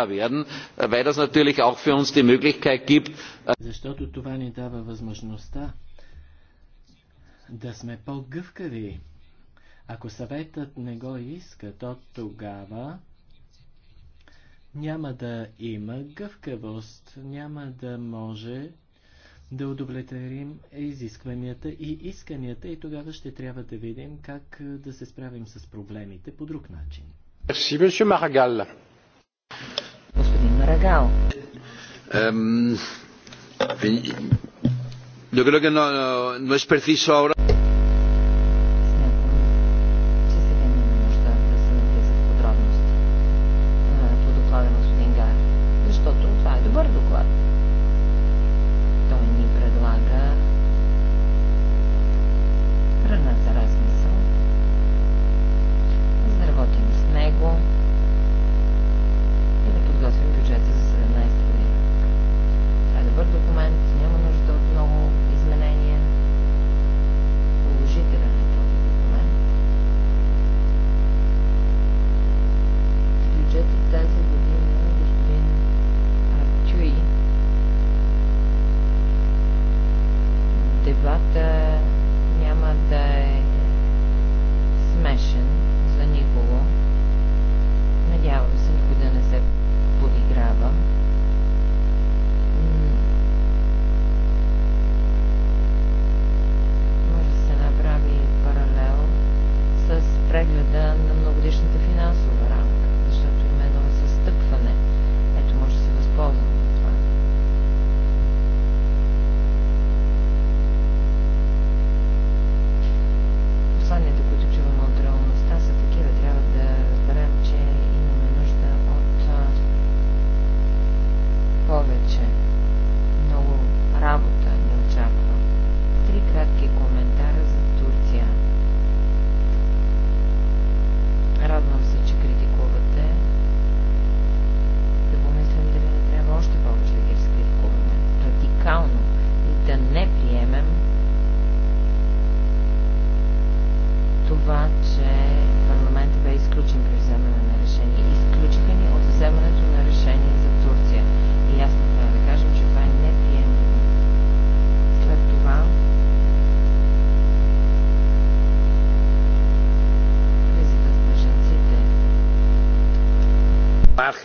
sichtbar werden weil das natürlich auch für uns die Möglichkeit gibt Защото това ни дава възможността да сме по-гъвкави. Ако съветът не го иска, то тогава няма да има гъвкавост, няма да може да удовлетворим изискванията и исканията и тогава ще трябва да видим как да се справим с проблемите по друг начин. Merci, Господин Марагал. Ем... Yo creo que no, no es preciso ahora.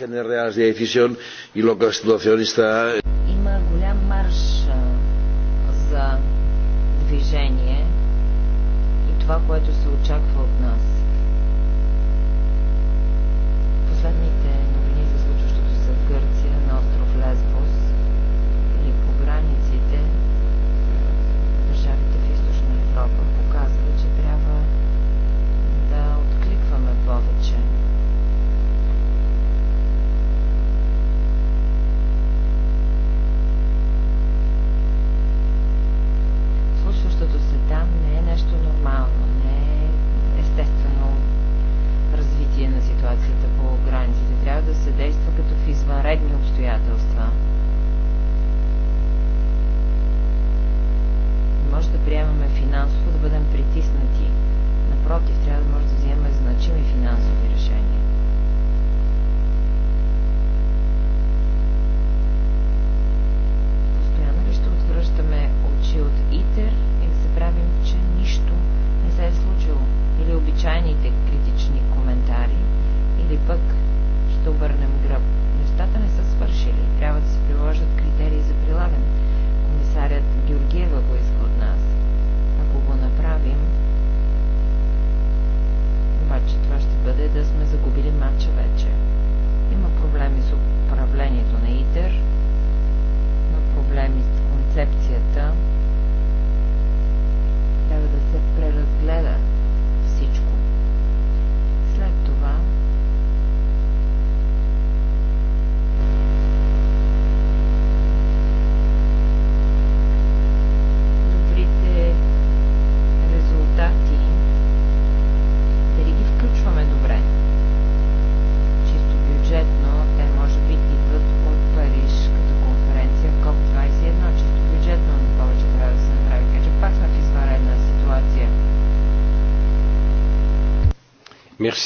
tener reales de decisión y la situación está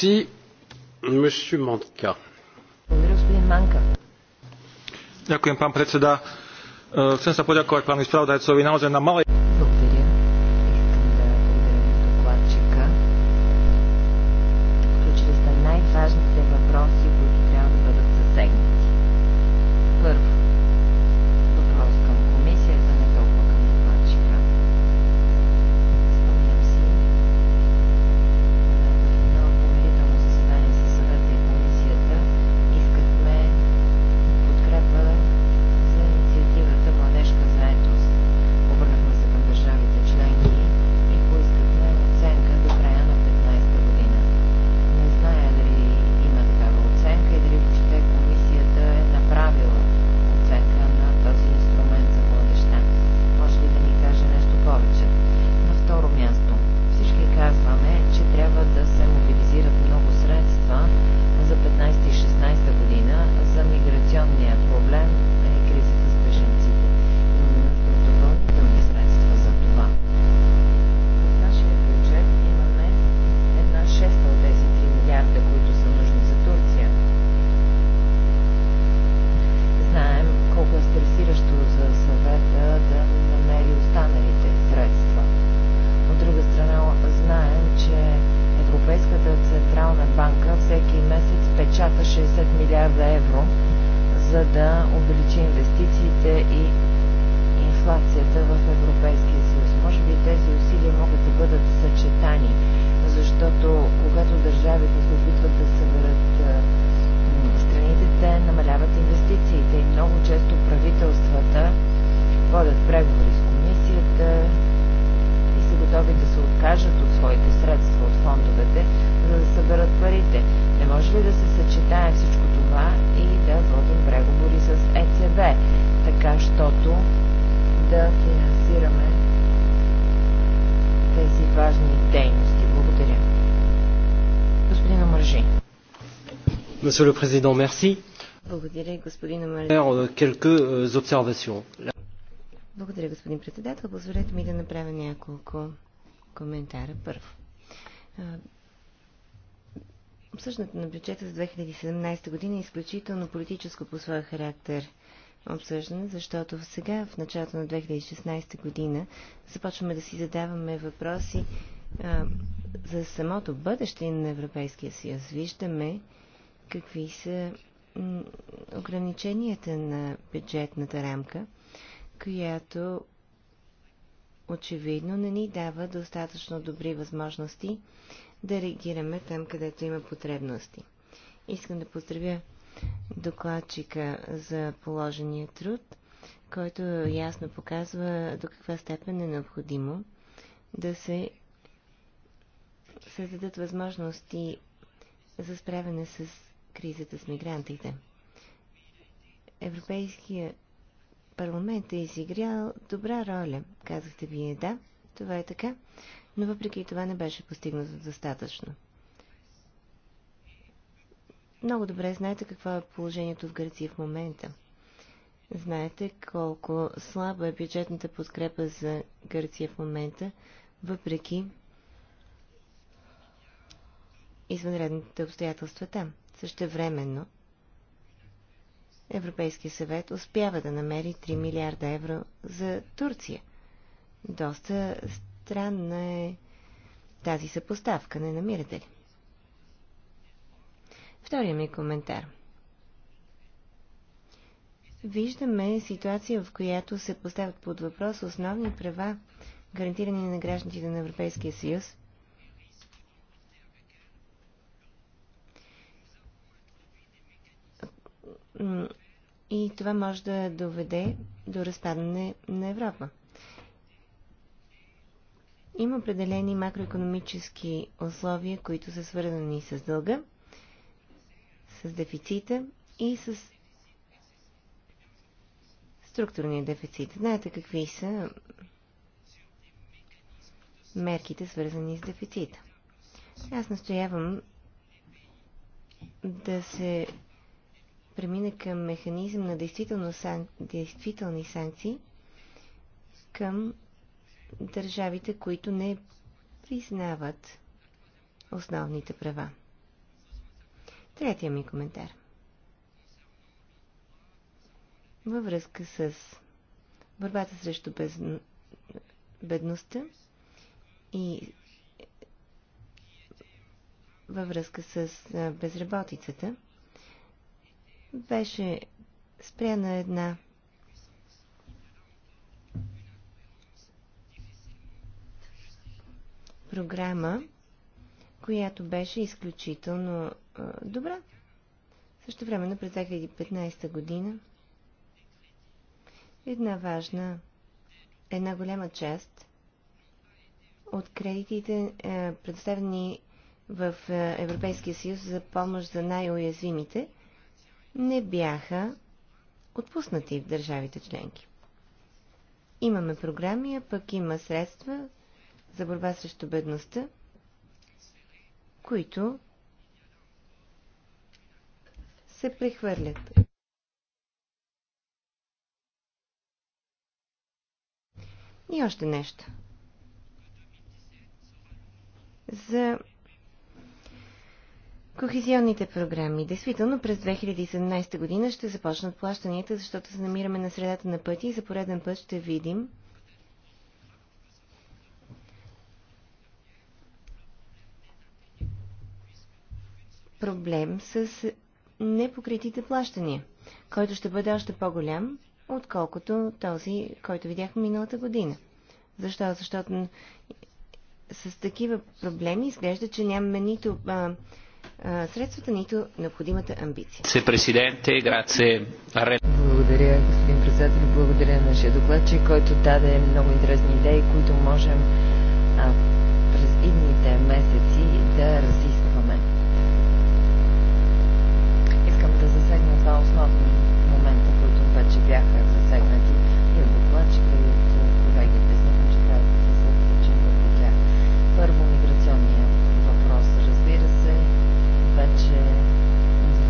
Merci, monsieur Mantka. Благодаря, господин Манка. Ďakujem, pán predseda. Chcem sa poďakovať pánovi spravodajcovi naozaj na malej... Monsieur le Président, merci. Благодаря, господин euh, euh, Благодаря, господин председател. Позволете ми да направя няколко коментара. Първо. Обсъждането на бюджета за 2017 година е изключително политическо по своя характер обсъждане, защото сега, в началото на 2016 година, започваме да си задаваме въпроси а, за самото бъдеще на Европейския съюз. Виждаме какви са ограниченията на бюджетната рамка, която очевидно не ни дава достатъчно добри възможности да реагираме там, където има потребности. Искам да поздравя докладчика за положения труд, който ясно показва до каква степен е необходимо да се създадат възможности за справяне с кризата с мигрантите. Европейския парламент е изиграл добра роля. Казахте вие да, това е така, но въпреки това не беше постигнато достатъчно. Много добре знаете какво е положението в Гърция в момента. Знаете колко слаба е бюджетната подкрепа за Гърция в момента, въпреки извънредните обстоятелства там. Същевременно, Европейския съвет успява да намери 3 милиарда евро за Турция. Доста странна е тази съпоставка, не намирате ли? Втория ми коментар. Виждаме ситуация, в която се поставят под въпрос основни права, гарантирани на гражданите на Европейския съюз И това може да доведе до разпадане на Европа. Има определени макроекономически условия, които са свързани с дълга, с дефицита и с структурния дефицит. Знаете какви са мерките, свързани с дефицита. Аз настоявам да се премина към механизъм на сан... действителни санкции към държавите, които не признават основните права. Третия ми коментар. Във връзка с борбата срещу без... бедността и във връзка с безработицата – беше спряна една програма, която беше изключително а, добра. Също времено през 2015 година една важна, една голяма част от кредитите, а, предоставени в Европейския съюз за помощ за най-уязвимите – не бяха отпуснати в държавите членки. Имаме програми, а пък има средства за борба срещу бедността, които се прехвърлят. И още нещо. За Кохезионните програми. Действително през 2017 година ще започнат плащанията, защото се намираме на средата на пъти и за пореден път ще видим проблем с непокритите плащания, който ще бъде още по-голям, отколкото този, който видяхме миналата година. Защо? Защото с такива проблеми изглежда, че нямаме нито а, средствата, нито необходимата амбиция. Благодаря, господин председател. Благодаря на нашия докладчик, който даде много интересни идеи, които можем а, през идните месеци да разискваме. Искам да засегна два основни момента, които вече бяха засегнати и от докладчика, и от колегите. Смятам, че трябва да се съсредоточим върху тях. Първо,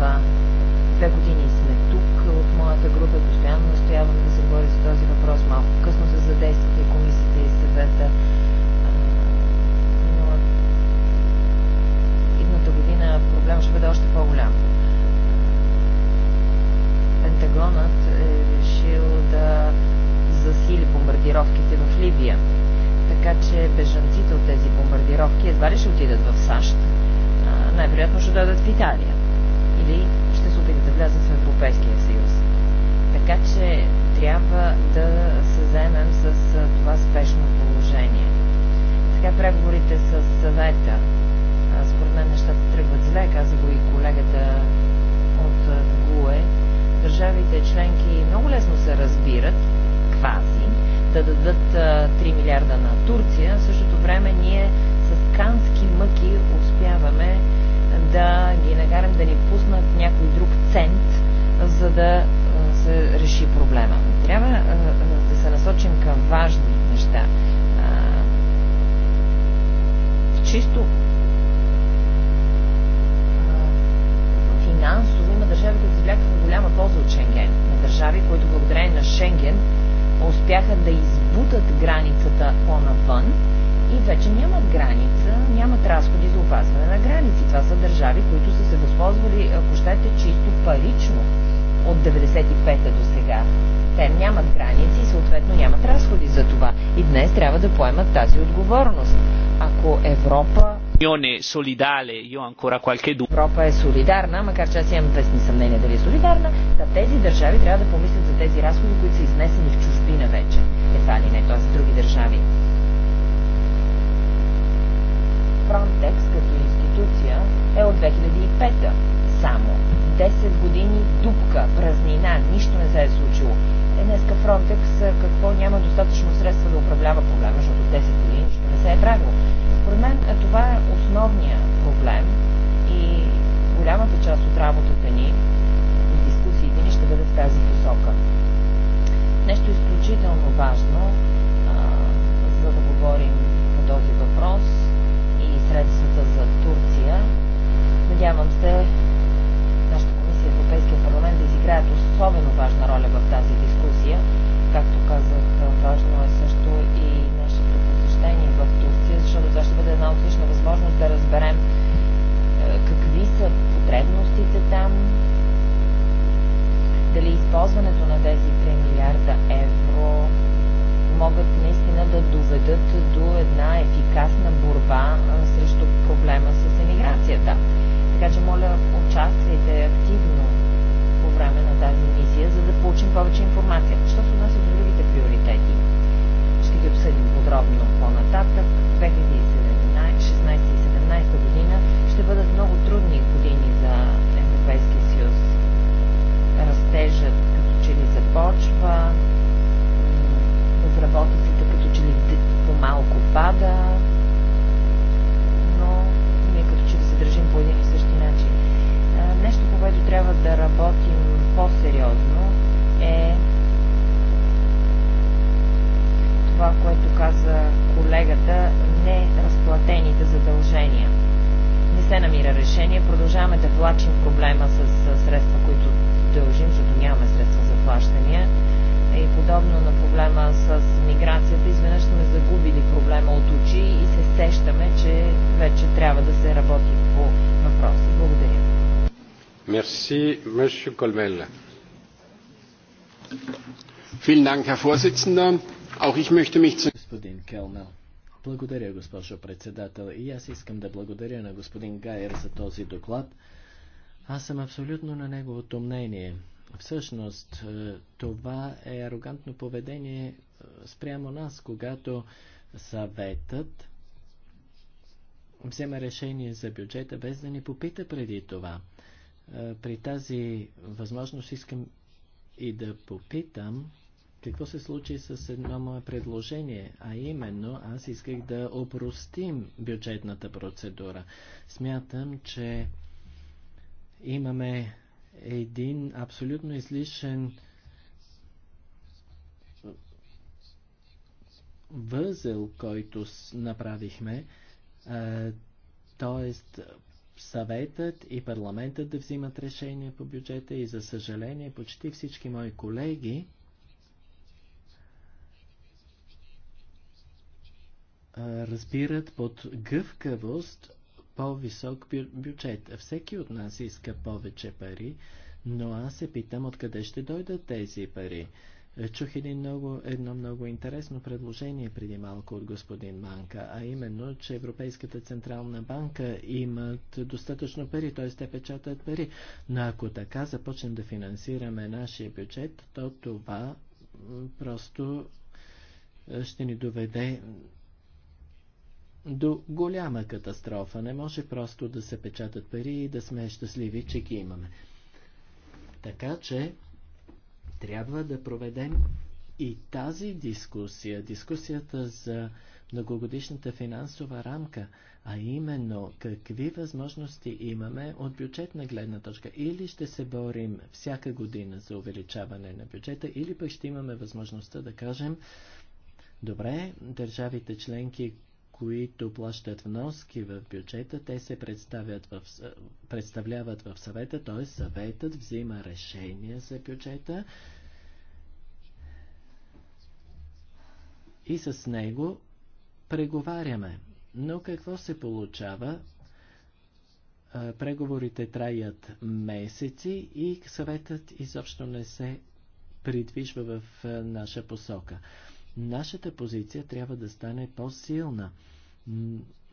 това. Две години сме тук от моята група и постоянно настоявам да се говори за този въпрос. Малко късно се задействаха и комисията и съвета. Идната година проблем ще бъде още по-голям. Пентагонът е решил да засили бомбардировките в Либия. Така че бежанците от тези бомбардировки едва ли ще отидат в САЩ. Най-вероятно ще дойдат в Италия или ще се опитат да влязат в Европейския съюз. Така че трябва да се заемем с това спешно положение. Сега преговорите с съвета. Според мен нещата тръгват зле, каза го и колегата от ГУЕ. Държавите членки много лесно се разбират, квази, да дадат 3 милиарда на Турция. В същото време ние с кански мъки успяваме да ги накарам да ни пуснат някой друг цент, за да се реши проблема. Трябва да се насочим към важни неща. Чисто финансово има държави, които извлякаха голяма полза от Шенген. На държави, които благодарение на Шенген успяха да избутат границата по-навън и вече нямат граница, нямат разходи за опазване на граници. Това са държави, които са се възползвали, ако щете, чисто парично от 95-та до сега. Те нямат граници и съответно нямат разходи за това. И днес трябва да поемат тази отговорност. Ако Европа Европа е солидарна, макар че аз имам вестни съмнения дали е солидарна, да тези държави трябва да помислят за тези разходи, които са изнесени в чужбина вече. Едва ли не, т.е. други държави. Frontex като институция е от 2005 само. 10 години дупка, празнина, нищо не се е случило. Е, днеска Frontex е, какво няма достатъчно средства да управлява проблема, защото 10 години нищо не се е правило. Според мен е, това е основният проблем и голямата част от работата ни и дискусиите ни ще бъде в тази посока. Нещо изключително важно, а, за да говорим по този въпрос, средствата за Турция. Надявам се нашата комисия Европейския парламент да изиграят особено важна роля в тази дискусия Господин Благодаря, госпожо председател. И аз искам да благодаря на господин Гайер за този доклад. Аз съм абсолютно на неговото мнение. Всъщност, е, това е арогантно поведение е, спрямо нас, когато съветът взема решение за бюджета без да ни попита преди това. При тази възможност искам и да попитам какво се случи с едно мое предложение, а именно аз исках да опростим бюджетната процедура. Смятам, че имаме един абсолютно излишен възел, който направихме, т.е съветът и парламентът да взимат решения по бюджета и за съжаление почти всички мои колеги разбират под гъвкавост по-висок бю бюджет. Всеки от нас иска повече пари, но аз се питам откъде ще дойдат тези пари. Е, чух един много, едно много интересно предложение преди малко от господин Манка, а именно, че Европейската Централна банка имат достатъчно пари, т.е. те печатат пари. Но ако така започнем да финансираме нашия бюджет, то това просто ще ни доведе до голяма катастрофа. Не може просто да се печатат пари и да сме щастливи, че ги имаме. Така че трябва да проведем и тази дискусия, дискусията за многогодишната финансова рамка, а именно какви възможности имаме от бюджетна гледна точка. Или ще се борим всяка година за увеличаване на бюджета, или пък ще имаме възможността да кажем, добре, държавите членки, които плащат вноски в бюджета, те се представят в, представляват в съвета, т.е. съветът взима решение за бюджета и с него преговаряме. Но какво се получава? Преговорите траят месеци и съветът изобщо не се придвижва в наша посока. Нашата позиция трябва да стане по-силна.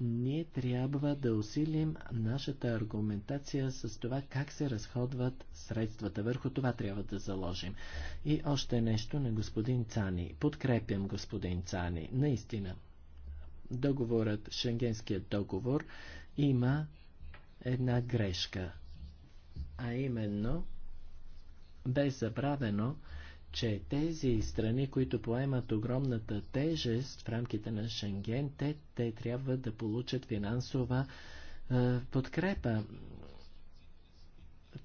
Ние трябва да усилим нашата аргументация с това как се разходват средствата. Върху това трябва да заложим. И още нещо на господин Цани. Подкрепям господин Цани. Наистина. Договорът, Шенгенският договор, има една грешка. А именно, бе забравено, че тези страни, които поемат огромната тежест в рамките на Шенген, те, те трябва да получат финансова е, подкрепа.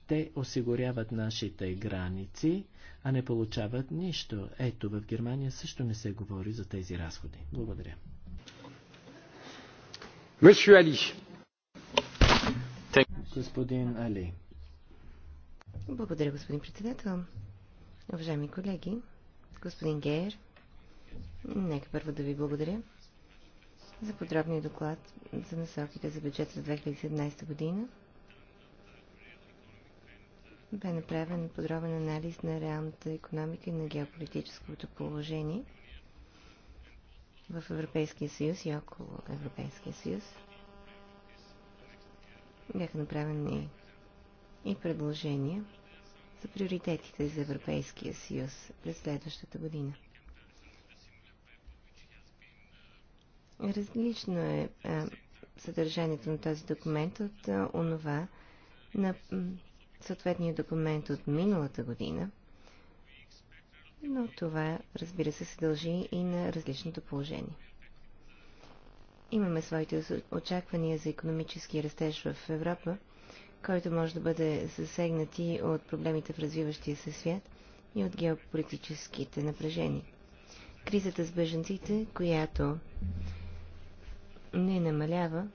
Те осигуряват нашите граници, а не получават нищо. Ето, в Германия също не се говори за тези разходи. Благодаря. Али. Господин Али. Благодаря, господин председател. Уважаеми колеги, господин Гейер, нека първо да ви благодаря за подробния доклад за насоките за бюджет за 2017 година. Бе направен подробен анализ на реалната економика и на геополитическото положение в Европейския съюз и около Европейския съюз. Бяха направени и предложения са приоритетите за Европейския съюз през следващата година? Различно е а, съдържанието на този документ от а, онова на съответния документ от миналата година, но това, разбира се, се дължи и на различното положение. Имаме своите очаквания за економически растеж в Европа – който може да бъде и от проблемите в развиващия се свят и от геополитическите напрежения. Кризата с беженците, която не намалява,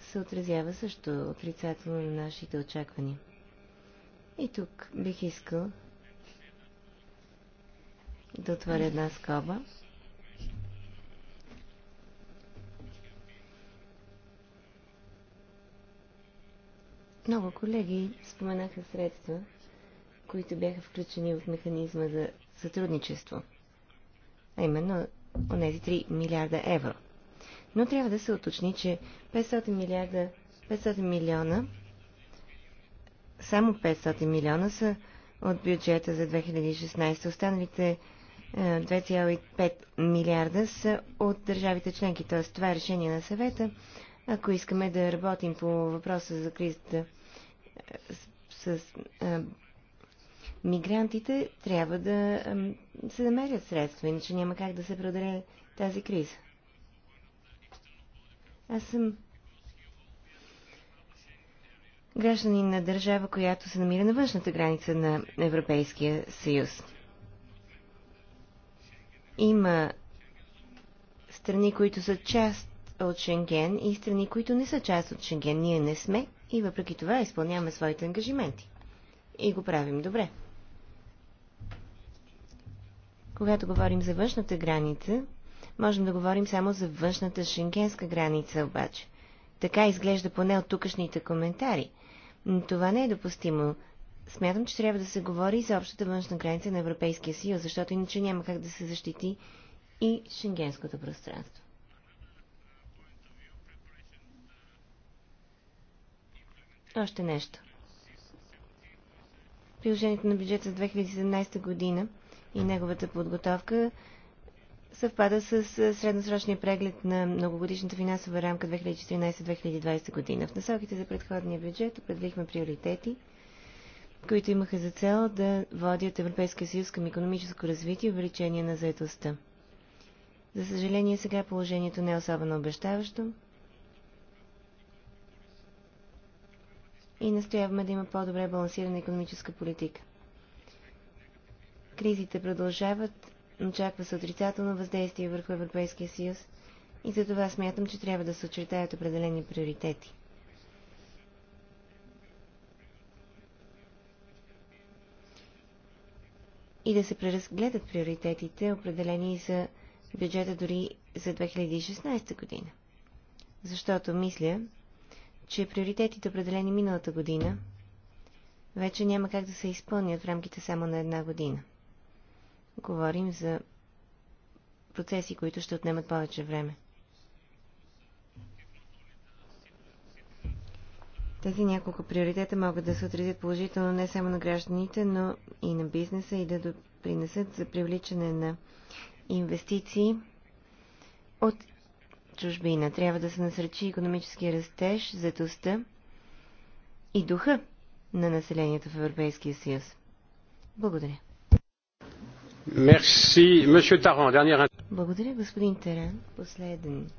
се отразява също отрицателно на нашите очаквания. И тук бих искал да отворя една скоба. Много колеги споменаха средства, които бяха включени в механизма за сътрудничество, а именно онези 3 милиарда евро. Но трябва да се уточни, че 500 милиарда, 500 милиона, само 500 милиона са от бюджета за 2016. Останалите 2,5 е, милиарда са от държавите членки, т.е. това е решение на съвета ако искаме да работим по въпроса за кризата е, с, с е, а, мигрантите, трябва да а, е, се намерят средства, иначе няма как да се преодолее тази криза. Аз съм гражданин на държава, която се намира на външната граница на Европейския съюз. Има страни, които са част от Шенген и страни, които не са част от Шенген. Ние не сме и въпреки това изпълняваме своите ангажименти. И го правим добре. Когато говорим за външната граница, можем да говорим само за външната шенгенска граница обаче. Така изглежда поне от тукашните коментари. Но това не е допустимо. Смятам, че трябва да се говори и за общата външна граница на Европейския съюз, защото иначе няма как да се защити и шенгенското пространство. Още нещо. Приложението на бюджета за 2017 година и неговата подготовка съвпада с средносрочния преглед на многогодишната финансова рамка 2014-2020 година. В насоките за предходния бюджет определихме приоритети, които имаха за цел да водят Европейския съюз към економическо развитие и увеличение на заедостта. За съжаление, сега положението не е особено обещаващо. и настояваме да има по-добре балансирана економическа политика. Кризите продължават, очаква се отрицателно въздействие върху Европейския съюз и за това смятам, че трябва да се очертаят определени приоритети. И да се преразгледат приоритетите, определени за бюджета дори за 2016 година. Защото мисля, че приоритетите, определени миналата година, вече няма как да се изпълнят в рамките само на една година. Говорим за процеси, които ще отнемат повече време. Тези няколко приоритета могат да се отразят положително не само на гражданите, но и на бизнеса и да допринесат за привличане на инвестиции от чужбина. Трябва да се насречи економически растеж, заетостта и духа на населението в Европейския съюз. Благодаря. Merci, monsieur Dernier... Благодаря, господин Таран. Последен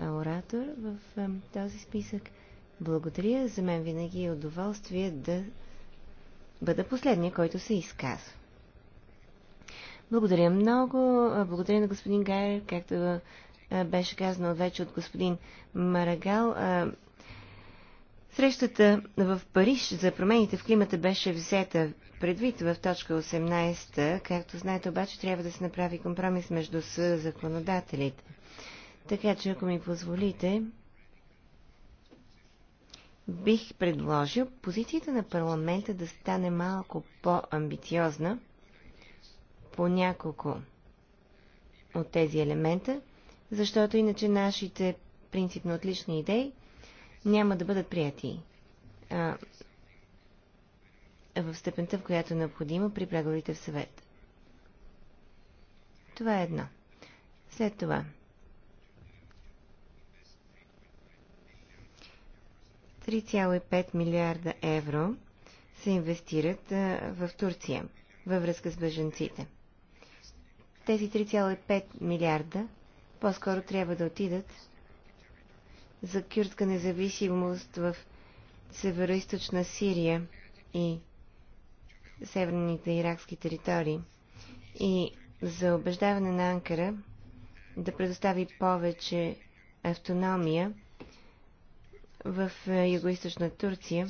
оратор в този списък. Благодаря. За мен винаги е удоволствие да бъда последния, който се изказва. Благодаря много. Благодаря на господин Гайер, както беше казано вече от господин Марагал. Срещата в Париж за промените в климата беше взета предвид в точка 18. Както знаете, обаче трябва да се направи компромис между законодателите. Така че, ако ми позволите, бих предложил позицията на парламента да стане малко по-амбициозна по няколко от тези елемента – защото иначе нашите принципно отлични идеи няма да бъдат прияти а, в степента, в която е необходимо при преговорите в съвет. Това е едно. След това. милиарда евро се инвестират а, в Турция във връзка с беженците. Тези 3,5 милиарда по-скоро трябва да отидат за кюртска независимост в северо Сирия и северните иракски територии и за убеждаване на Анкара да предостави повече автономия в е, югоизточна Турция,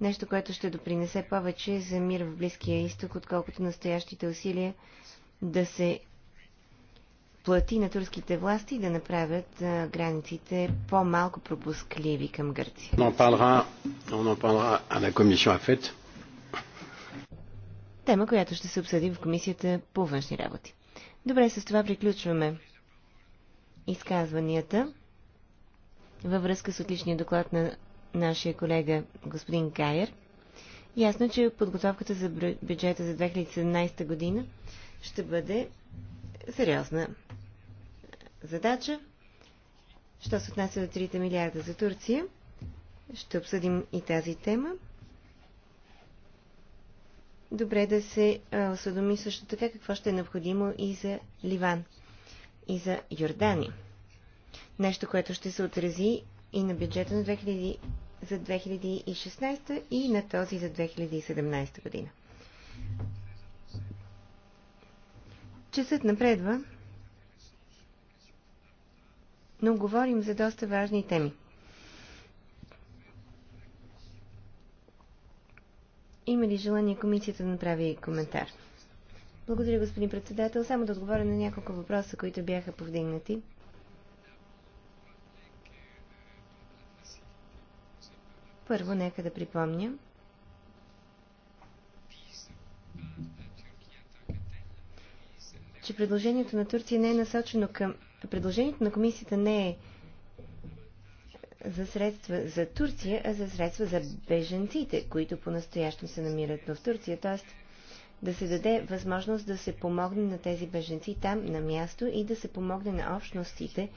нещо, което ще допринесе повече за мир в Близкия изток, отколкото настоящите усилия да се плати на турските власти да направят границите по-малко пропускливи към Гърция. Тема, която ще се обсъди в Комисията по външни работи. Добре, с това приключваме изказванията във връзка с отличния доклад на нашия колега господин Кайер. Ясно, че подготовката за бюджета за 2017 година ще бъде сериозна задача. Що се отнася до 3 милиарда за Турция, ще обсъдим и тази тема. Добре да се осъдоми също така какво ще е необходимо и за Ливан, и за Йордания. Нещо, което ще се отрази и на бюджета на 2000, за 2016 и на този за 2017 година. Часът напредва но говорим за доста важни теми. Има ли желание комисията да направи коментар? Благодаря, господин председател. Само да отговоря на няколко въпроса, които бяха повдигнати. Първо, нека да припомня, че предложението на Турция не е насочено към Предложението на комисията не е за средства за Турция, а за средства за беженците, които по-настоящем се намират в Турция. Т.е. да се даде възможност да се помогне на тези беженци там на място и да се помогне на общностите,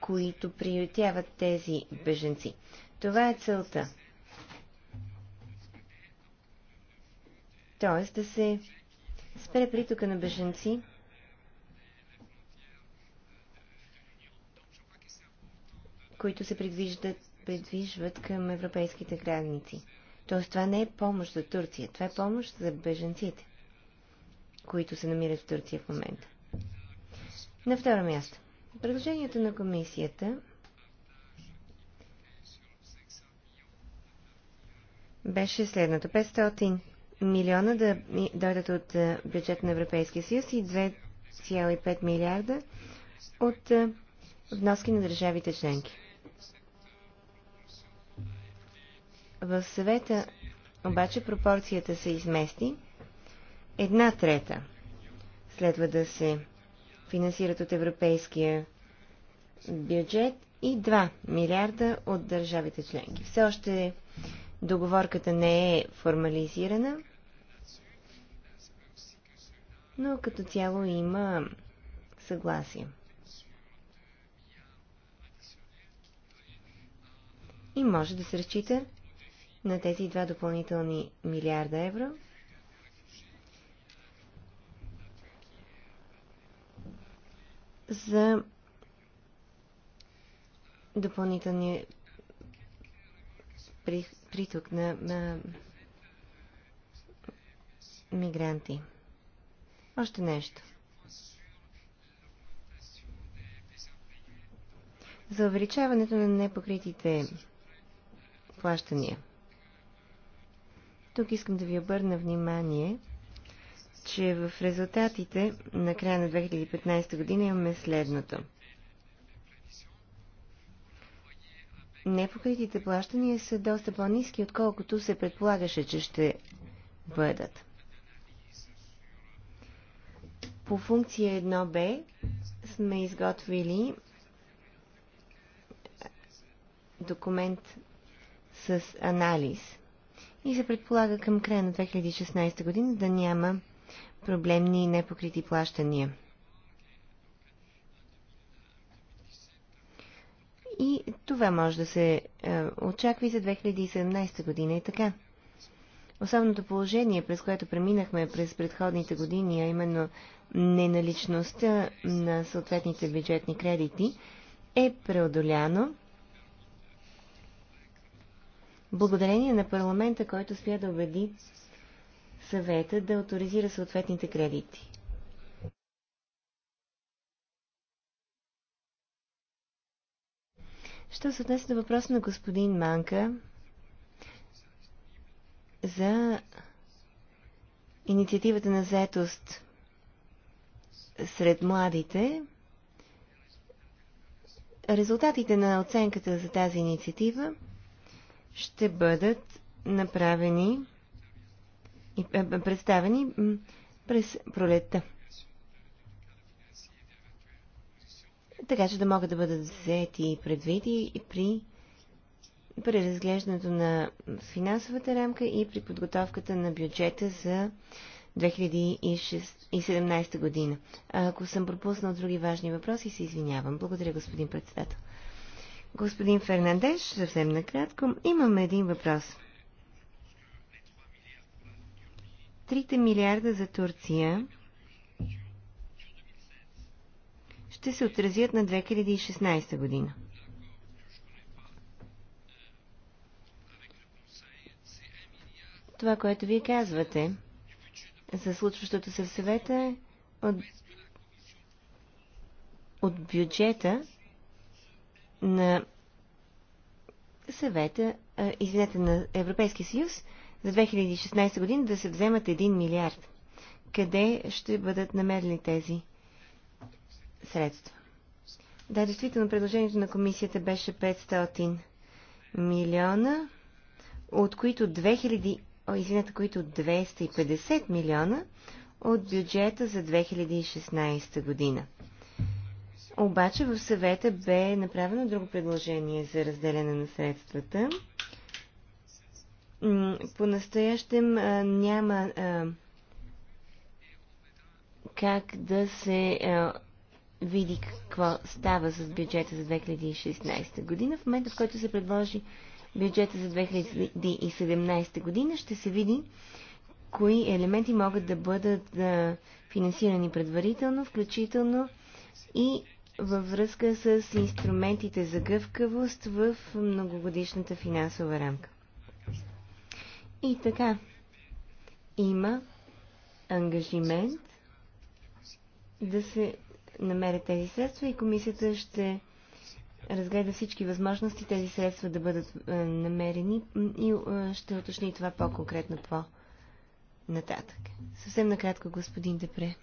които приютяват тези беженци. Това е целта. Т.е. да се спре притока на беженци които се предвиждат, предвижват към европейските граници. Тоест това не е помощ за Турция, това е помощ за беженците, които се намират в Турция в момента. На второ място. Предложението на комисията беше следното. 500 милиона да дойдат от бюджет на Европейския съюз и 2,5 милиарда от вноски на държавите членки. В съвета обаче пропорцията се измести. Една трета следва да се финансират от европейския бюджет и 2 милиарда от държавите членки. Все още договорката не е формализирана, но като цяло има съгласие. И може да се разчита на тези два допълнителни милиарда евро. За допълнителния приток на, на мигранти. Още нещо. За увеличаването на непокритите плащания. Тук искам да ви обърна внимание, че в резултатите на края на 2015 година имаме следното. Непокритите плащания са доста по-низки, отколкото се предполагаше, че ще бъдат. По функция 1b сме изготвили документ с анализ – и се предполага към края на 2016 година да няма проблемни и непокрити плащания. И това може да се е, очаква и за 2017 година и така. Особеното положение, през което преминахме през предходните години, а именно неналичността на съответните бюджетни кредити, е преодоляно благодарение на парламента, който успя да убеди съвета да авторизира съответните кредити. Що се отнесе до въпрос на господин Манка за инициативата на заетост сред младите, резултатите на оценката за тази инициатива – ще бъдат направени и е, представени през пролетта. Така че да могат да бъдат взети и предвиди и при преразглеждането на финансовата рамка и при подготовката на бюджета за 2017 година. Ако съм пропуснал други важни въпроси, се извинявам. Благодаря, господин председател. Господин Фернандеш, съвсем накратко, имаме един въпрос. Трите милиарда за Турция ще се отразят на 2016 година. Това, което вие казвате за случващото се в съвета е от, от бюджета на съвета, извинете, на Европейския съюз за 2016 година да се вземат 1 милиард. Къде ще бъдат намерени тези средства? Да, действително, предложението на комисията беше 500 милиона, от които 2000, о, извинете, които 250 милиона от бюджета за 2016 година. Обаче в съвета бе направено друго предложение за разделяне на средствата. По-настоящем няма как да се види какво става с бюджета за 2016 година. В момента, в който се предложи бюджета за 2017 година, ще се види кои елементи могат да бъдат финансирани предварително, включително и във връзка с инструментите за гъвкавост в многогодишната финансова рамка. И така, има ангажимент да се намерят тези средства и комисията ще разгледа всички възможности тези средства да бъдат е, намерени и е, ще уточни това по-конкретно по-нататък. Съвсем накратко, господин Депре.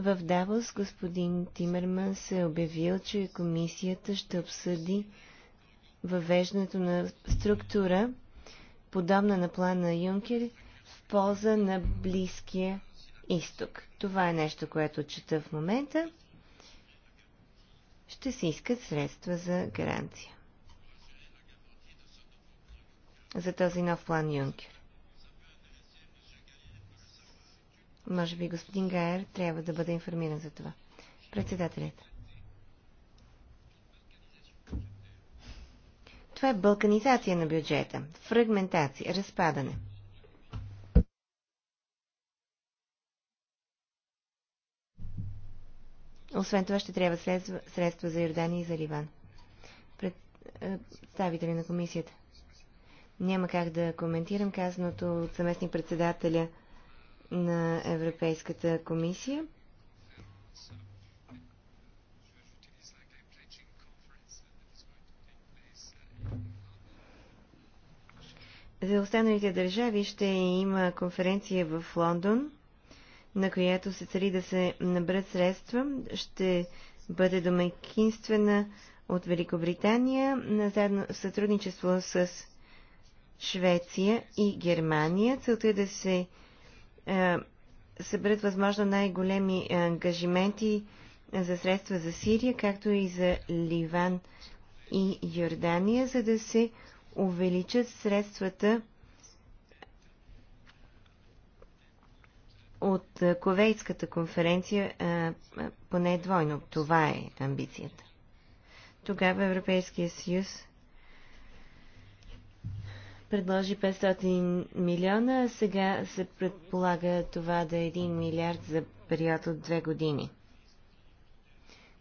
В Давос господин Тимерман се е обявил, че комисията ще обсъди въвеждането на структура, подобна на плана Юнкер, в полза на Близкия изток. Това е нещо, което чета в момента. Ще се искат средства за гаранция. За този нов план Юнкер. Може би господин Гайер трябва да бъде информиран за това. Председателят. Това е балканизация на бюджета, фрагментация, разпадане. Освен това ще трябва средства, за Йордания и за Ливан. Представители на комисията. Няма как да коментирам казаното от съместник председателя на Европейската комисия. За останалите държави ще има конференция в Лондон, на която се цели да се набрат средства. Ще бъде домакинствена от Великобритания на заедно сътрудничество с Швеция и Германия. Целта е да се е, съберат възможно най-големи е, ангажименти е, за средства за Сирия, както и за Ливан и Йордания, за да се увеличат средствата от Ковейтската конференция поне двойно. Това е амбицията. Тогава Европейския съюз предложи 500 милиона, а сега се предполага това да е 1 милиард за период от две години.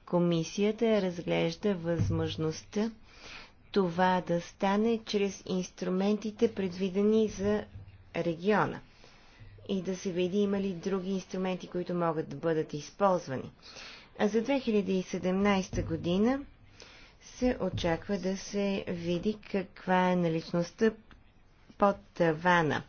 Комисията разглежда възможността това да стане чрез инструментите, предвидени за региона и да се види има ли други инструменти, които могат да бъдат използвани. А за 2017 година се очаква да се види каква е наличността под тавана.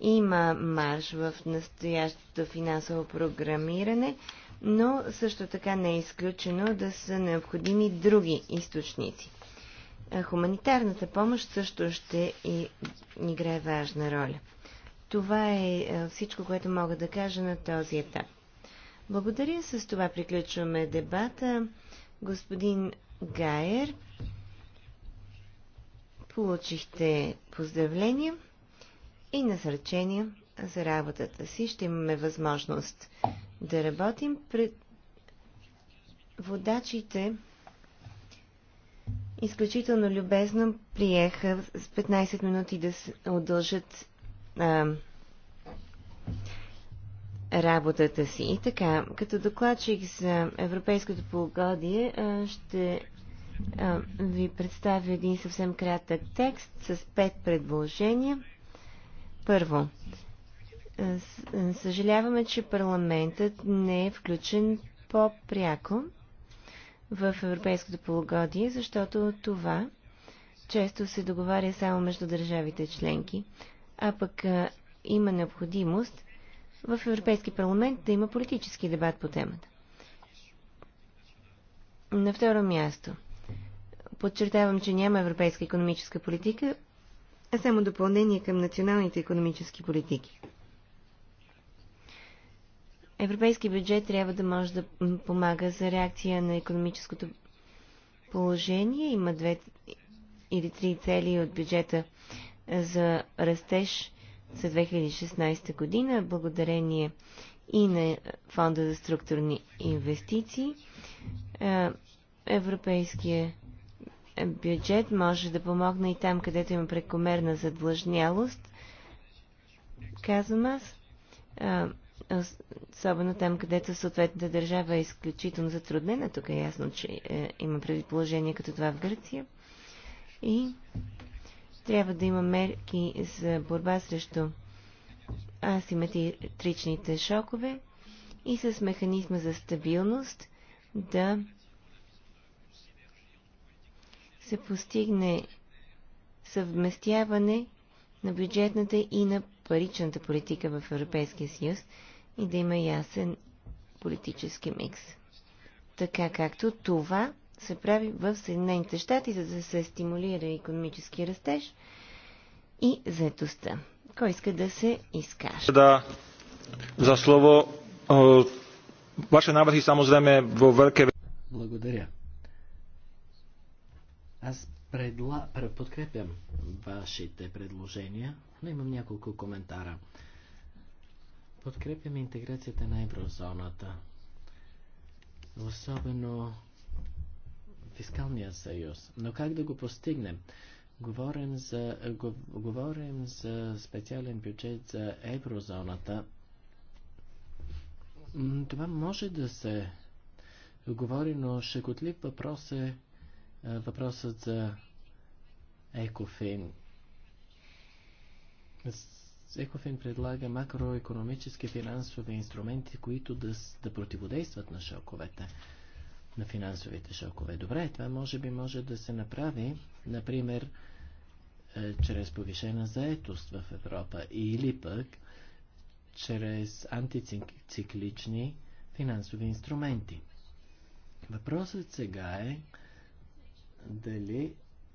Има марш в настоящото финансово програмиране, но също така не е изключено да са необходими други източници. Е, хуманитарната помощ също ще и, играе важна роля. Това е, е всичко, което мога да кажа на този етап. Благодаря. С това приключваме дебата. Господин Гайер, Получихте поздравления и насърчения за работата си. Ще имаме възможност да работим пред водачите. Изключително любезно приеха с 15 минути да удължат а, работата си. И така, като докладчик за Европейското полугодие ще е, ви представя един съвсем кратък текст с пет предложения. Първо, е, е, съжаляваме, че парламентът не е включен по-пряко в Европейското полугодие, защото това често се договаря само между държавите членки, а пък има необходимост в Европейски парламент да има политически дебат по темата. На второ място – Подчертавам, че няма европейска економическа политика, а само допълнение към националните економически политики. Европейски бюджет трябва да може да помага за реакция на економическото положение. Има две или три цели от бюджета за растеж за 2016 година, благодарение и на Фонда за структурни инвестиции. Европейския бюджет може да помогне и там, където има прекомерна задлъжнялост, казвам аз, особено там, където съответната държава е изключително затруднена. Тук е ясно, че е, има предположение като това в Гърция. И трябва да има мерки за борба срещу асиметричните шокове и с механизма за стабилност да се постигне съвместяване на бюджетната и на паричната политика в Европейския съюз и да има ясен политически микс. Така както това се прави в Съединените щати, за да се стимулира економически растеж и заетостта. Кой иска да се изкаже? Да, за слово. Ваше навърхи, само време във велике... Благодаря. Аз предла... подкрепям вашите предложения, но имам няколко коментара. Подкрепям интеграцията на еврозоната. Особено фискалния съюз. Но как да го постигнем? Говорим за, говорим за специален бюджет за еврозоната. Това може да се говори, но шекотлив въпрос е е, въпросът за Екофин. Екофин предлага макроекономически финансови инструменти, които да, да противодействат на шоковете, на финансовите шокове. Добре, това може би може да се направи, например, е, чрез повишена заетост в Европа или пък чрез антициклични финансови инструменти. Въпросът сега е дали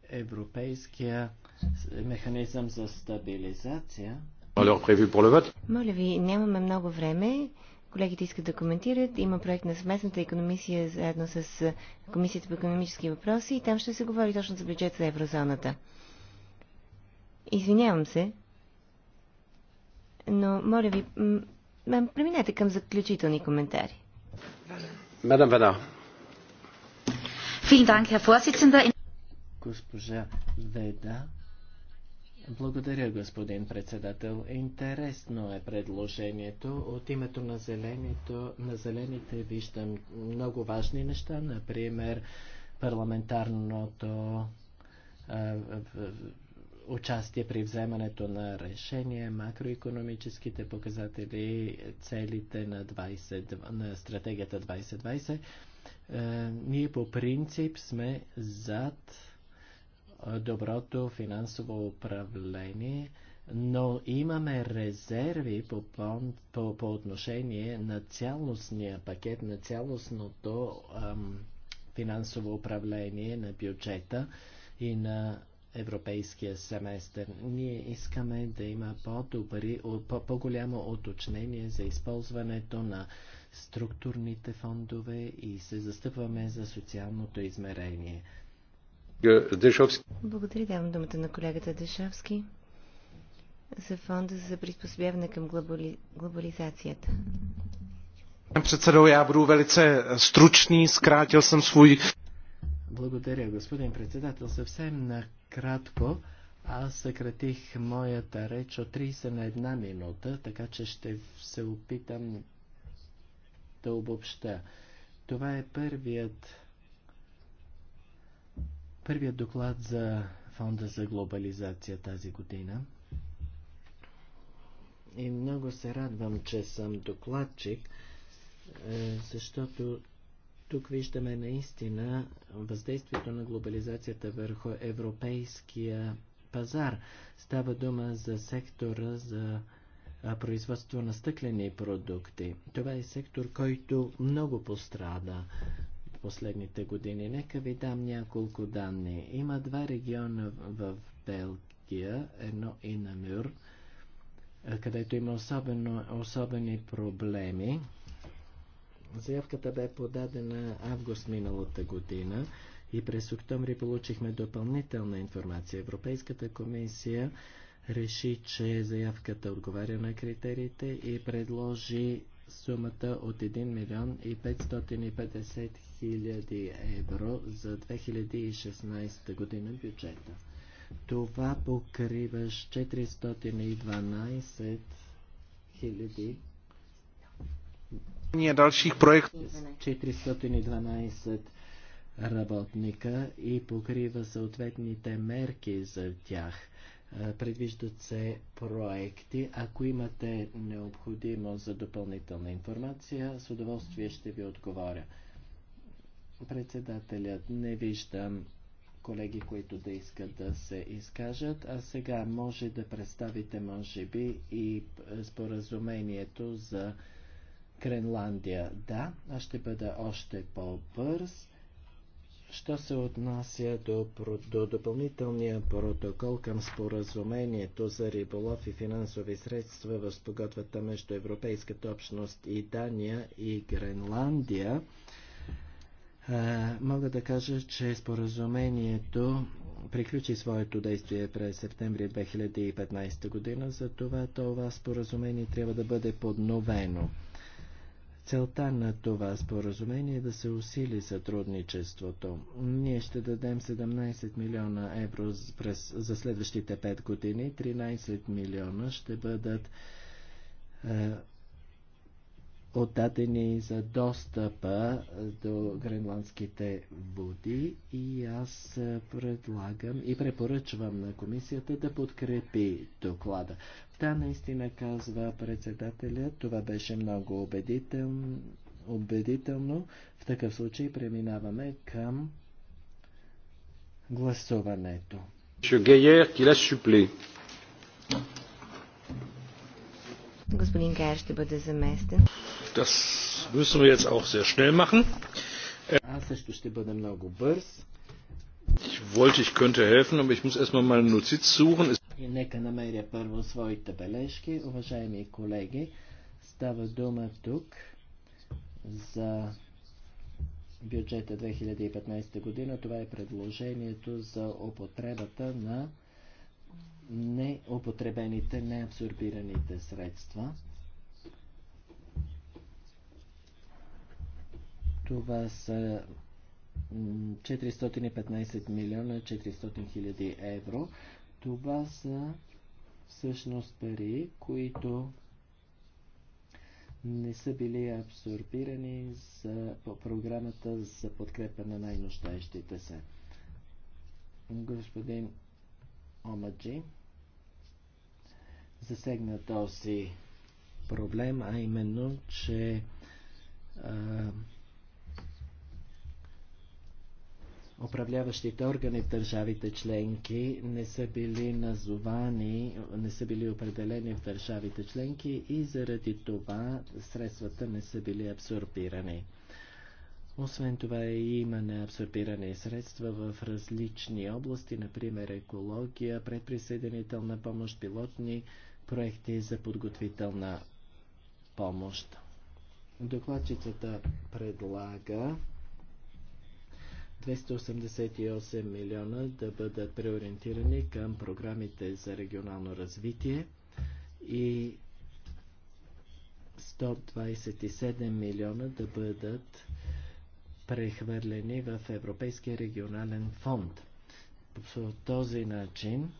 европейския механизъм за стабилизация. Моля ви, нямаме много време. Колегите искат да коментират. Има проект на съвместната економисия заедно с Комисията по економически въпроси и там ще се говори точно за бюджет за еврозоната. Извинявам се, но моля ви, преминете към заключителни коментари. Мадам Вана. Госпожа Веда. Благодаря, господин председател. Интересно е предложението. От името на, зеленето, на зелените виждам много важни неща, например парламентарното участие при вземането на решения, макроекономическите показатели, целите на, 20, на стратегията 2020. Е, ние по принцип сме зад е, доброто финансово управление, но имаме резерви по, по, по отношение на цялостния пакет, на цялостното ам, финансово управление на бюджета и на европейския семестър. Ние искаме да има по-добри, по-голямо -по уточнение за използването на структурните фондове и се застъпваме за социалното измерение. Дешовски. Благодаря. Давам думата на колегата Дешовски за фонда за приспособяване към глобали... глобализацията. Председател, я буду велице стручни, скратил съм свой... Благодаря, господин председател. Съвсем накратко аз съкратих моята реч от 30 на една минута, така че ще се опитам да обобща. Това е първият, първият доклад за Фонда за глобализация тази година. И много се радвам, че съм докладчик, е, защото тук виждаме наистина въздействието на глобализацията върху европейския пазар. Става дума за сектора за производство на стъклени продукти. Това е сектор, който много пострада в последните години. Нека ви дам няколко данни. Има два региона в Белгия, едно и на Мюр, където има особено, особени проблеми. Заявката бе подадена август миналата година и през октомври получихме допълнителна информация. Европейската комисия реши, че заявката отговаря на критериите и предложи сумата от 1 милион и 550 хиляди евро за 2016 година бюджета. Това покриваш 412 хиляди ние проект 412 работника и покрива съответните мерки за тях. Е, предвиждат се проекти. Ако имате необходимост за допълнителна информация, с удоволствие ще ви отговоря. Председателят, не виждам колеги, които да искат да се изкажат, а сега може да представите, може би, и споразумението за Гренландия. Да, аз ще бъда още по-бърз. Що се отнася до, до допълнителния протокол към споразумението за риболов и финансови средства в спогодбата между Европейската общност и Дания и Гренландия, е, мога да кажа, че споразумението приключи своето действие през септември 2015 година, затова това споразумение трябва да бъде подновено. Целта на това споразумение е да се усили сътрудничеството. Ние ще дадем 17 милиона евро през, за следващите 5 години, 13 милиона ще бъдат е, отдадени за достъпа е, до гренландските води и аз е, предлагам и препоръчвам на комисията да подкрепи доклада. Да, наистина казва председателя, това беше много убедително. В такъв случай преминаваме към гласуването. Господин Гайер ще бъде заместен. Das müssen wir jetzt auch sehr schnell machen. Аз също ще бъда много бърз. Ich wollte, ich könnte helfen, aber ich muss erstmal meine Notiz suchen. Нека намеря първо своите бележки. Уважаеми колеги, става дума тук за бюджета 2015 година. Това е предложението за употребата на неупотребените, неабсорбираните средства. Това са 415 милиона 400 хиляди евро. Това са всъщност пари, които не са били абсорбирани за, по програмата за подкрепа на най нощаещите се. Господин Омаджи засегна този проблем, а именно, че а, управляващите органи в държавите членки не са били назовани, не са били определени в държавите членки и заради това средствата не са били абсорбирани. Освен това има неабсорбирани средства в различни области, например екология, предприсъединителна помощ, пилотни проекти за подготвителна помощ. Докладчицата предлага 288 милиона да бъдат преориентирани към програмите за регионално развитие и 127 милиона да бъдат прехвърлени в Европейския регионален фонд. По този начин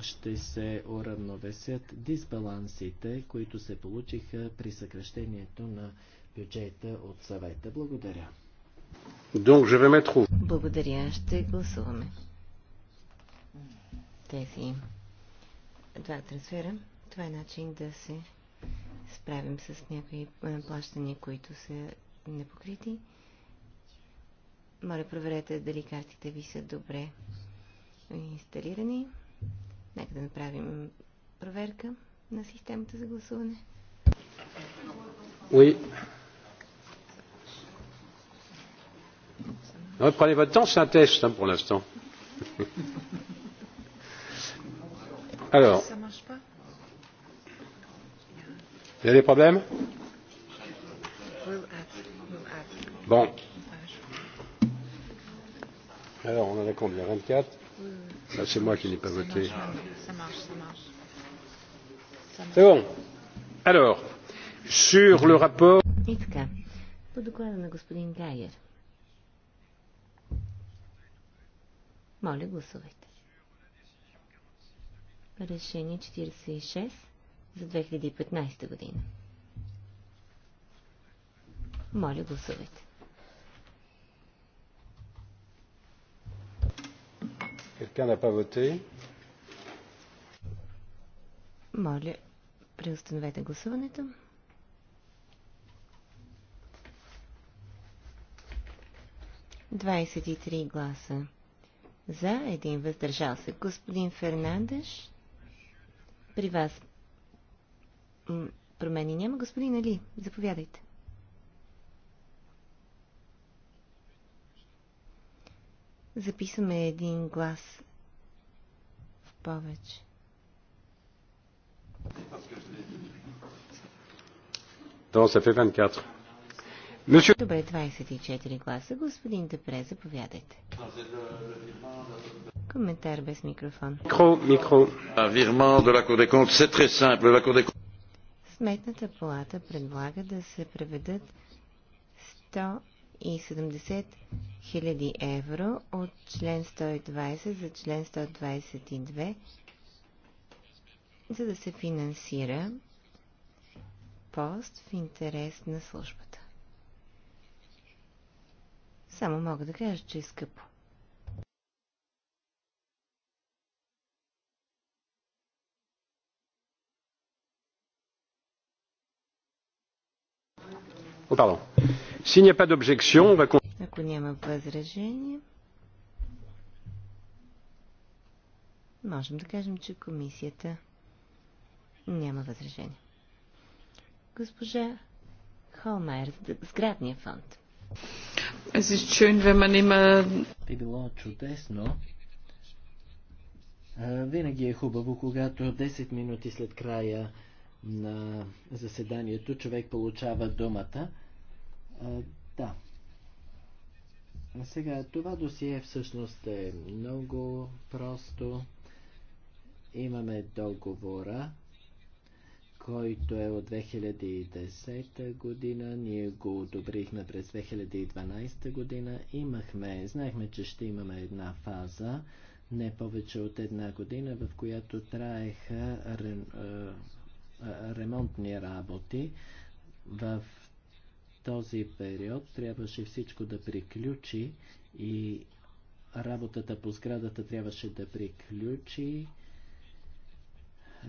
ще се уравновесят дисбалансите, които се получиха при съкрещението на бюджета от съвета. Благодаря. Благодаря. Ще гласуваме тези два трансфера. Това е начин да се справим с някои плащания, които са непокрити. Моля, проверете дали картите ви са добре инсталирани. Нека да направим проверка на системата за гласуване. Oui. Non, prenez votre temps, c'est un test hein, pour l'instant. Alors. Il y a des problèmes Bon. Alors, on en a combien 24 Là, c'est moi qui n'ai pas voté. Ça ça marche, marche. C'est bon. Alors, sur le rapport. И така, по доклада на господин Гайер. Моля, гласувайте. Решение 46 за 2015 година. Моля, гласувайте. Quelqu'un n'a pas voté Моля, преустановете гласуването. Двадесет и три гласа за, един въздържал се. Господин Фернандеш, при вас промени няма. Господин Али, заповядайте. Записваме един глас в повече. Dans ça fait 24. Добре, 24 гласа. Господин Депре, заповядайте. Коментар без микрофон. Микро, микро. Сметната палата предлага да се преведат 170 000 евро от член 120 за член 122, за да се финансира пост в интерес на службата. Само мога да кажа, че е скъпо. Oh, Ако няма възражение, можем да кажем, че комисията няма възражение. Госпожа Холмайер, сградния фонд. Es ist schön, wenn man immer... Би било чудесно. Винаги е хубаво, когато 10 минути след края на заседанието човек получава думата. Да. А сега, това досие всъщност е много просто. Имаме договора който е от 2010 година. Ние го одобрихме през 2012 година. Имахме, знаехме, че ще имаме една фаза, не повече от една година, в която траеха ремонтни работи. В този период трябваше всичко да приключи и работата по сградата трябваше да приключи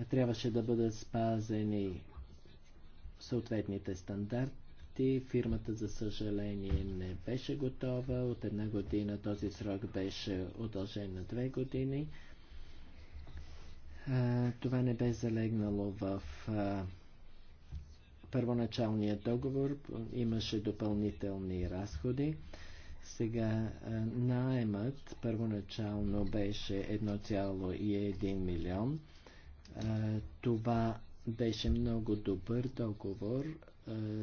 трябваше да бъдат спазени съответните стандарти. Фирмата, за съжаление, не беше готова. От една година този срок беше удължен на две години. Това не бе залегнало в първоначалния договор. Имаше допълнителни разходи. Сега наемът първоначално беше 1,1 милион е, това беше много добър договор. Е,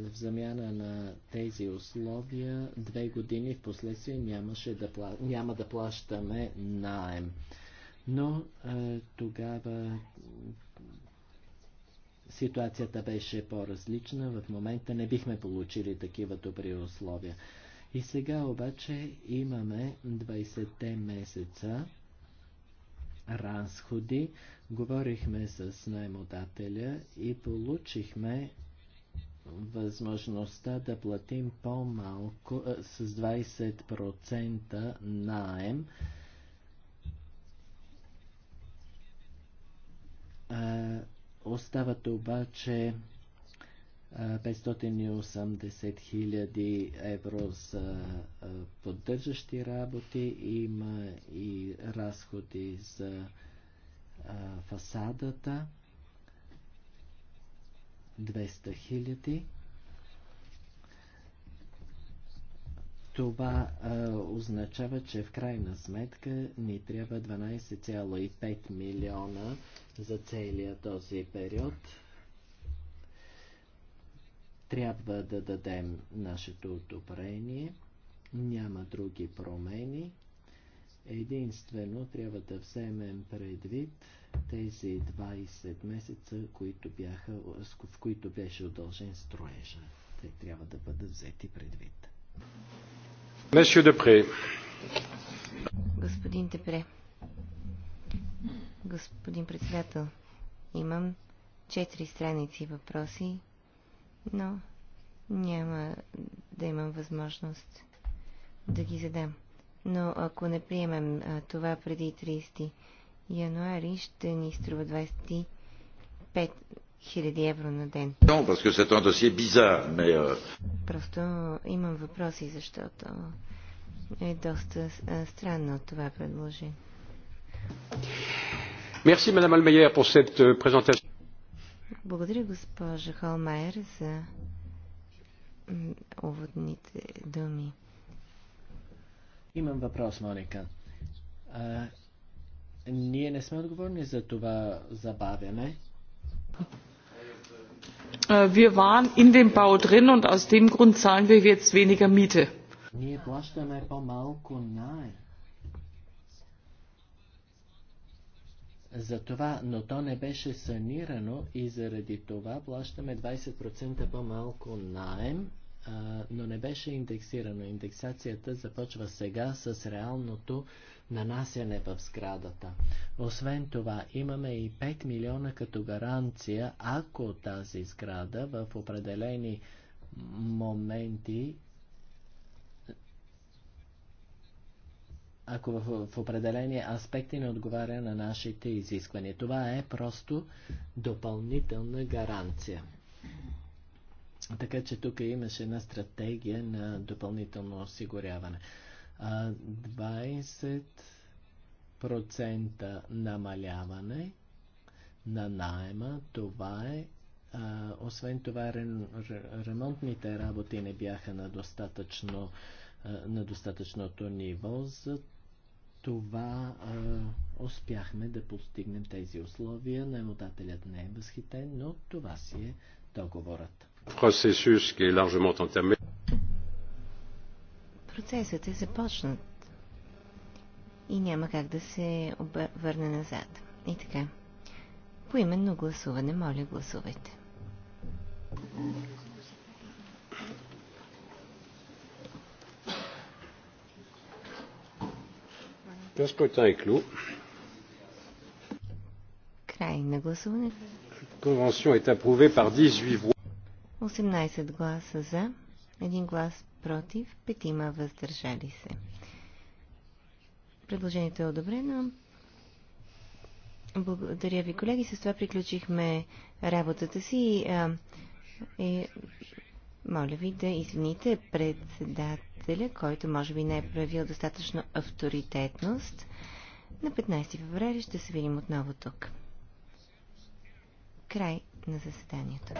в замяна на тези условия, две години в последствие нямаше да пла... няма да плащаме найем. Но е, тогава ситуацията беше по-различна. В момента не бихме получили такива добри условия. И сега обаче имаме 20 месеца разходи. Говорихме с наемодателя и получихме възможността да платим по-малко с 20% наем. Остават обаче 580 хиляди евро за поддържащи работи, има и разходи за фасадата 200 хиляди. Това а, означава, че в крайна сметка ни трябва 12,5 милиона за целия този период. Трябва да дадем нашето одобрение. Няма други промени. Единствено трябва да вземем предвид тези 20 месеца, които бяха, в които беше удължен строежа. Те трябва да бъдат взети предвид. Господин Депре, господин председател, имам четири страници въпроси, но няма да имам възможност да ги задам. Но ако не приемем а, това преди 30 януари, ще ни струва 25 000 евро на ден. Non, parce que c'est un dossier bizarre, mais, euh... Просто имам въпроси, защото е доста а, странно това предложение. Merci, Madame Almeyer, pour cette euh, présentation. Благодаря, госпожа Халмайер, за уводните думи. Имам въпрос, Моника. А, ние не сме отговорни за това забавяне. Е, wir waren in dem Bau drin und aus dem Grund zahlen wir jetzt weniger Miete. Ние плащаме по-малко найм. Затова, но то не беше санирано и заради това плащаме 20% по-малко наем, но не беше индексирано. Индексацията започва сега с реалното нанасяне в сградата. Освен това, имаме и 5 милиона като гаранция, ако тази сграда в определени моменти ако в, в определени аспекти не отговаря на нашите изисквания. Това е просто допълнителна гаранция. Така че тук имаше една стратегия на допълнително осигуряване. 20% намаляване на найема, това е. освен това, ремонтните работи не бяха на достатъчно на достатъчното ниво, за това а, успяхме да постигнем тези условия. Наемодателят не е възхитен, но това си е договорът. Е Процесът е започнат и няма как да се върне назад. И така. Поименно гласуване, моля гласувайте. Le scrutin est clos. Край на гласуването. е апрове par 18 voix. 18 гласа за, 1 глас против, 5 има въздържали се. Предложението е одобрено. Благодаря ви, колеги. С това приключихме работата си. И, и моля ви да извините председателя, който може би не е проявил достатъчно авторитетност. На 15 феврари ще се видим отново тук. Край на заседанието.